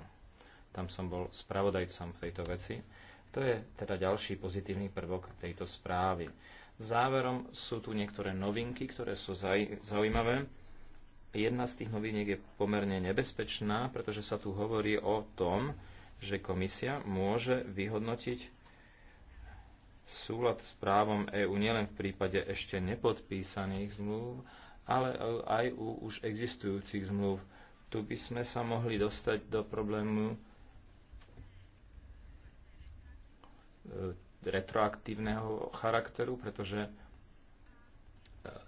Tam som bol spravodajcom v tejto veci. To je teda ďalší pozitívny prvok tejto správy. Záverom sú tu niektoré novinky, ktoré sú zaujímavé. Jedna z tých noviniek je pomerne nebezpečná, pretože sa tu hovorí o tom, že komisia môže vyhodnotiť súlad s právom EÚ nielen v prípade ešte nepodpísaných zmluv, ale aj u už existujúcich zmluv. Tu by sme sa mohli dostať do problému e, retroaktívneho charakteru, pretože e,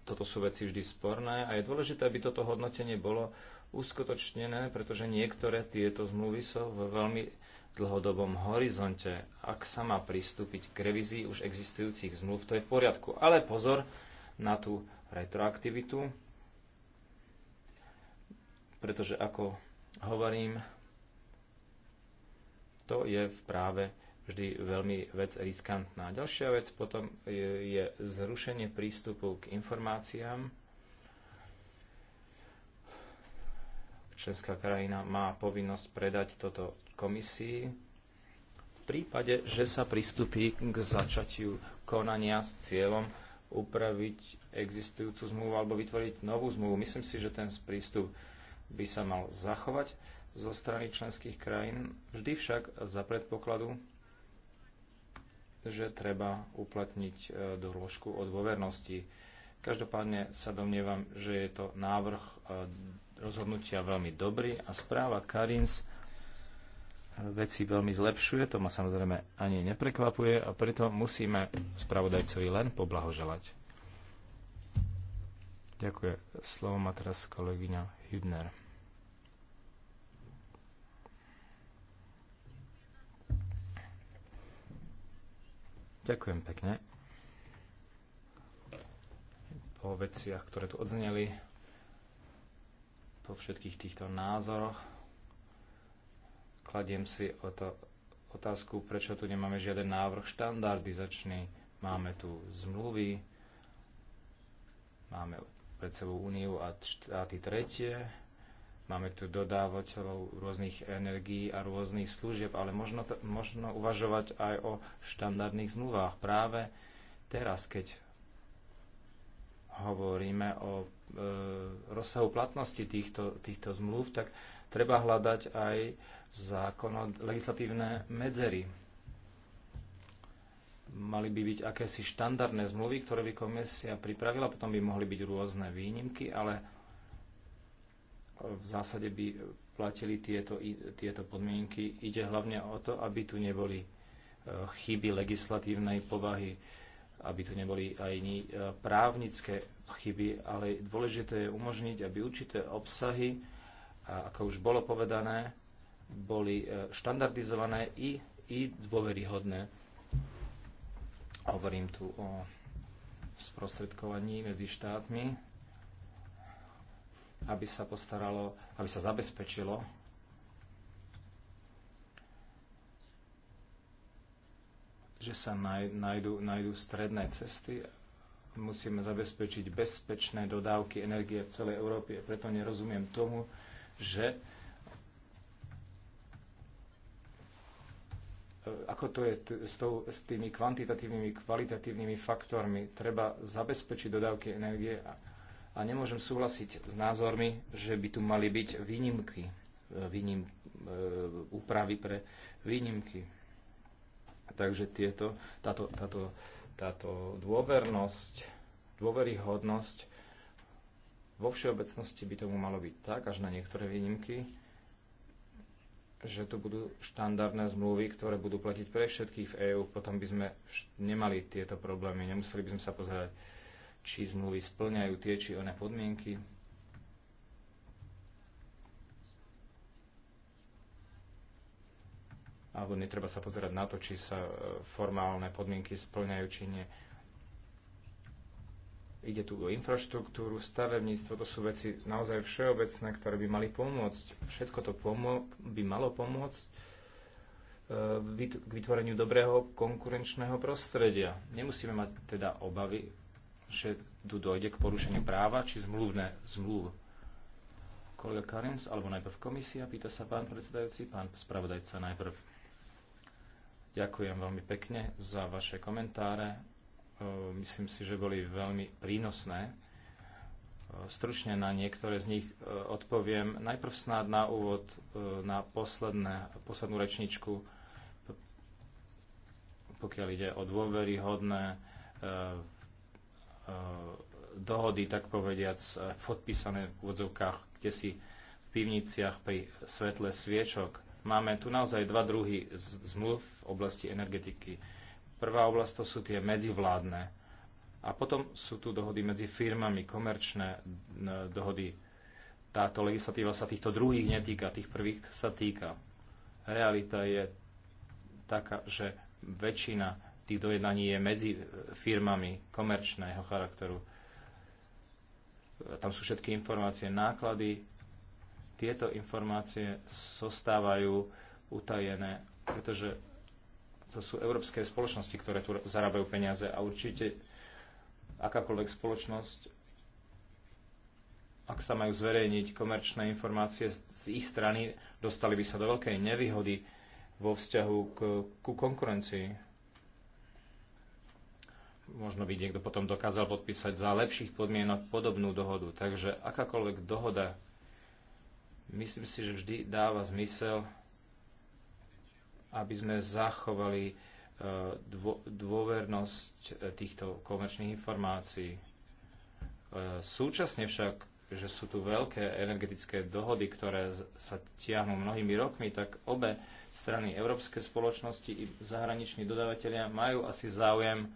toto sú veci vždy sporné a je dôležité, aby toto hodnotenie bolo uskutočnené, pretože niektoré tieto zmluvy sú veľmi dlhodobom horizonte. Ak sa má pristúpiť k revízii už existujúcich zmluv, to je v poriadku. Ale pozor na tú retroaktivitu, pretože ako hovorím, to je v práve vždy veľmi vec riskantná. Ďalšia vec potom je zrušenie prístupu k informáciám. Česká krajina má povinnosť predať toto komisii v prípade, že sa pristupí k začatiu konania s cieľom upraviť existujúcu zmluvu alebo vytvoriť novú zmluvu. Myslím si, že ten prístup by sa mal zachovať zo strany členských krajín, vždy však za predpokladu, že treba uplatniť e, doložku o dôvernosti. Každopádne sa domnievam, že je to návrh e, rozhodnutia veľmi dobrý a správa Karins veci veľmi zlepšuje, to ma samozrejme ani neprekvapuje a preto musíme spravodajcovi len poblahoželať. Ďakujem. Slovo má teraz kolegyňa Hübner. Ďakujem pekne. Po veciach, ktoré tu odzneli, po všetkých týchto názoroch, Kladiem si o to otázku, prečo tu nemáme žiaden návrh štandardizačný. Máme tu zmluvy, máme pred sebou Úniu a štáty tretie, máme tu dodávateľov rôznych energií a rôznych služieb, ale možno, možno uvažovať aj o štandardných zmluvách. Práve teraz, keď hovoríme o e, rozsahu platnosti týchto, týchto zmluv, tak treba hľadať aj zákono legislatívne medzery. Mali by byť akési štandardné zmluvy, ktoré by komisia pripravila, potom by mohli byť rôzne výnimky, ale v zásade by platili tieto, tieto podmienky. Ide hlavne o to, aby tu neboli e, chyby legislatívnej povahy, aby tu neboli aj e, právnické chyby, ale dôležité je umožniť, aby určité obsahy, ako už bolo povedané, boli e, štandardizované i, i dôveryhodné. Hovorím tu o sprostredkovaní medzi štátmi, aby sa postaralo, aby sa zabezpečilo, že sa nájdú, nájdú stredné cesty. Musíme zabezpečiť bezpečné dodávky energie v celej Európe. Preto nerozumiem tomu, že ako to je s, tou, s tými kvantitatívnymi, kvalitatívnymi faktormi. Treba zabezpečiť dodávky energie a, a nemôžem súhlasiť s názormi, že by tu mali byť výnimky, e, výnim, e, úpravy pre výnimky. Takže tieto, táto, táto, táto dôvernosť, dôveryhodnosť vo všeobecnosti by tomu malo byť tak, až na niektoré výnimky, že tu budú štandardné zmluvy, ktoré budú platiť pre všetkých v EÚ, potom by sme nemali tieto problémy, nemuseli by sme sa pozerať, či zmluvy splňajú tie či one podmienky. Alebo netreba sa pozerať na to, či sa e, formálne podmienky splňajú či nie. Ide tu o infraštruktúru, stavebníctvo, to sú veci naozaj všeobecné, ktoré by mali pomôcť. Všetko to pomo- by malo pomôcť e, k vytvoreniu dobrého konkurenčného prostredia. Nemusíme mať teda obavy, že tu dojde k porušeniu práva či zmluvné zmluv. Kolega Karins, alebo najprv komisia, pýta sa pán predsedajúci, pán spravodajca najprv. Ďakujem veľmi pekne za vaše komentáre Ehm, myslím si, že boli veľmi prínosné. Ehm, stručne na niektoré z nich ehm, odpoviem. Najprv snáď na úvod na posledné, poslednú rečničku, pokiaľ ide o dôveryhodné dohody, tak povediac, e, podpísané v úvodzovkách, kde si v pivniciach pri svetle sviečok. Máme tu naozaj dva druhy zmluv v oblasti energetiky Prvá oblasť to sú tie medzivládne. A potom sú tu dohody medzi firmami, komerčné dohody. Táto legislatíva sa týchto druhých netýka, tých prvých sa týka. Realita je taká, že väčšina tých dojednaní je medzi firmami komerčného charakteru. Tam sú všetky informácie, náklady. Tieto informácie zostávajú utajené, pretože to sú európske spoločnosti, ktoré tu zarábajú peniaze a určite akákoľvek spoločnosť, ak sa majú zverejniť komerčné informácie z ich strany, dostali by sa do veľkej nevýhody vo vzťahu k, ku konkurencii. Možno by niekto potom dokázal podpísať za lepších podmienok podobnú dohodu. Takže akákoľvek dohoda, myslím si, že vždy dáva zmysel aby sme zachovali e, dôvernosť e, týchto komerčných informácií. E, súčasne však, že sú tu veľké energetické dohody, ktoré sa tiahnu mnohými rokmi, tak obe strany európske spoločnosti i zahraniční dodavatelia majú asi záujem,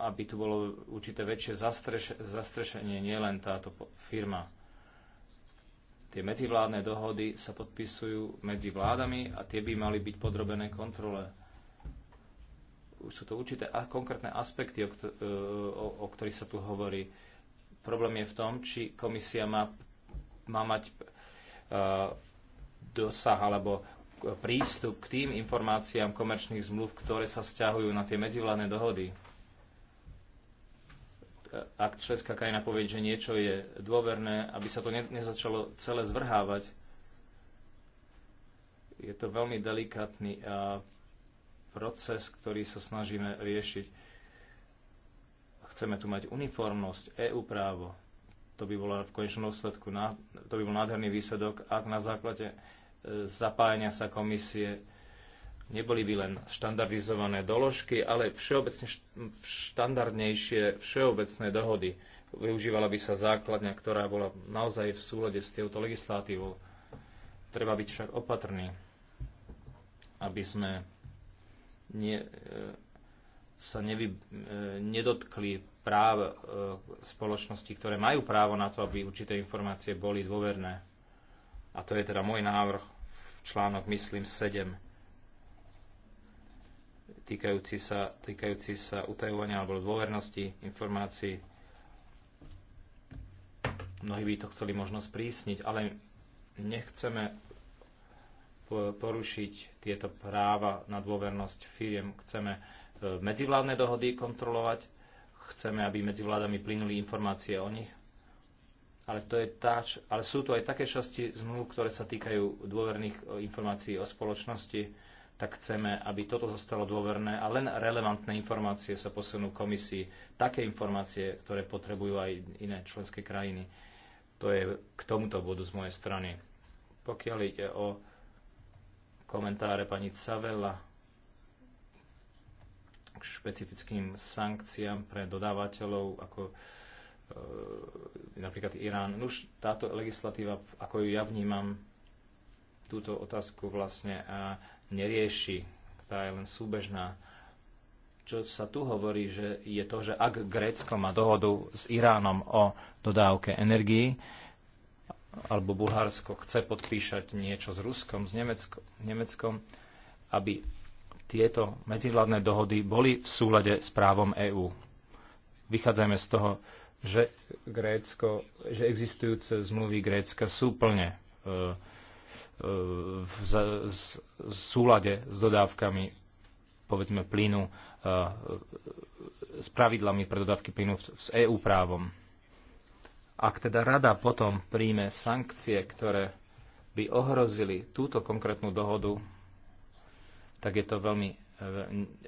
aby tu bolo určité väčšie zastrešenie, nielen táto firma. Tie medzivládne dohody sa podpisujú medzi vládami a tie by mali byť podrobené kontrole. Už sú to určité a konkrétne aspekty, o, e, o, o ktorých sa tu hovorí. Problém je v tom, či komisia má, má mať uh, dosah alebo prístup k tým informáciám komerčných zmluv, ktoré sa stiahujú na tie medzivládne dohody ak česká krajina povie, že niečo je dôverné, aby sa to ne, nezačalo celé zvrhávať. Je to veľmi delikátny a proces, ktorý sa snažíme riešiť. Chceme tu mať uniformnosť, EU právo. To by bolo v konečnom dôsledku, to by bol nádherný výsledok, ak na základe e, zapájania sa komisie neboli by len štandardizované doložky, ale všeobecne štandardnejšie všeobecné dohody. Využívala by sa základňa, ktorá bola naozaj v súlade s touto legislatívou. Treba byť však opatrný, aby sme nie, e, sa nevy, e, nedotkli práv e, spoločnosti, ktoré majú právo na to, aby určité informácie boli dôverné. A to je teda môj návrh článok, myslím, 7 týkajúci sa, týkajúci sa utajovania alebo dôvernosti informácií. Mnohí by to chceli možno sprísniť, ale nechceme porušiť tieto práva na dôvernosť firiem. Chceme e, medzivládne dohody kontrolovať, chceme, aby medzi vládami plynuli informácie o nich. Ale, to je tá, ale sú tu aj také časti zmluv, ktoré sa týkajú dôverných e, informácií o spoločnosti, tak chceme, aby toto zostalo dôverné a len relevantné informácie sa posunú komisii. Také informácie, ktoré potrebujú aj iné členské krajiny. To je k tomuto bodu z mojej strany. Pokiaľ ide o komentáre pani Cavela k špecifickým sankciám pre dodávateľov, ako e, napríklad Irán. Už táto legislatíva, ako ju ja vnímam, túto otázku vlastne nerieši, tá je len súbežná. Čo sa tu hovorí, že je to, že ak Grécko má dohodu s Iránom o dodávke energii, alebo Bulharsko chce podpíšať niečo s Ruskom, s Nemecko, Nemeckom, aby tieto medzivládne dohody boli v súlade s právom EÚ. Vychádzajme z toho, že, Grécko, že existujúce zmluvy Grécka sú plne e, v, súlade s dodávkami povedzme plynu e, s pravidlami pre dodávky plynu s EU právom. Ak teda rada potom príjme sankcie, ktoré by ohrozili túto konkrétnu dohodu, tak je to veľmi, e,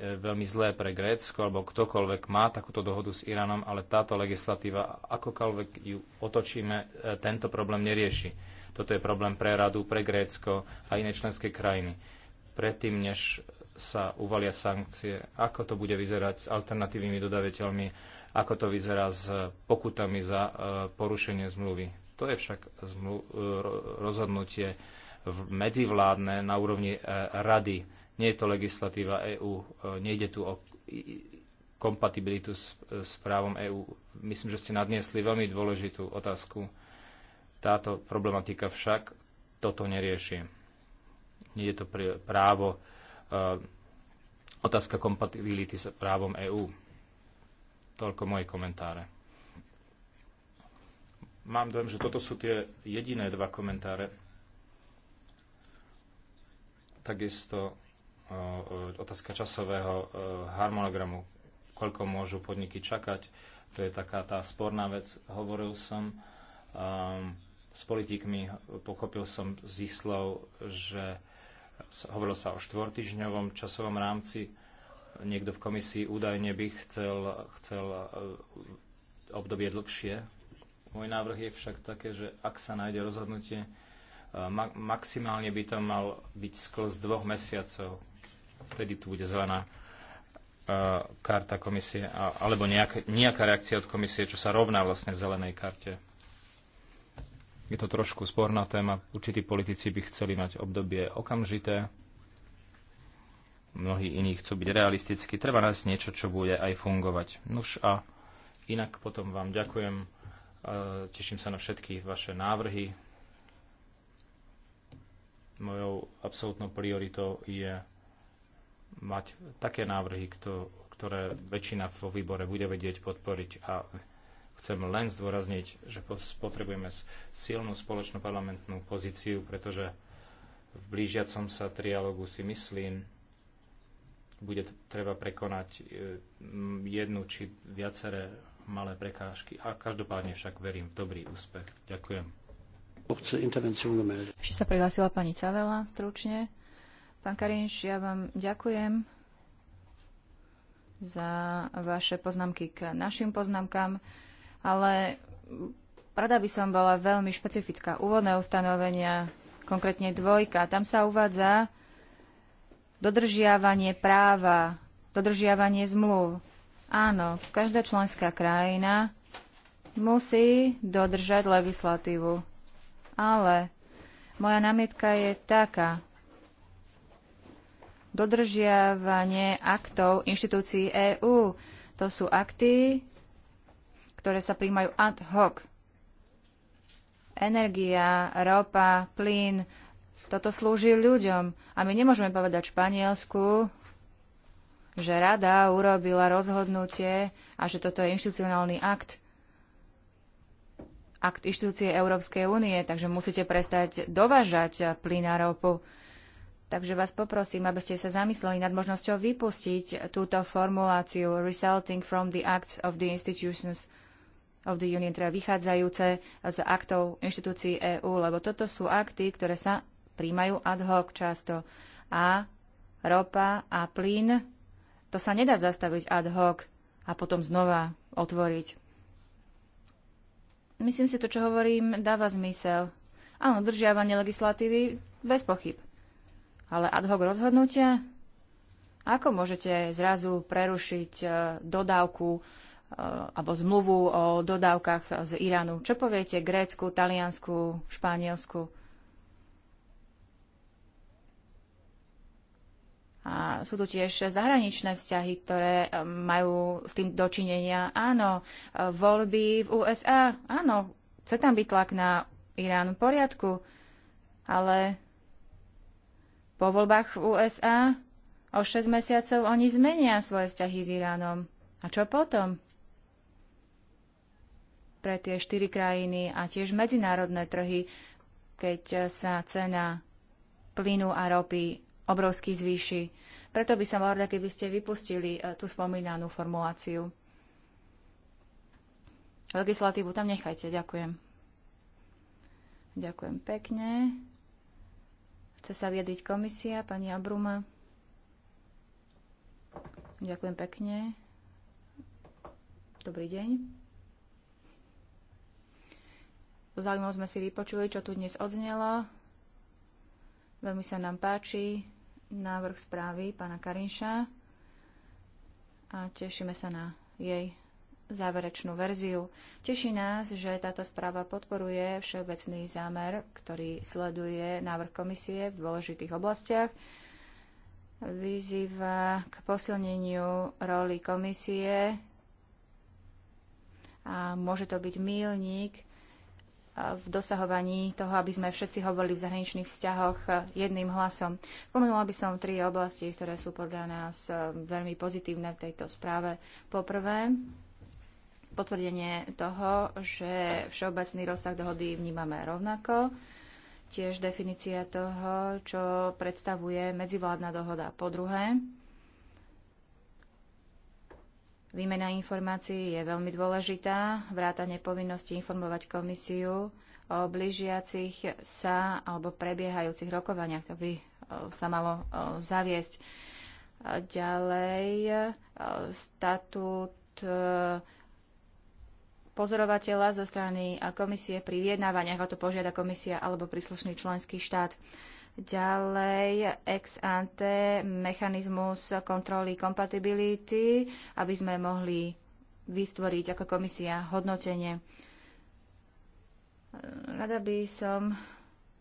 e, veľmi zlé pre Grécko, alebo ktokoľvek má takúto dohodu s Iránom, ale táto legislatíva, akokoľvek ju otočíme, tento problém nerieši toto je problém pre Radu, pre Grécko a iné členské krajiny. Predtým, než sa uvalia sankcie, ako to bude vyzerať s alternatívnymi dodavateľmi, ako to vyzerá s pokutami za e, porušenie zmluvy. To je však rozhodnutie medzivládne na úrovni e, rady. Nie je to legislatíva EÚ, e, nejde tu o kompatibilitu s, s právom EÚ. Myslím, že ste nadniesli veľmi dôležitú otázku. Táto problematika však toto nerieši. Nie je to právo, eh, otázka kompatibility s právom EÚ. Toľko moje komentáre. Mám dojem, že toto sú tie jediné dva komentáre. Takisto eh, otázka časového eh, harmonogramu, koľko môžu podniky čakať. To je taká tá sporná vec. Hovoril som um, s politikmi. Pochopil som z ich slov, že hovorilo sa o štvortyžňovom časovom rámci. Niekto v komisii údajne by chcel, chcel e, obdobie dlhšie. Môj návrh je však také, že ak sa nájde rozhodnutie, e, ma- maximálne by to mal byť sklz dvoch mesiacov. Vtedy tu bude zvaná e, karta komisie, alebo nejaká reakcia od komisie, čo sa rovná vlastne zelenej karte. Je to trošku sporná téma. Určití politici by chceli mať obdobie okamžité. Mnohí iní chcú byť realisticky. Treba nájsť niečo, čo bude aj fungovať. Nuž a inak potom vám ďakujem. E, teším sa na všetky vaše návrhy. Mojou absolútnou prioritou je mať také návrhy, ktoré väčšina vo výbore bude vedieť podporiť a Chcem len zdôrazniť, že potrebujeme silnú spoločnú parlamentnú pozíciu, pretože v blížiacom sa trialogu si myslím, bude treba prekonať e, jednu či viaceré malé prekážky. A každopádne však verím v dobrý úspech. Ďakujem. Ešte sa prihlásila pani Cavela stručne. Pán Karinš, ja vám ďakujem za vaše poznámky k našim poznámkam ale rada by som bola veľmi špecifická. Úvodné ustanovenia, konkrétne dvojka, tam sa uvádza dodržiavanie práva, dodržiavanie zmluv. Áno, každá členská krajina musí dodržať legislatívu. Ale moja námietka je taká. Dodržiavanie aktov inštitúcií EÚ. To sú akty, ktoré sa príjmajú ad hoc. Energia, ropa, plyn, toto slúži ľuďom. A my nemôžeme povedať Španielsku, že rada urobila rozhodnutie a že toto je inštitucionálny akt. Akt inštitúcie Európskej únie, takže musíte prestať dovážať plyn a ropu. Takže vás poprosím, aby ste sa zamysleli nad možnosťou vypustiť túto formuláciu resulting from the acts of the institutions of the Union, teda vychádzajúce z aktov inštitúcií EÚ, lebo toto sú akty, ktoré sa príjmajú ad hoc často. A ropa a plyn, to sa nedá zastaviť ad hoc a potom znova otvoriť. Myslím si, to, čo hovorím, dáva zmysel. Áno, držiavanie legislatívy bez pochyb. Ale ad hoc rozhodnutia? Ako môžete zrazu prerušiť eh, dodávku Eh, alebo zmluvu o dodávkach z Iránu. Čo poviete Grécku, Taliansku, Španielsku? A sú tu tiež zahraničné vzťahy, ktoré eh, majú s tým dočinenia. Áno, eh, voľby v USA, áno, chce tam byť tlak na Irán v poriadku, ale po voľbách v USA o 6 mesiacov oni zmenia svoje vzťahy s Iránom. A čo potom? pre tie štyri krajiny a tiež medzinárodné trhy, keď sa cena plynu a ropy obrovsky zvýši. Preto by som bol rada, keby ste vypustili e, tú spomínanú formuláciu. Legislatívu tam nechajte. Ďakujem. Ďakujem pekne. Chce sa viediť komisia, pani Abruma. Ďakujem pekne. Dobrý deň. Zaujímav sme si vypočuli, čo tu dnes odznelo. Veľmi sa nám páči návrh správy pána Karinša a tešíme sa na jej záverečnú verziu. Teší nás, že táto správa podporuje všeobecný zámer, ktorý sleduje návrh komisie v dôležitých oblastiach vyzýva k posilneniu roli komisie a môže to byť mílnik v dosahovaní toho, aby sme všetci hovorili v zahraničných vzťahoch e, jedným hlasom. Pomenula by som tri oblasti, ktoré sú podľa nás e, veľmi pozitívne v tejto správe. Poprvé, potvrdenie toho, že všeobecný rozsah dohody vnímame rovnako. Tiež definícia toho, čo predstavuje medzivládna dohoda. Po druhé, Výmena informácií je veľmi dôležitá, vrátanie povinnosti informovať komisiu o blížiacich sa alebo prebiehajúcich rokovaniach. To by e, sa malo e, zaviesť. Ďalej e, statút pozorovateľa zo strany komisie pri vyjednávaniach, o to požiada komisia alebo príslušný členský štát. Ďalej ex ante mechanizmus kontroly kompatibility, aby sme mohli vytvoriť ako komisia hodnotenie. Rada by som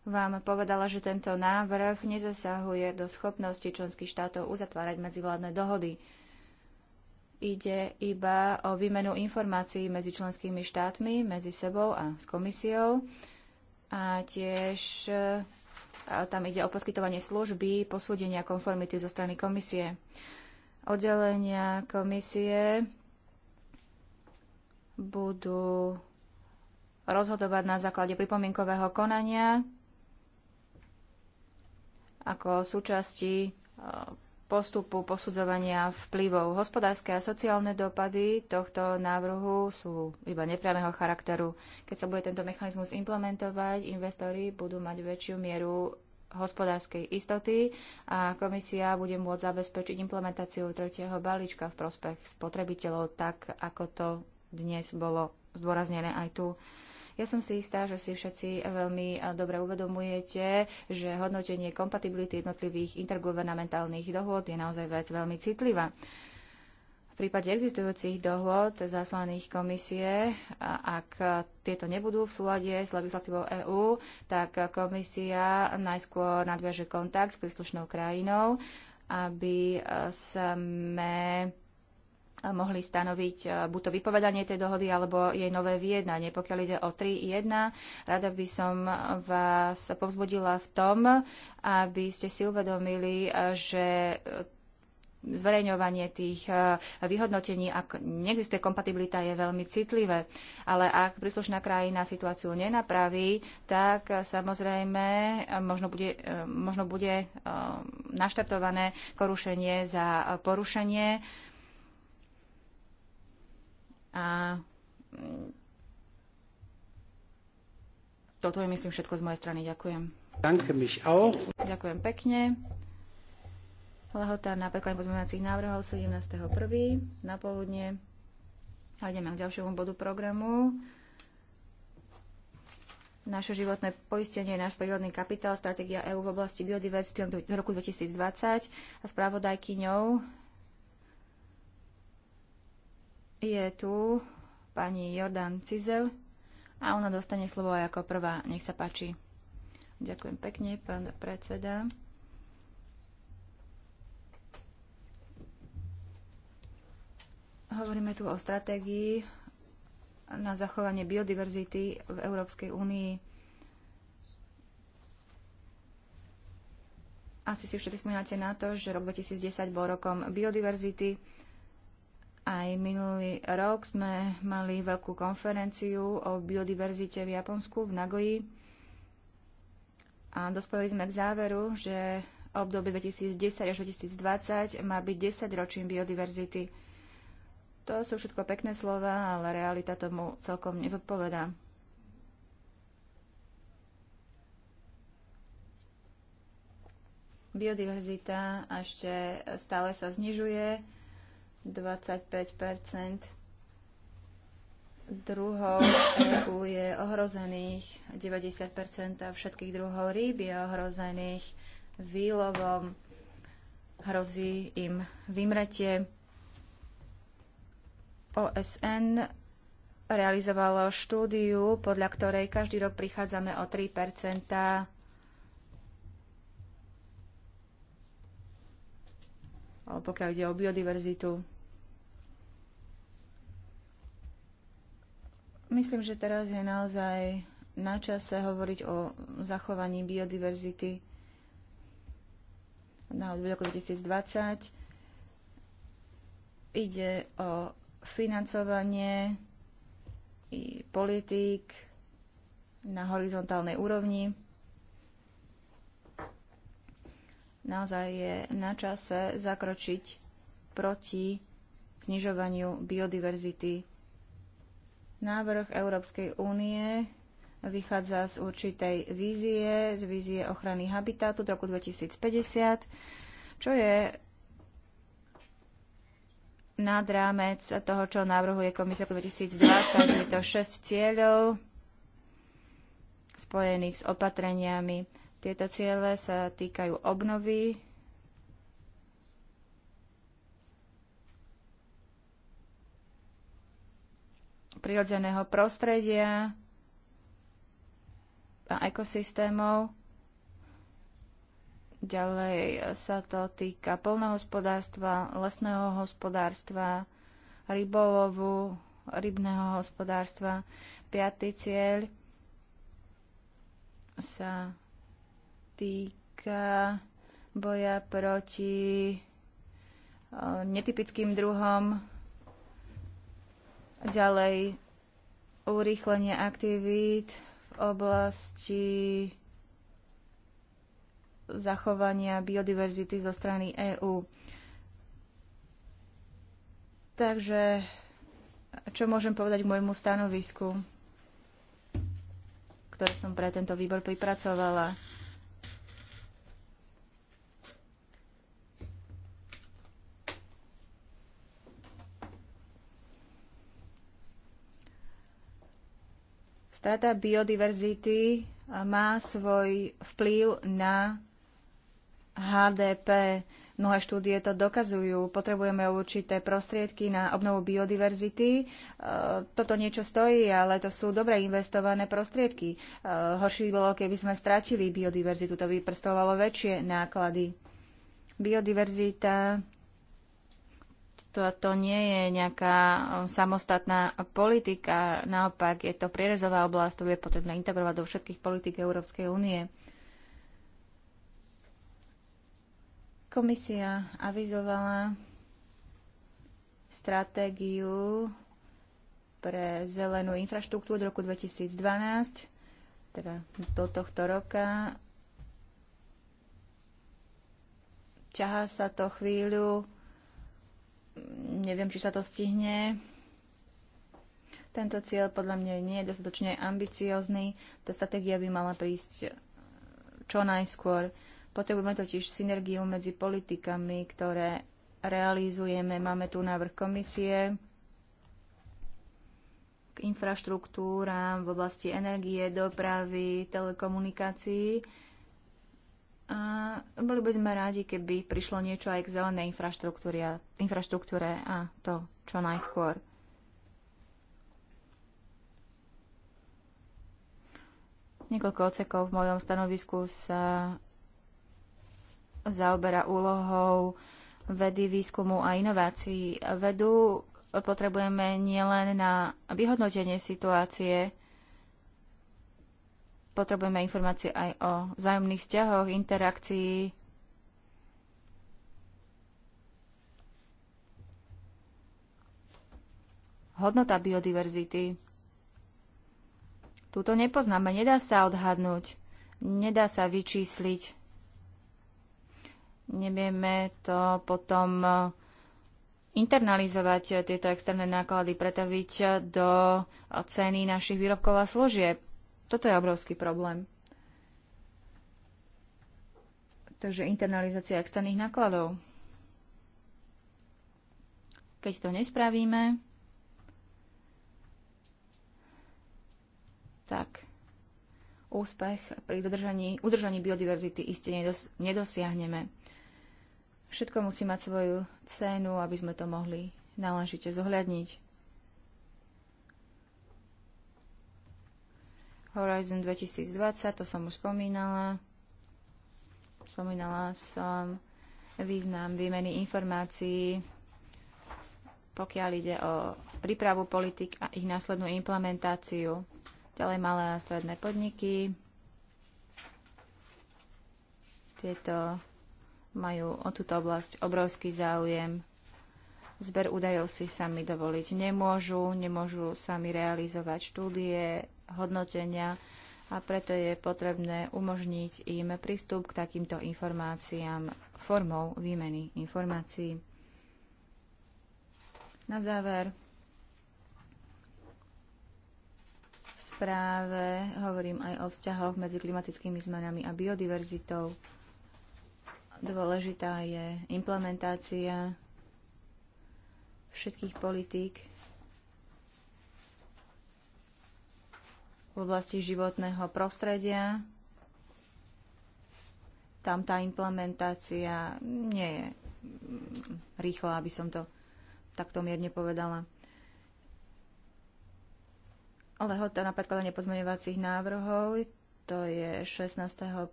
vám povedala, že tento návrh nezasahuje do schopnosti členských štátov uzatvárať medzivládne dohody. Ide iba o výmenu informácií medzi členskými štátmi, medzi sebou a s komisiou a tiež tam ide o poskytovanie služby, posúdenia konformity zo strany komisie. Oddelenia komisie budú rozhodovať na základe pripomienkového konania ako súčasti postupu posudzovania vplyvov. Hospodárske a sociálne dopady tohto návrhu sú iba nepriamého charakteru. Keď sa bude tento mechanizmus implementovať, investori budú mať väčšiu mieru hospodárskej istoty a komisia bude môcť zabezpečiť implementáciu tretieho balíčka v prospech spotrebiteľov tak, ako to dnes bolo zdôraznené aj tu. Ja som si istá, že si všetci veľmi eh, dobre uvedomujete, že hodnotenie kompatibility jednotlivých intergovernamentálnych dohôd je naozaj vec veľmi citlivá. V prípade existujúcich dohôd zaslaných komisie, ak tieto nebudú v súlade s legislatívou EÚ, tak komisia najskôr nadviaže kontakt s príslušnou krajinou, aby eh, sme mohli stanoviť e, buď to vypovedanie tej dohody, alebo jej nové vyjednanie. Pokiaľ ide o 3.1, rada by som vás povzbudila v tom, aby ste si uvedomili, e, že e, zverejňovanie tých vyhodnotení, ak neexistuje kompatibilita, je veľmi citlivé. Ale ak príslušná krajina situáciu nenapraví, tak samozrejme možno bude, možno bude naštartované porušenie za porušenie a mm, toto je, myslím, všetko z mojej strany. Ďakujem. Ďakujem pekne. Lahota na pekleň pozmeňovacích návrhov 17.1. na poludne. A ideme k ďalšiemu bodu programu. Naše životné poistenie, náš prírodný kapitál, stratégia EÚ v oblasti biodiverzity do roku 2020 a spravodajkyňou je tu pani Jordan Cizel a ona dostane slovo aj ako prvá. Nech sa páči. Ďakujem pekne, pán predseda. Hovoríme tu o stratégii na zachovanie biodiverzity v Európskej únii. Asi si všetci spomínate na to, že rok 2010 bol rokom biodiverzity. Aj minulý rok sme mali veľkú konferenciu o biodiverzite v Japonsku v Nagoji a dospeli sme k záveru, že obdobie 2010 až 2020 má byť 10 ročím biodiverzity. To sú všetko pekné slova, ale realita tomu celkom nezodpovedá. Biodiverzita ešte stále sa znižuje 25 druhov EU je ohrozených, 90 všetkých druhov rýb je ohrozených výlovom, hrozí im vymretie. OSN realizovalo štúdiu, podľa ktorej každý rok prichádzame o 3 pokiaľ ide o biodiverzitu Myslím, že teraz je naozaj na čase hovoriť o zachovaní biodiverzity na roku 2020. Ide o financovanie i politík na horizontálnej úrovni. Naozaj je na čase zakročiť proti znižovaniu biodiverzity Návrh Európskej únie vychádza z určitej vízie, z vízie ochrany habitátu z roku 2050, čo je nad rámec toho, čo navrhuje komisia 2020. Je to 6 cieľov spojených s opatreniami. Tieto ciele sa týkajú obnovy prirodzeného prostredia a ekosystémov. Ďalej sa to týka polnohospodárstva, lesného hospodárstva, rybolovu, rybného hospodárstva. Piatý cieľ sa týka boja proti eh, netypickým druhom Ďalej urýchlenie aktivít v oblasti zachovania biodiverzity zo strany EÚ. Takže čo môžem povedať k môjmu stanovisku, ktoré som pre tento výbor pripracovala? Strata biodiverzity má svoj vplyv na HDP. Mnohé štúdie to dokazujú. Potrebujeme určité prostriedky na obnovu biodiverzity. E, toto niečo stojí, ale to sú dobre investované prostriedky. E, Horšie by bolo, keby sme stratili biodiverzitu. To by prstovalo väčšie náklady. Biodiverzita to, to nie je nejaká um, samostatná politika, naopak je to prierezová oblasť, ktorú je potrebné integrovať do všetkých politik Európskej únie. Komisia avizovala stratégiu pre zelenú infraštruktúru do roku 2012, teda do tohto roka. Ťahá sa to chvíľu, Neviem, či sa to stihne. Tento cieľ podľa mňa nie je dostatočne ambiciózny. Tá stratégia by mala prísť eh, čo najskôr. Potrebujeme totiž synergiu medzi politikami, ktoré realizujeme. Máme tu návrh komisie k infraštruktúram v oblasti energie, dopravy, telekomunikácií a boli by sme rádi, keby prišlo niečo aj k zelenej infraštruktúre a, infraštruktúre a to čo najskôr. Niekoľko ocekov v mojom stanovisku sa zaoberá úlohou vedy, výskumu a inovácií. Vedu potrebujeme nielen na vyhodnotenie situácie, Potrebujeme informácie aj o vzájomných vzťahoch, interakcii. Hodnota biodiverzity. Tuto nepoznáme, nedá sa odhadnúť, nedá sa vyčísliť. Nevieme to potom e, internalizovať tieto externé náklady, pretaviť do ceny našich výrobkov a služieb. Toto je obrovský problém. Takže internalizácia externých nákladov. Keď to nespravíme, tak úspech pri dodržaní, udržaní biodiverzity iste nedos, nedosiahneme. Všetko musí mať svoju cenu, aby sme to mohli náležite zohľadniť. Horizon 2020, to som už spomínala. Spomínala som význam výmeny informácií, pokiaľ ide o prípravu politik a ich následnú implementáciu. Ďalej malé a stredné podniky. Tieto majú o túto oblasť obrovský záujem. Zber údajov si sami dovoliť nemôžu, nemôžu sami realizovať štúdie, hodnotenia a preto je potrebné umožniť im prístup k takýmto informáciám formou výmeny informácií. Na záver v správe hovorím aj o vzťahoch medzi klimatickými zmenami a biodiverzitou. Dôležitá je implementácia všetkých politík v oblasti životného prostredia. Tam tá implementácia nie je mm, rýchla, aby som to takto mierne povedala. hota na predkladanie pozmeňovacích návrhov to je 16.1.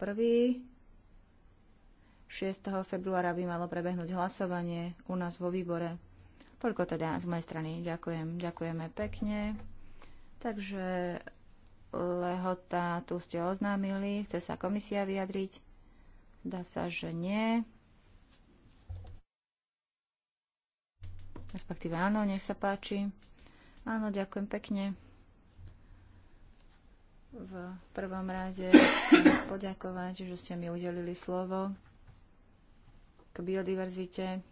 6. februára by malo prebehnúť hlasovanie u nás vo výbore. Toľko teda z mojej strany. Ďakujem, ďakujeme pekne. Takže lehota tu ste oznámili. Chce sa komisia vyjadriť? Zdá sa, že nie. Respektíve áno, nech sa páči. Áno, ďakujem pekne. V prvom rade chcem poďakovať, že ste mi udelili slovo k biodiverzite.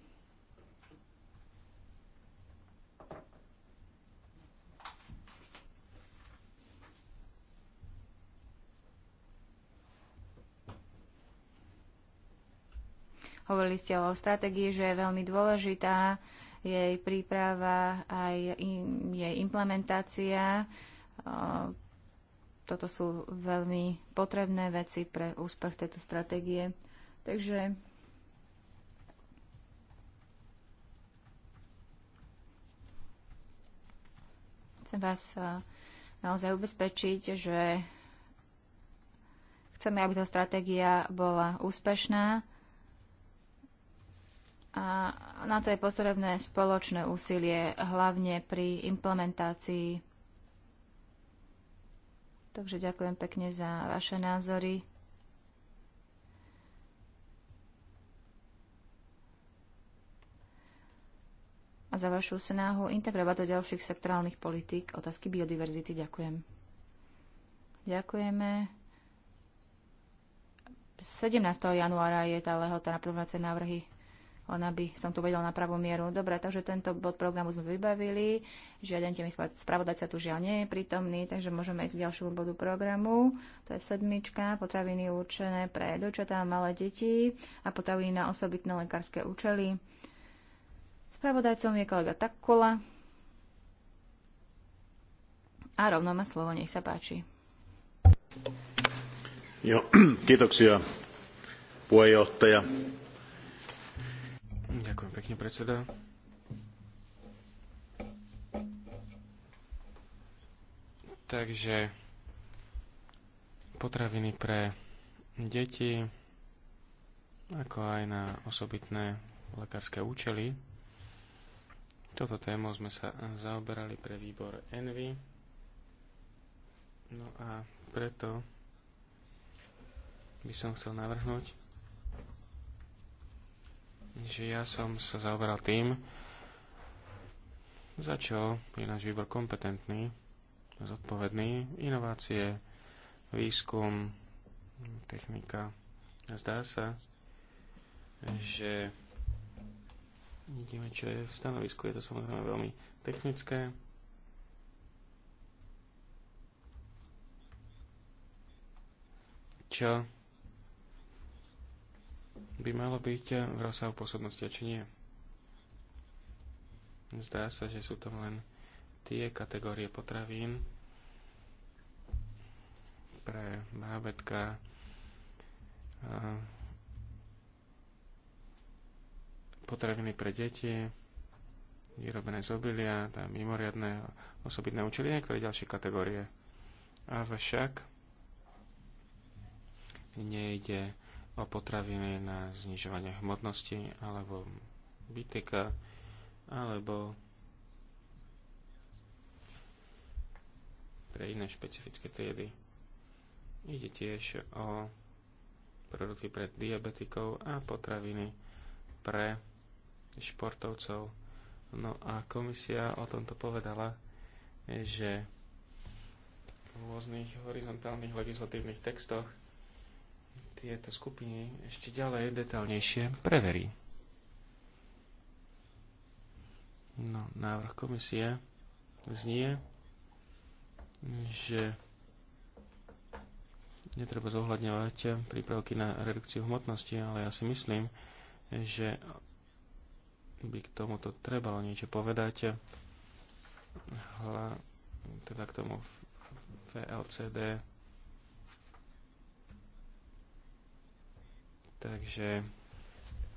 Hovorili ste o stratégii, že je veľmi dôležitá jej príprava, aj jej implementácia. Toto sú veľmi potrebné veci pre úspech tejto stratégie. Takže chcem vás naozaj ubezpečiť, že chceme, aby tá stratégia bola úspešná a na to je potrebné spoločné úsilie, hlavne pri implementácii. Takže ďakujem pekne za vaše názory. a za vašu snahu integrovať do ďalších sektorálnych politík otázky biodiverzity. Ďakujem. Ďakujeme. 17. januára je tá lehota na prvnáce návrhy len aby som to vedel na pravú mieru. Dobre, takže tento bod programu sme vybavili. Žiaden tým spravodajca tu žiaľ nie je prítomný, takže môžeme ísť k ďalšiemu bodu programu. To je sedmička, potraviny určené pre dočatá a malé deti a potraviny na osobitné lekárske účely. Spravodajcom je kolega Takola. A rovno má slovo, nech sa páči. Jo, kiitoksia puheenjohtaja. Ďakujem pekne, predseda. Takže potraviny pre deti, ako aj na osobitné lekárske účely. Toto tému sme sa zaoberali pre výbor Envy. No a preto by som chcel navrhnúť, že ja som sa zaoberal tým, za čo je náš výbor kompetentný, zodpovedný, inovácie, výskum, technika. Zdá sa, že vidíme, čo je v stanovisku. Je to samozrejme veľmi technické. Čo by malo byť eh, v rozsahu pôsobnosti, či nie. Zdá sa, že sú to len tie kategórie potravín pre bábetka, eh, potraviny pre deti, vyrobené z obilia, tá mimoriadné osobitné účely, niektoré ďalšie kategórie. Avšak nejde o potraviny na znižovanie hmotnosti alebo bytika alebo pre iné špecifické triedy. Ide tiež o produkty pre diabetikov a potraviny pre športovcov. No a komisia o tomto povedala, že v rôznych horizontálnych legislatívnych textoch tieto skupiny ešte ďalej detaľnejšie preverí. No, návrh komisie znie, že netreba zohľadňovať prípravky na redukciu hmotnosti, ale ja si myslím, že by k tomuto trebalo niečo povedať. Hla, teda k tomu VLCD Takže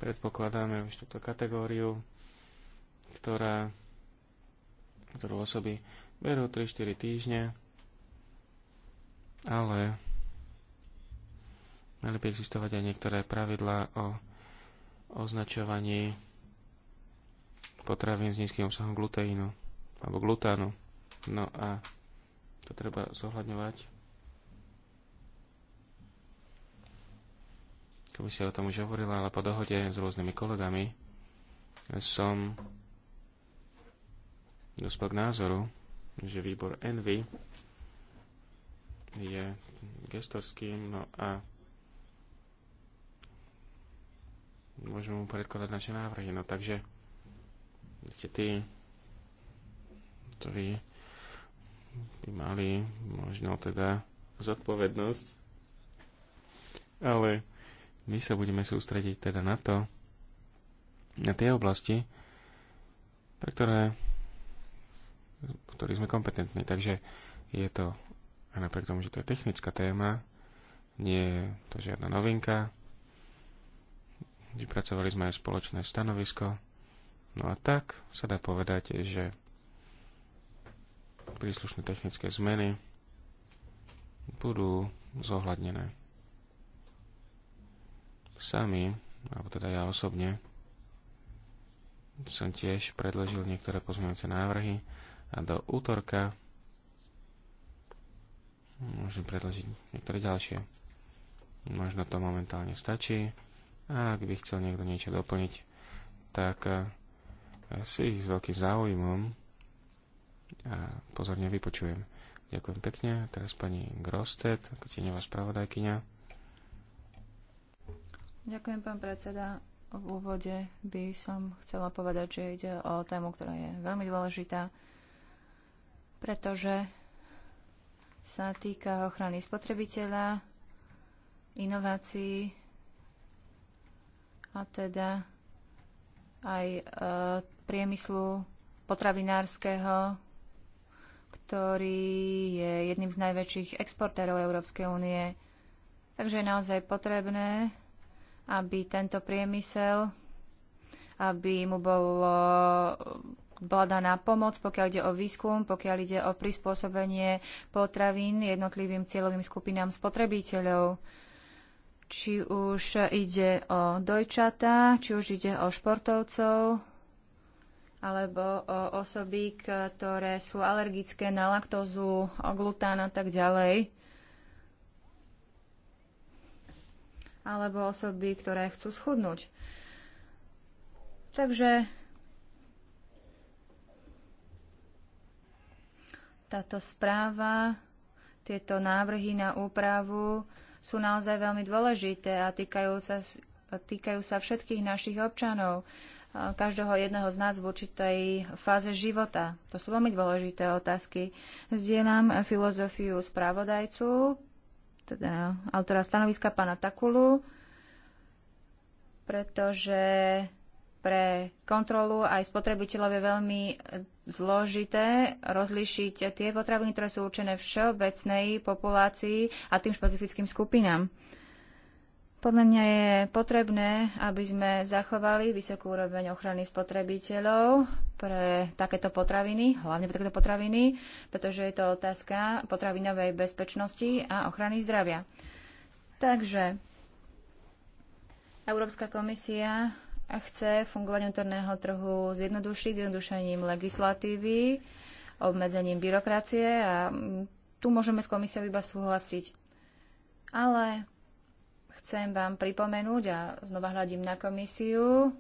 predpokladáme už túto kategóriu, ktorá, ktorú osoby berú 3-4 týždne, ale mali by existovať aj niektoré pravidlá o označovaní potravín s nízkym obsahom gluteínu alebo glutánu. No a to treba zohľadňovať si o tom už hovorila, ale po dohode s rôznymi kolegami som dospel k názoru, že výbor Envy je gestorským, no a môžeme mu predkladať naše návrhy. No takže, ste tí, ktorí by mali možno teda zodpovednosť, ale my sa budeme sústrediť teda na to, na tie oblasti, pre ktoré ktorý sme kompetentní. Takže je to, a napriek tomu, že to je technická téma, nie je to žiadna novinka. Vypracovali sme aj spoločné stanovisko. No a tak sa dá povedať, že príslušné technické zmeny budú zohľadnené sami, alebo teda ja osobne, som tiež predložil niektoré pozmeňujúce návrhy a do útorka môžem predložiť niektoré ďalšie. Možno to momentálne stačí a ak by chcel niekto niečo doplniť, tak eh, si ich s veľkým záujmom a pozorne vypočujem. Ďakujem pekne. Teraz pani Grosted, ako tieňová spravodajkyňa. Ďakujem, pán predseda. V úvode by som chcela povedať, že ide o tému, ktorá je veľmi dôležitá, pretože sa týka ochrany spotrebiteľa, inovácií a teda aj e, priemyslu potravinárskeho, ktorý je jedným z najväčších exportérov Európskej únie. Takže je naozaj potrebné aby tento priemysel, aby mu bolo bola daná pomoc, pokiaľ ide o výskum, pokiaľ ide o prispôsobenie potravín jednotlivým cieľovým skupinám spotrebiteľov. Či už ide o dojčata, či už ide o športovcov, alebo o osoby, ktoré sú alergické na laktózu, glután a tak ďalej. alebo osoby, ktoré chcú schudnúť. Takže táto správa, tieto návrhy na úpravu sú naozaj veľmi dôležité a týkajú sa, týkajú sa všetkých našich občanov, každého jedného z nás v určitej fáze života. To sú veľmi dôležité otázky. Zdieľam filozofiu správodajcu, teda autora stanoviska pána Takulu, pretože pre kontrolu aj spotrebiteľov je veľmi zložité rozlišiť tie potraviny, ktoré sú určené všeobecnej populácii a tým špecifickým skupinám. Uh, podľa mňa je potrebné, aby sme zachovali vysokú úroveň ochrany spotrebiteľov pre takéto potraviny, hlavne pre takéto potraviny, pretože je to otázka potravinovej bezpečnosti a ochrany zdravia. Takže Európska komisia chce fungovať vnútorného trhu zjednodušiť, zjednodušením legislatívy, obmedzením byrokracie a tu môžeme s komisiou iba súhlasiť. Ale Chcem vám pripomenúť a znova hľadím na komisiu,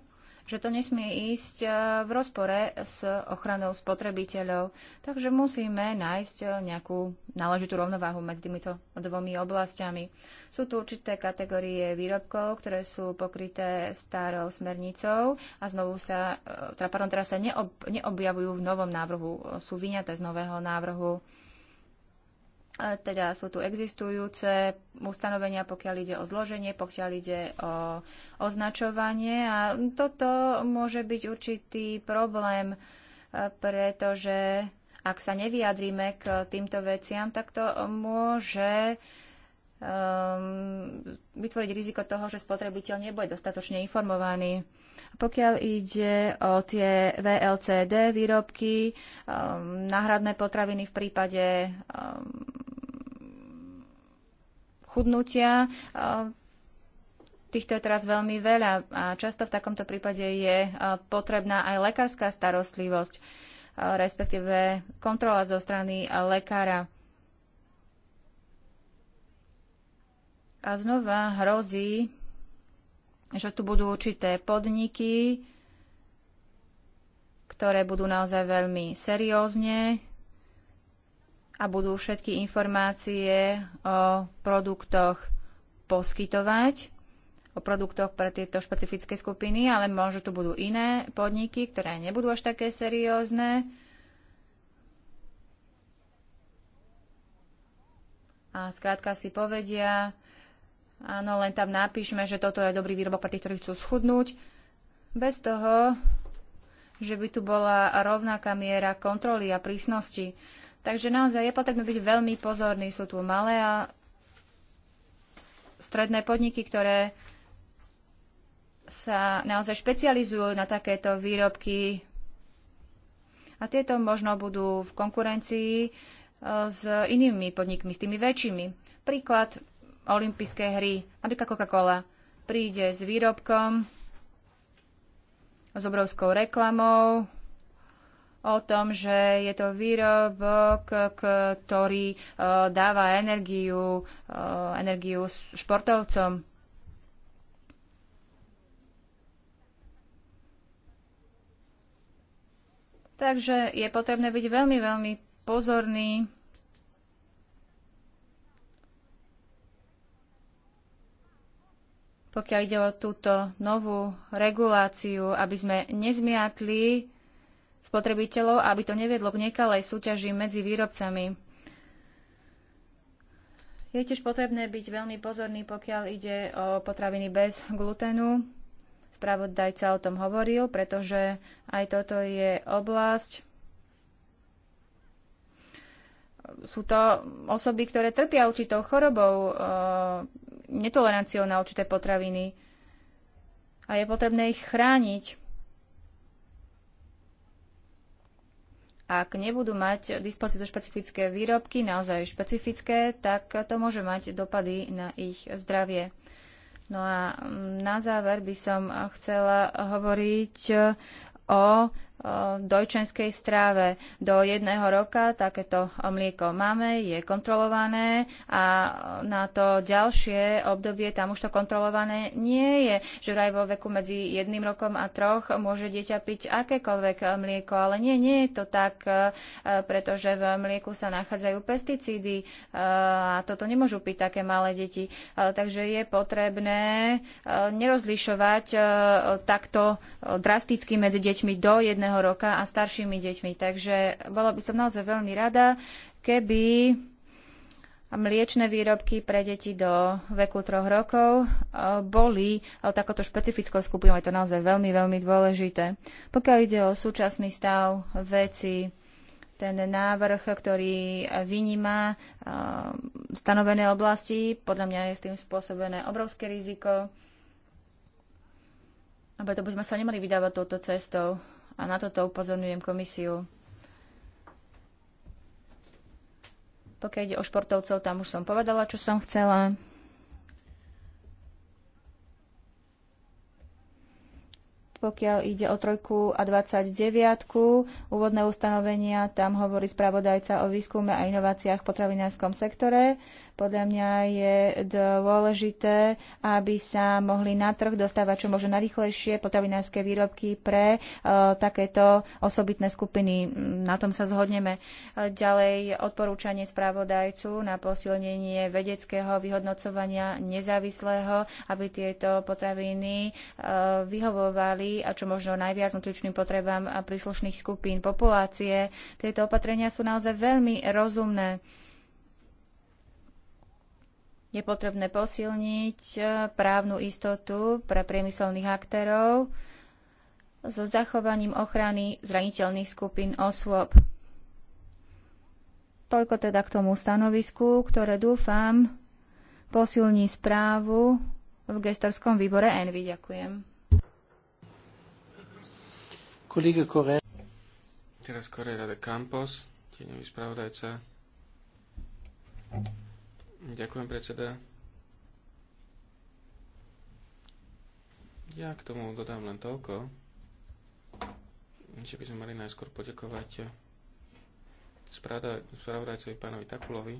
že to nesmie ísť e, v rozpore s ochranou spotrebiteľov. Takže musíme nájsť e, nejakú náležitú rovnováhu medzi týmito dvomi oblastiami. Sú tu určité kategórie výrobkov, ktoré sú pokryté starou smernicou a znovu sa, e, teda, pardon, teraz sa neob, neobjavujú v novom návrhu, sú vyňaté z nového návrhu teda sú tu existujúce ustanovenia, pokiaľ ide o zloženie, pokiaľ ide o označovanie a toto môže byť určitý problém, e, pretože ak sa nevyjadríme k týmto veciam, tak to môže um, vytvoriť riziko toho, že spotrebiteľ nebude dostatočne informovaný. Pokiaľ ide o tie VLCD výrobky, um, náhradné potraviny v prípade um, chudnutia. Týchto je teraz veľmi veľa a často v takomto prípade je eh, potrebná aj lekárska starostlivosť, eh, respektíve kontrola zo strany lekára. A znova hrozí, že tu budú určité podniky, ktoré budú naozaj veľmi seriózne a budú všetky informácie o produktoch poskytovať, o produktoch pre tieto špecifické skupiny, ale možno tu budú iné podniky, ktoré nebudú až také seriózne. A skrátka si povedia, áno, len tam napíšme, že toto je dobrý výrobok pre tých, ktorí chcú schudnúť, bez toho, že by tu bola rovnaká miera kontroly a prísnosti. Takže naozaj je potrebné byť veľmi pozorný. Sú tu malé a stredné podniky, ktoré sa naozaj špecializujú na takéto výrobky a tieto možno budú v konkurencii e, s inými podnikmi, s tými väčšími. Príklad olympijské hry, napríklad Coca-Cola príde s výrobkom, s obrovskou reklamou, o tom, že je to výrobok, ktorý e, dáva energiu, e, energiu športovcom. Takže je potrebné byť veľmi, veľmi pozorný. pokiaľ ide o túto novú reguláciu, aby sme nezmiatli spotrebiteľov, aby to neviedlo k nekalej súťaži medzi výrobcami. Je tiež potrebné byť veľmi pozorný, pokiaľ ide o potraviny bez gluténu. Spravodajca o tom hovoril, pretože aj toto je oblasť. Sú to osoby, ktoré trpia určitou chorobou, e, netoleranciou na určité potraviny a je potrebné ich chrániť. Ak nebudú mať dispozíciu špecifické výrobky, naozaj špecifické, tak to môže mať dopady na ich zdravie. No a mm, na záver by som chcela hovoriť o dojčenskej stráve. Do jedného roka takéto mlieko máme, je kontrolované a na to ďalšie obdobie tam už to kontrolované nie je. Že aj vo veku medzi jedným rokom a troch môže dieťa piť akékoľvek mlieko, ale nie, nie je to tak, e, pretože v mlieku sa nachádzajú pesticídy e, a toto nemôžu piť také malé deti. E, takže je potrebné nerozlišovať takto drasticky medzi deťmi do jedného jedného roka a staršími deťmi. Takže bola by som naozaj veľmi rada, keby mliečne výrobky pre deti do veku troch rokov e, boli ale takoto špecifickou skupinou. Je to naozaj veľmi, veľmi dôležité. Pokiaľ ide o súčasný stav veci, ten návrh, ktorý vyníma e, stanovené oblasti, podľa mňa je s tým spôsobené obrovské riziko. A preto by sme sa nemali vydávať touto cestou a na toto upozorňujem komisiu. Pokiaľ ide o športovcov, tam už som povedala, čo som chcela. Pokiaľ ide o trojku a 29, úvodné ustanovenia, tam hovorí spravodajca o výskume a inováciách v potravinárskom sektore. Podľa mňa je dôležité, aby sa mohli na trh dostávať čo možno najrychlejšie potravinárske výrobky pre e, takéto osobitné skupiny. Na tom sa zhodneme. E, ďalej odporúčanie správodajcu na posilnenie vedeckého vyhodnocovania nezávislého, aby tieto potraviny e, vyhovovali a čo možno najviac nutričným potrebám príslušných skupín populácie. Tieto opatrenia sú naozaj veľmi rozumné. Je potrebné posilniť e, právnu istotu pre priemyselných aktérov so zachovaním ochrany zraniteľných skupín osôb. Toľko teda k tomu stanovisku, ktoré dúfam posilní správu v gestorskom výbore Envy. Ďakujem. Kolega Kore. Teraz Kore Rade Campos, tieňový spravodajca. Ďakujem, predseda. Ja k tomu dodám len toľko, že by sme mali najskôr poďakovať spravodajcovi pánovi Takulovi.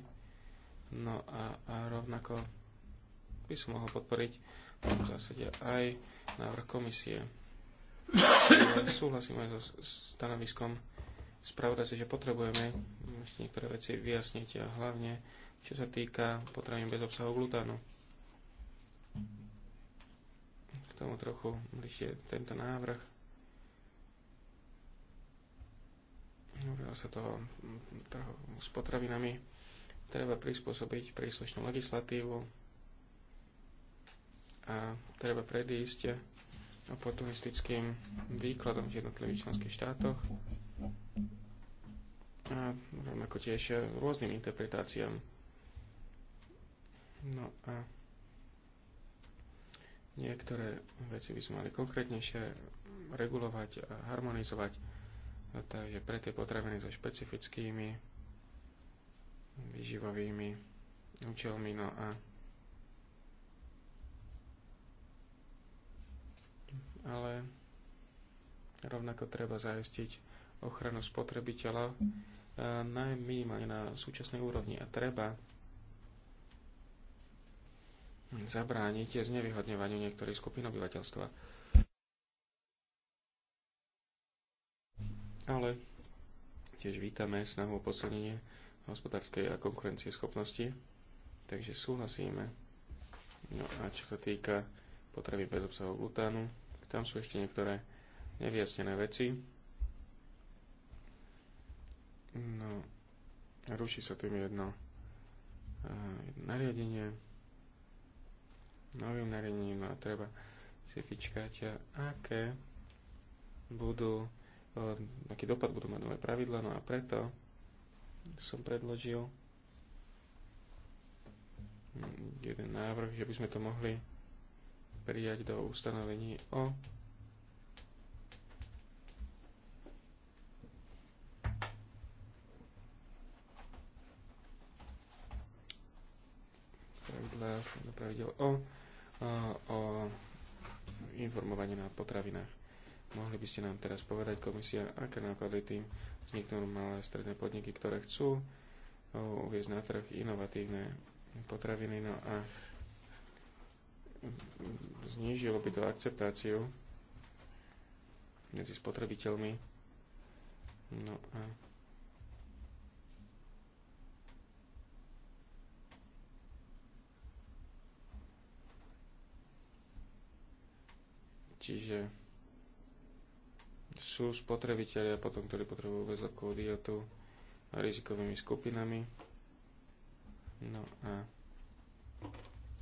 No a, a rovnako by som mohol podporiť v zásade aj návrh komisie. Súhlasím aj so stanoviskom spravodajce, že potrebujeme ešte niektoré veci vyjasniť a hlavne čo sa týka potravín bez obsahu glutánu. K tomu trochu bližšie tento návrh. Hovorilo sa toho trochu s potravinami. Treba prispôsobiť príslušnú legislatívu a treba predísť oportunistickým výkladom v jednotlivých členských štátoch a rovnako tiež rôznym interpretáciám No a niektoré veci by sme mali konkrétnejšie regulovať a harmonizovať. No, takže pre tie potraviny so špecifickými výživovými účelmi. No a ale rovnako treba zajistiť ochranu spotrebiteľa eh, na minimálne na súčasnej úrovni a treba zabránite znevýhodňovaniu niektorých skupín obyvateľstva. Ale tiež vítame snahu o posilnenie hospodárskej a konkurencie schopnosti, takže súhlasíme. No a čo sa týka potreby bez obsahu glutánu, tam sú ešte niektoré nevyjasnené veci. No, ruší sa tým jedno eh, nariadenie, novým nariadením a treba si vyčkať, aké budú, aký dopad budú mať nové pravidla, no a preto som predložil mm, jeden návrh, že by sme to mohli prijať do ustanovení o pravidlách, pravidel o o informovaní na potravinách. Mohli by ste nám teraz povedať, komisia, aké náklady tým vzniknú malé stredné podniky, ktoré chcú uviezť na trh inovatívne potraviny. No a znížilo by to akceptáciu medzi spotrebiteľmi. No a Čiže sú spotrebitelia potom, ktorí potrebujú diotu a rizikovými skupinami. No a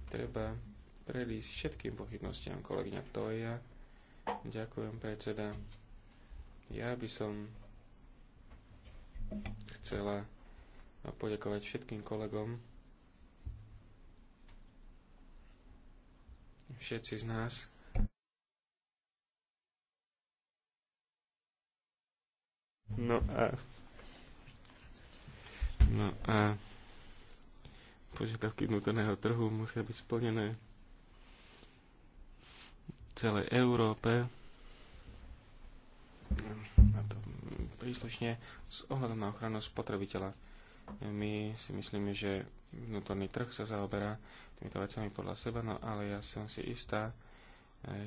treba prelísť všetkým pochybnostiam kolegyňa Toja. Ďakujem predseda. Ja by som chcela poďakovať všetkým kolegom. Všetci z nás No a... No a... Požiadavky vnútorného trhu musia byť splnené v celej Európe. A to príslušne s ohľadom na ochranu spotrebiteľa. My si myslíme, že vnútorný trh sa zaoberá týmito vecami podľa seba, no ale ja som si istá,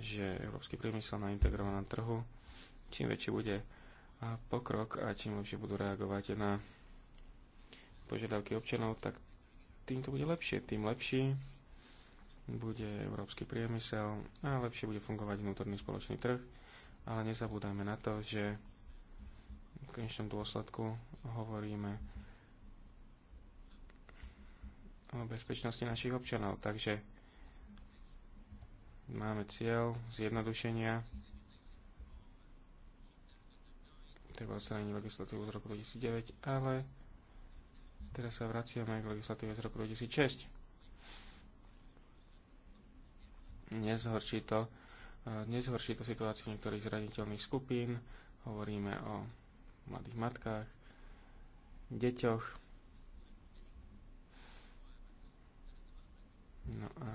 že európsky priemysel na integrovanom trhu, čím väčší bude a pokrok a čím lepšie budú reagovať na požiadavky občanov, tak tým to bude lepšie, tým lepší bude európsky priemysel a lepšie bude fungovať vnútorný spoločný trh, ale nezabúdajme na to, že v konečnom dôsledku hovoríme o bezpečnosti našich občanov. Takže máme cieľ zjednodušenia, treba odstrániť legislatívu z roku 2009, ale teraz sa vraciame k legislatíve z roku 2006. Nezhorší to, e, nezhorší to situáciu niektorých zraniteľných skupín, hovoríme o mladých matkách, deťoch. No a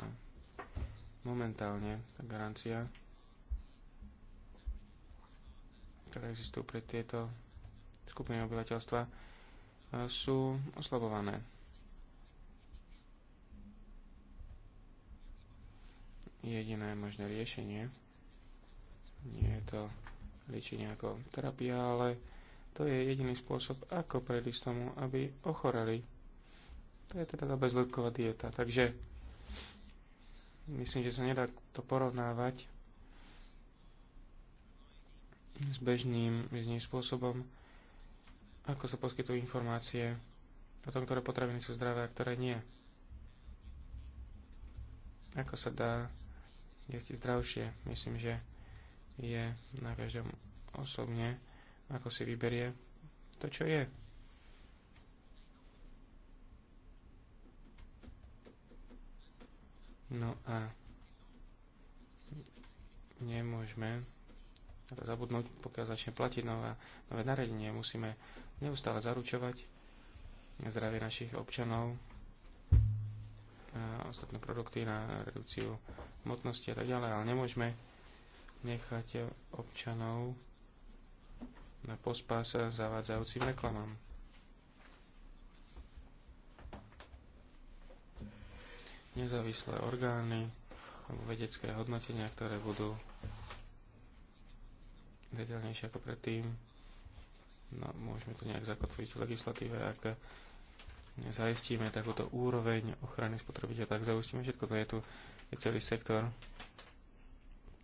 momentálne tá garancia ktoré existujú pre tieto skupiny obyvateľstva, e, sú oslabované. Jediné možné riešenie nie je to liečenie ako terapia, ale to je jediný spôsob, ako predísť tomu, aby ochoreli. To je teda tá bezlepková dieta. Takže myslím, že sa nedá to porovnávať s bežným, bežným spôsobom, ako sa poskytujú informácie o tom, ktoré potraviny sú zdravé a ktoré nie. Ako sa dá jesť zdravšie. Myslím, že je na každom osobne, ako si vyberie to, čo je. No a nemôžeme zabudnúť, pokiaľ začne platiť nové, nové nariadenie. Musíme neustále zaručovať zdravie našich občanov, a ostatné produkty na redukciu hmotnosti a tak ďalej, ale nemôžeme nechať občanov na pospas zavádzajúcim reklamám. Nezávislé orgány alebo vedecké hodnotenia, ktoré budú detailnejšie ako predtým. No, môžeme to nejak zakotviť v legislatíve, ak zaistíme takúto úroveň ochrany spotrebiteľa, tak zaistíme všetko. To je tu je celý sektor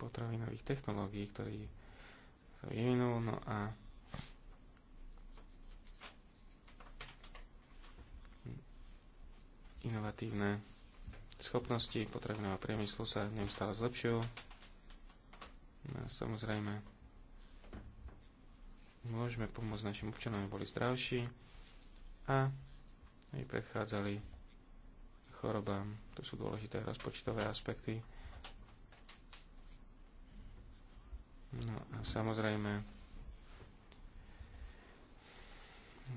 potravinových technológií, ktorý sa vyvinul. No a inovatívne schopnosti potravinového priemyslu sa neustále zlepšujú. No samozrejme, môžeme pomôcť našim občanom, aby boli zdravší a aby predchádzali chorobám. To sú dôležité rozpočtové aspekty. No a samozrejme,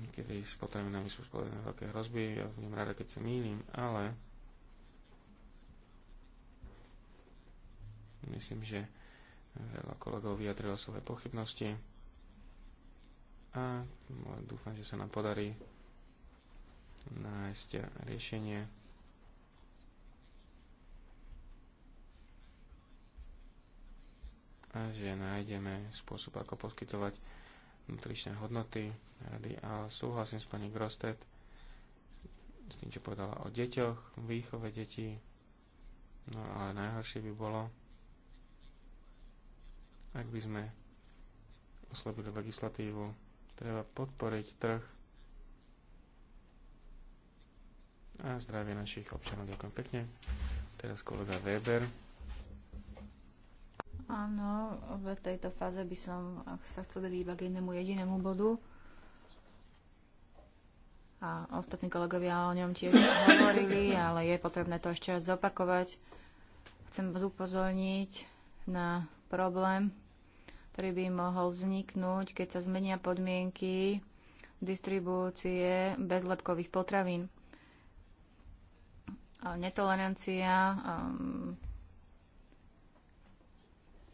niekedy s potravinami sú spojené veľké hrozby, ja budem rada, keď sa mýlim, ale myslím, že veľa kolegov vyjadrilo svoje pochybnosti a dúfam, že sa nám podarí nájsť riešenie. A že nájdeme spôsob, ako poskytovať nutričné hodnoty rady. A súhlasím s pani Grostet s tým, čo povedala o deťoch, výchove detí. No ale najhoršie by bolo, ak by sme oslobili legislatívu Treba podporiť trh a zdravie našich občanov. Ďakujem pekne. Teraz kolega Weber. Áno, v tejto fáze by som sa chcel iba k jednému jedinému bodu. A ostatní kolegovia o ňom tiež hovorili, ale je potrebné to ešte raz zopakovať. Chcem vás upozorniť na problém, ktorý by mohol vzniknúť, keď sa zmenia podmienky distribúcie bezlepkových potravín. Netolerancia, um,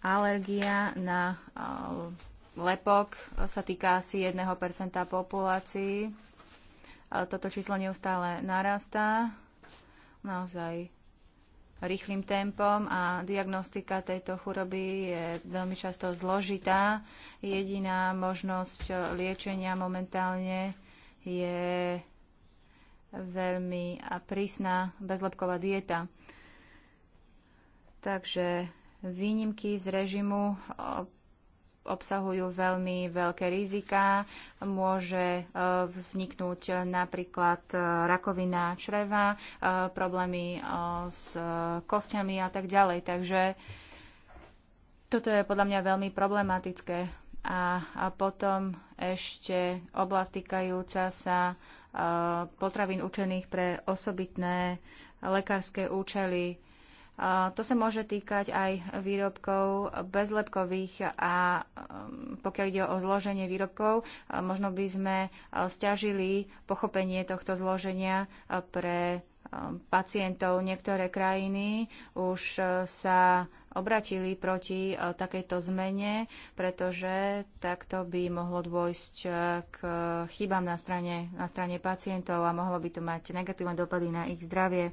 alergia na um, lepok sa týka asi 1% populácií. Toto číslo neustále narastá. Naozaj rýchlým tempom a diagnostika tejto choroby je veľmi často zložitá. Jediná možnosť liečenia momentálne je veľmi prísna bezlepková dieta. Takže výnimky z režimu obsahujú veľmi veľké rizika. Môže e, vzniknúť napríklad e, rakovina čreva, e, problémy s kostiami a tak ďalej. Takže toto je podľa mňa veľmi problematické. A, a potom ešte oblasť týkajúca sa potravín učených pre osobitné lekárske účely to sa môže týkať aj výrobkov bezlepkových a um, pokiaľ ide o zloženie výrobkov, možno by sme stiažili pochopenie tohto zloženia pre um, pacientov. Niektoré krajiny už sa obratili proti takejto zmene, pretože takto by mohlo dôjsť k chybám na strane, na strane pacientov a mohlo by to mať negatívne dopady na ich zdravie.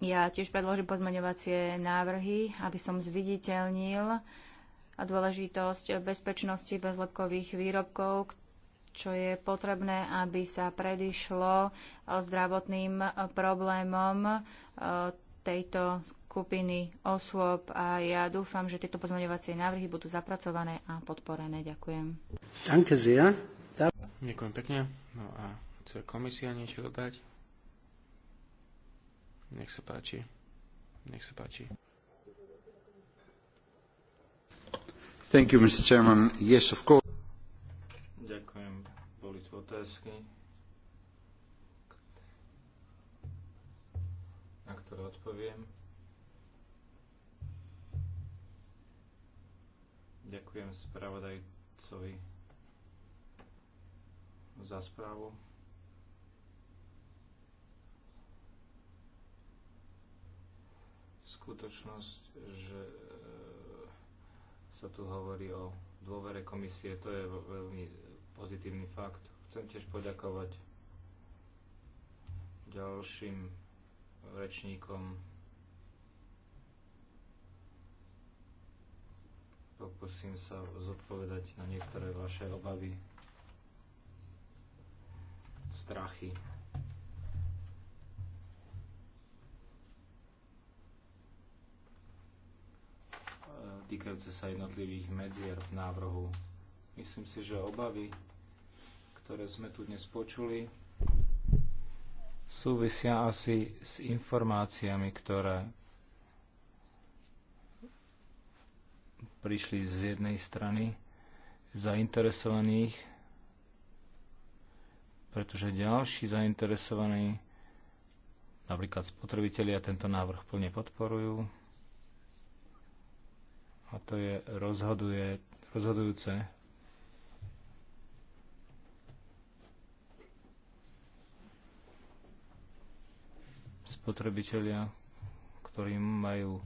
Ja tiež predložím pozmeňovacie návrhy, aby som zviditeľnil dôležitosť bezpečnosti bezlepkových výrobkov, čo je potrebné, aby sa predišlo eh, zdravotným eh, problémom eh, tejto skupiny osôb a ja dúfam, že tieto pozmeňovacie návrhy budú zapracované a podporené. Ďakujem. Ďakujem pekne. No a chce komisia niečo dodať? Nech sa páči. Nech sa páči. Thank you, Mr. Chairman. Yes, of course. Ďakujem. Boli tu otázky, na ktoré odpoviem. Ďakujem spravodajcovi za správu. skutočnosť, že e, sa tu hovorí o dôvere komisie, to je veľmi pozitívny fakt. Chcem tiež poďakovať ďalším rečníkom. Pokúsim sa zodpovedať na niektoré vaše obavy, strachy. týkajúce sa jednotlivých medzier v návrhu. Myslím si, že obavy, ktoré sme tu dnes počuli, súvisia asi s informáciami, ktoré prišli z jednej strany zainteresovaných, pretože ďalší zainteresovaní, napríklad spotrebitelia, tento návrh plne podporujú a to je rozhoduje, rozhodujúce. Spotrebitelia, ktorí majú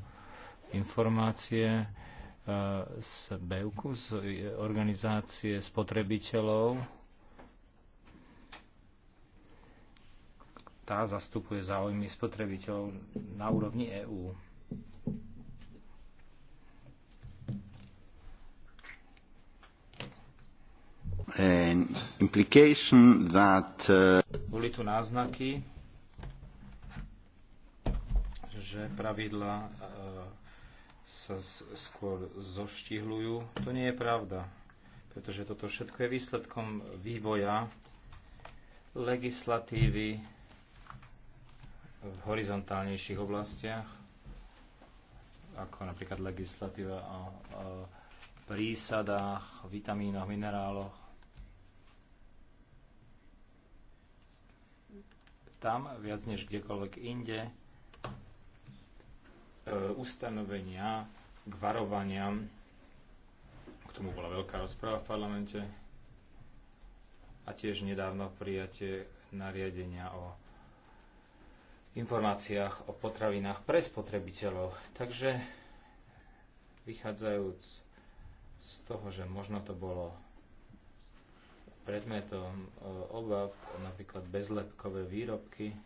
informácie e, z BEUKu, z organizácie spotrebiteľov, tá zastupuje záujmy spotrebiteľov na úrovni EÚ. Uh, Boli tu náznaky, že pravidla uh, sa skôr zoštihľujú. To nie je pravda, pretože toto všetko je výsledkom vývoja legislatívy v horizontálnejších oblastiach, ako napríklad legislatíva o prísadách, vitamínoch, mineráloch, tam viac než kdekoľvek inde e, ustanovenia k varovaniam. K tomu bola veľká rozpráva v parlamente a tiež nedávno prijatie nariadenia o informáciách o potravinách pre spotrebiteľov. Takže vychádzajúc z toho, že možno to bolo predmetom e, obav, napríklad bezlepkové výrobky.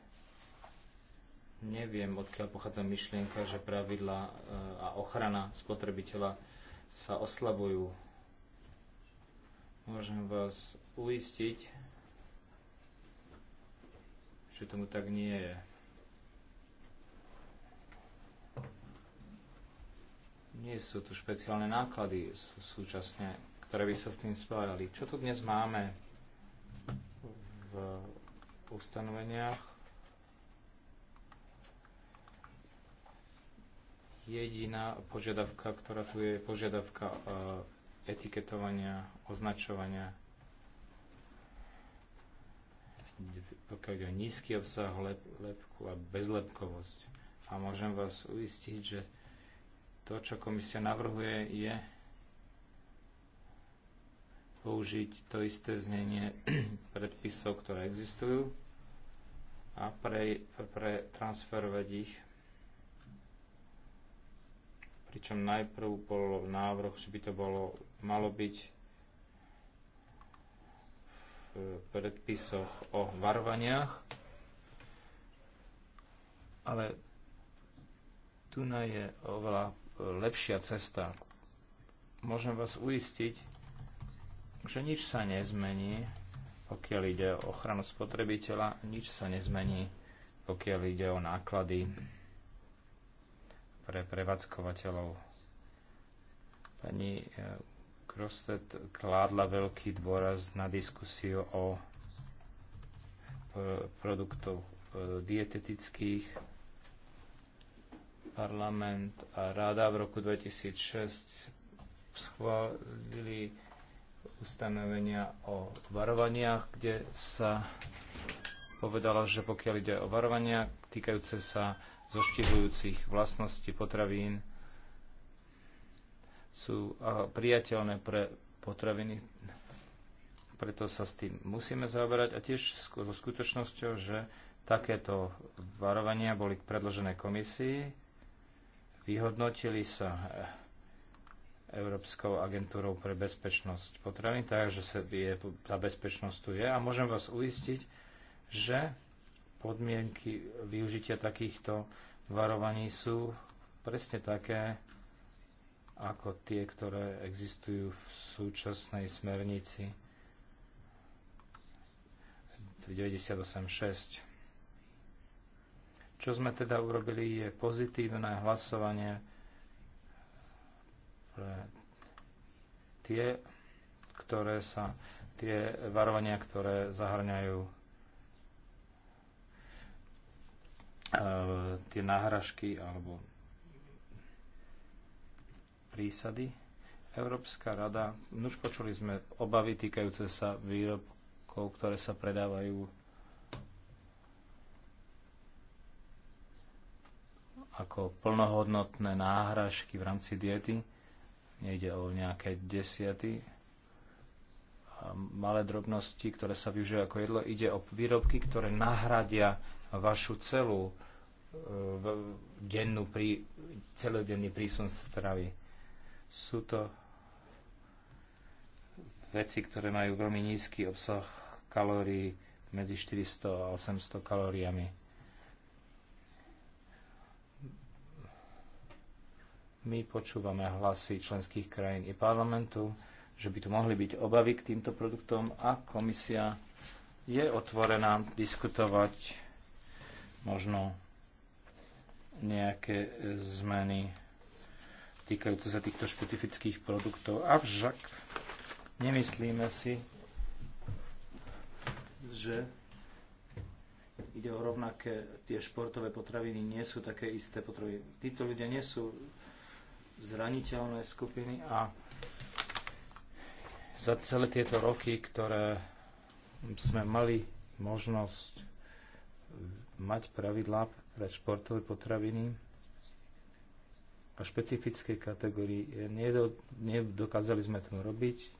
Neviem, odkiaľ pochádza myšlienka, že pravidla e, a ochrana spotrebiteľa sa oslabujú. Môžem vás uistiť, že tomu tak nie je. Nie sú tu špeciálne náklady sú súčasne ktoré by sa s tým spájali. Čo tu dnes máme v ustanoveniach? Jediná požiadavka, ktorá tu je, je požiadavka e, etiketovania, označovania pokiaľ je nízky obsah lep, lepku a bezlepkovosť. A môžem vás uistiť, že to, čo komisia navrhuje, je použiť to isté znenie predpisov, ktoré existujú a pre, pre transferovať ich. Pričom najprv bol návrh, že by to bolo, malo byť v predpisoch o varovaniach, ale tu je oveľa lepšia cesta. Môžem vás uistiť, že nič sa nezmení, pokiaľ ide o ochranu spotrebiteľa, nič sa nezmení, pokiaľ ide o náklady pre prevádzkovateľov. Pani Krostet eh, kládla veľký dôraz na diskusiu o produktoch eh, dietetických. Parlament a Rada v roku 2006 schválili ustanovenia o varovaniach, kde sa povedalo, že pokiaľ ide o varovania týkajúce sa zoštivujúcich vlastností potravín, sú priateľné pre potraviny, preto sa s tým musíme zaoberať a tiež so skutočnosťou, že takéto varovania boli predložené komisii, vyhodnotili sa Európskou agentúrou pre bezpečnosť potravín, takže je, tá bezpečnosť tu je a môžem vás uistiť, že podmienky využitia takýchto varovaní sú presne také, ako tie, ktoré existujú v súčasnej smernici 98.6. Čo sme teda urobili je pozitívne hlasovanie tie, ktoré sa, tie varovania, ktoré zahrňajú e, tie náhražky alebo prísady. Európska rada, už počuli sme obavy týkajúce sa výrobkov, ktoré sa predávajú ako plnohodnotné náhražky v rámci diety nejde o nejaké desiaty malé drobnosti, ktoré sa využijú ako jedlo. Ide o výrobky, ktoré nahradia vašu celú e, dennú prí, celodenný prísun stravy. Sú to veci, ktoré majú veľmi nízky obsah kalórií medzi 400 a 800 kalóriami My počúvame hlasy členských krajín i parlamentu, že by tu mohli byť obavy k týmto produktom a komisia je otvorená diskutovať možno nejaké zmeny týkajúce sa týchto špecifických produktov. Avšak nemyslíme si, že ide o rovnaké, tie športové potraviny nie sú také isté potraviny. Títo ľudia nie sú zraniteľné skupiny a za celé tieto roky, ktoré sme mali možnosť mať pravidlá pre športové potraviny a špecifické kategórii, nedokázali sme to robiť.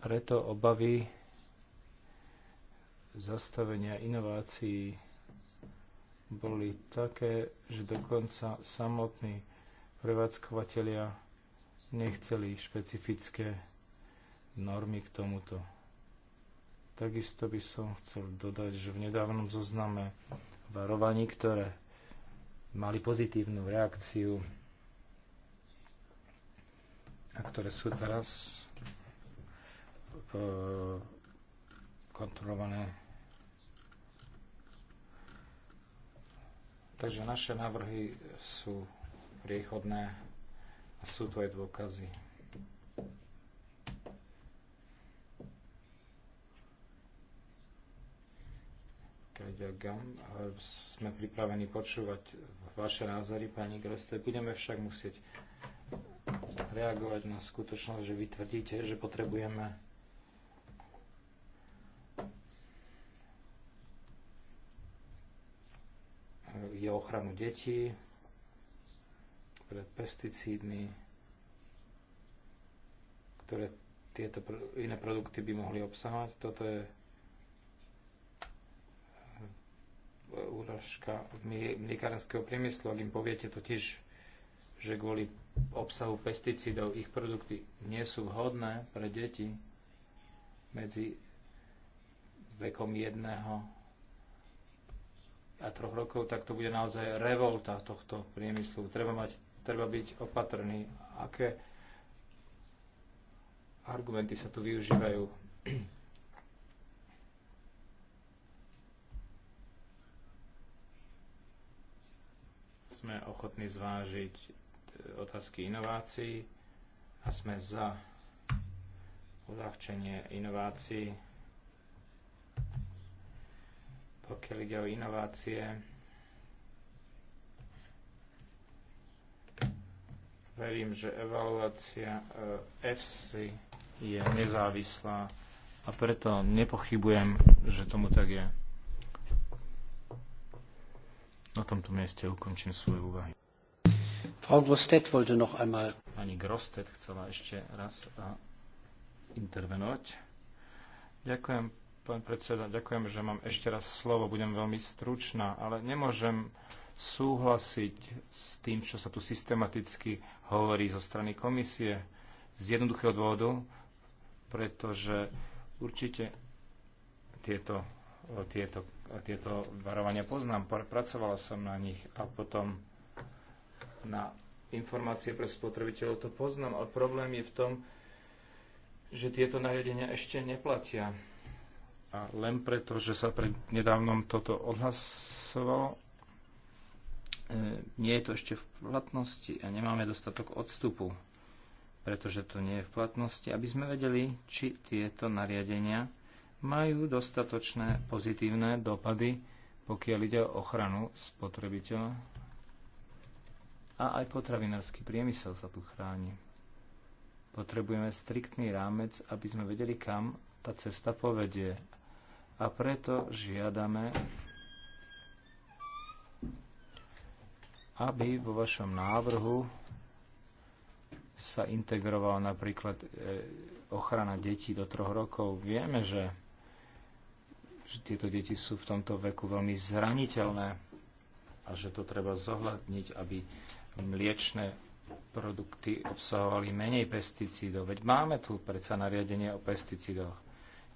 Preto obavy zastavenia inovácií boli také, že dokonca samotní prevádzkovateľia nechceli špecifické normy k tomuto. Takisto by som chcel dodať, že v nedávnom zozname varovaní, ktoré mali pozitívnu reakciu a ktoré sú teraz e, kontrolované Takže naše návrhy sú priechodné a sú to aj dôkazy. Sme pripravení počúvať vaše názory, pani Greste. Budeme však musieť reagovať na skutočnosť, že vy tvrdíte, že potrebujeme je ochranu detí pred pesticídmi, ktoré tieto iné produkty by mohli obsahovať. Toto je úražka eh, mliekárenského priemyslu. Ak im poviete totiž, že kvôli obsahu pesticídov ich produkty nie sú vhodné pre deti medzi vekom jedného a troch rokov, tak to bude naozaj revolta tohto priemyslu. Treba, mať, treba byť opatrný, aké argumenty sa tu využívajú. Sme ochotní zvážiť e, otázky inovácií a sme za uľahčenie inovácií pokiaľ ide o inovácie, verím, že evaluácia e, EFSI je nezávislá a preto nepochybujem, že tomu tak je. Na tomto mieste ukončím svoje úvahy. Frau Grostet wollte noch einmal. Pani Grostet chcela ešte raz intervenovať. Ďakujem, Pán predseda, ďakujem, že mám ešte raz slovo. Budem veľmi stručná, ale nemôžem súhlasiť s tým, čo sa tu systematicky hovorí zo strany komisie. Z jednoduchého dôvodu, pretože určite tieto, tieto, tieto varovania poznám, pracovala som na nich a potom na informácie pre spotrebiteľov to poznám, ale problém je v tom, že tieto nariadenia ešte neplatia. A len preto, že sa pred nedávnom toto odhlasovalo, e, nie je to ešte v platnosti a nemáme dostatok odstupu, pretože to nie je v platnosti, aby sme vedeli, či tieto nariadenia majú dostatočné pozitívne dopady, pokiaľ ide o ochranu spotrebiteľa. A aj potravinársky priemysel sa tu chráni. Potrebujeme striktný rámec, aby sme vedeli, kam tá cesta povedie a preto žiadame, aby vo vašom návrhu sa integrovala napríklad e, ochrana detí do troch rokov. Vieme, že, že tieto deti sú v tomto veku veľmi zraniteľné a že to treba zohľadniť, aby mliečne produkty obsahovali menej pesticídov. Veď máme tu predsa nariadenie o pesticídoch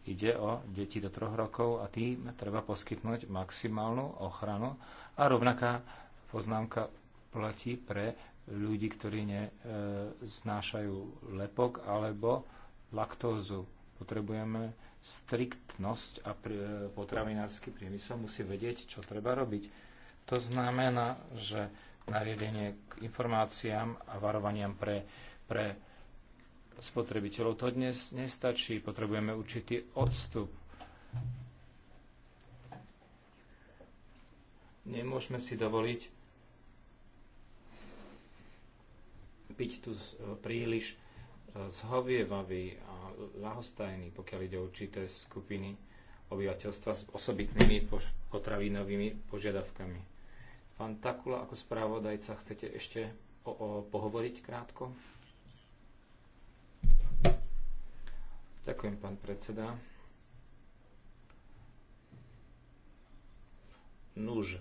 Ide o deti do troch rokov a tým treba poskytnúť maximálnu ochranu a rovnaká poznámka platí pre ľudí, ktorí neznášajú e, lepok alebo laktózu. Potrebujeme striktnosť a e, potravinársky priemysel musí vedieť, čo treba robiť. To znamená, že nariadenie k informáciám a varovaniam pre, pre spotrebiteľov. To dnes nestačí, potrebujeme určitý odstup. Nemôžeme si dovoliť byť tu e, príliš e, zhovievavý a ľahostajný, pokiaľ ide o určité skupiny obyvateľstva s osobitnými potravinovými požiadavkami. Pán Takula, ako správodajca, chcete ešte o, o, pohovoriť krátko? Ďakujem, pán predseda. Nuž,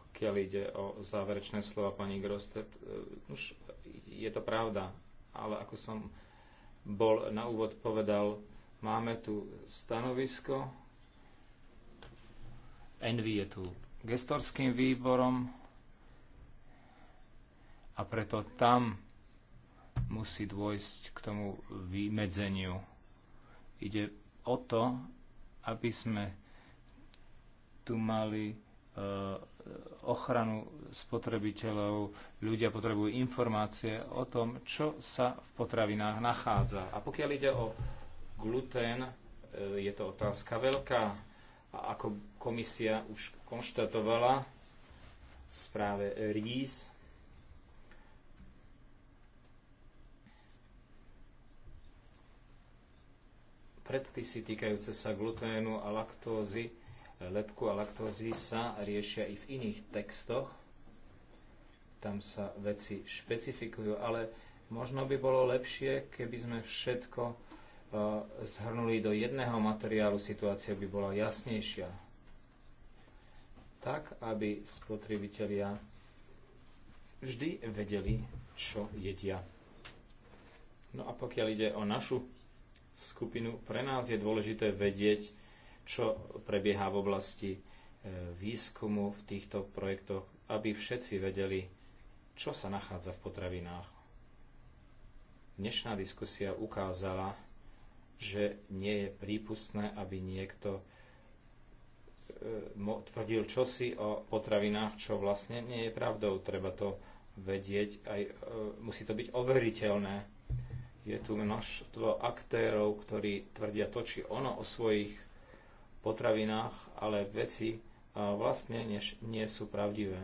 pokiaľ ide o záverečné slova pani Grostet, e, už je to pravda, ale ako som bol na úvod povedal, máme tu stanovisko, Envy je tu gestorským výborom a preto tam musí dôjsť k tomu vymedzeniu. Ide o to, aby sme tu mali e, ochranu spotrebiteľov, ľudia potrebujú informácie o tom, čo sa v potravinách nachádza. A pokiaľ ide o glutén, e, je to otázka veľká. A ako komisia už konštatovala v správe RIS, Predpisy týkajúce sa gluténu a laktózy, lepku a laktózy sa riešia i v iných textoch. Tam sa veci špecifikujú, ale možno by bolo lepšie, keby sme všetko e, zhrnuli do jedného materiálu, situácia by bola jasnejšia. Tak, aby spotrebitelia vždy vedeli, čo jedia. No a pokiaľ ide o našu skupinu. Pre nás je dôležité vedieť, čo prebieha v oblasti e, výskumu v týchto projektoch, aby všetci vedeli, čo sa nachádza v potravinách. Dnešná diskusia ukázala, že nie je prípustné, aby niekto e, tvrdil čosi o potravinách, čo vlastne nie je pravdou. Treba to vedieť, aj, e, musí to byť overiteľné je tu množstvo aktérov, ktorí tvrdia to či ono o svojich potravinách, ale veci e, vlastne než, nie sú pravdivé.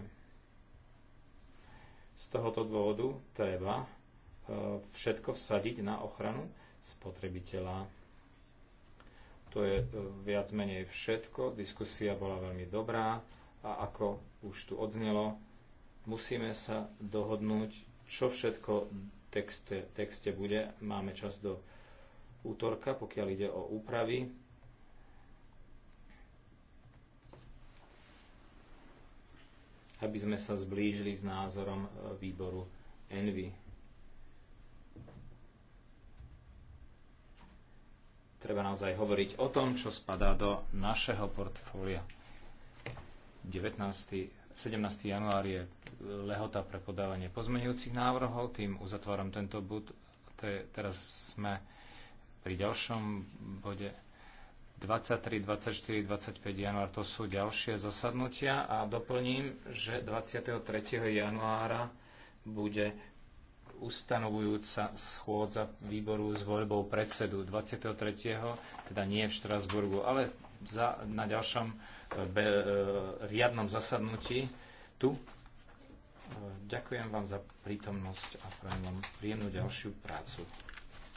Z tohoto dôvodu treba e, všetko vsadiť na ochranu spotrebiteľa. To je e, viac menej všetko. Diskusia bola veľmi dobrá a ako už tu odznelo, musíme sa dohodnúť, čo všetko texte, texte bude. Máme čas do útorka, pokiaľ ide o úpravy. aby sme sa zblížili s názorom e, výboru Envy. Treba naozaj hovoriť o tom, čo spadá do našeho portfólia. 19. 17. január je e, lehota pre podávanie pozmeňujúcich návrhov, tým uzatváram tento bod. Te, teraz sme pri ďalšom bode 23, 24, 25 január, to sú ďalšie zasadnutia a doplním, že 23. januára bude ustanovujúca schôdza výboru s voľbou predsedu 23. teda nie v Štrasburgu, ale za, na ďalšom be, e, riadnom zasadnutí tu. E, ďakujem vám za prítomnosť a prajem vám príjemnú ďalšiu prácu.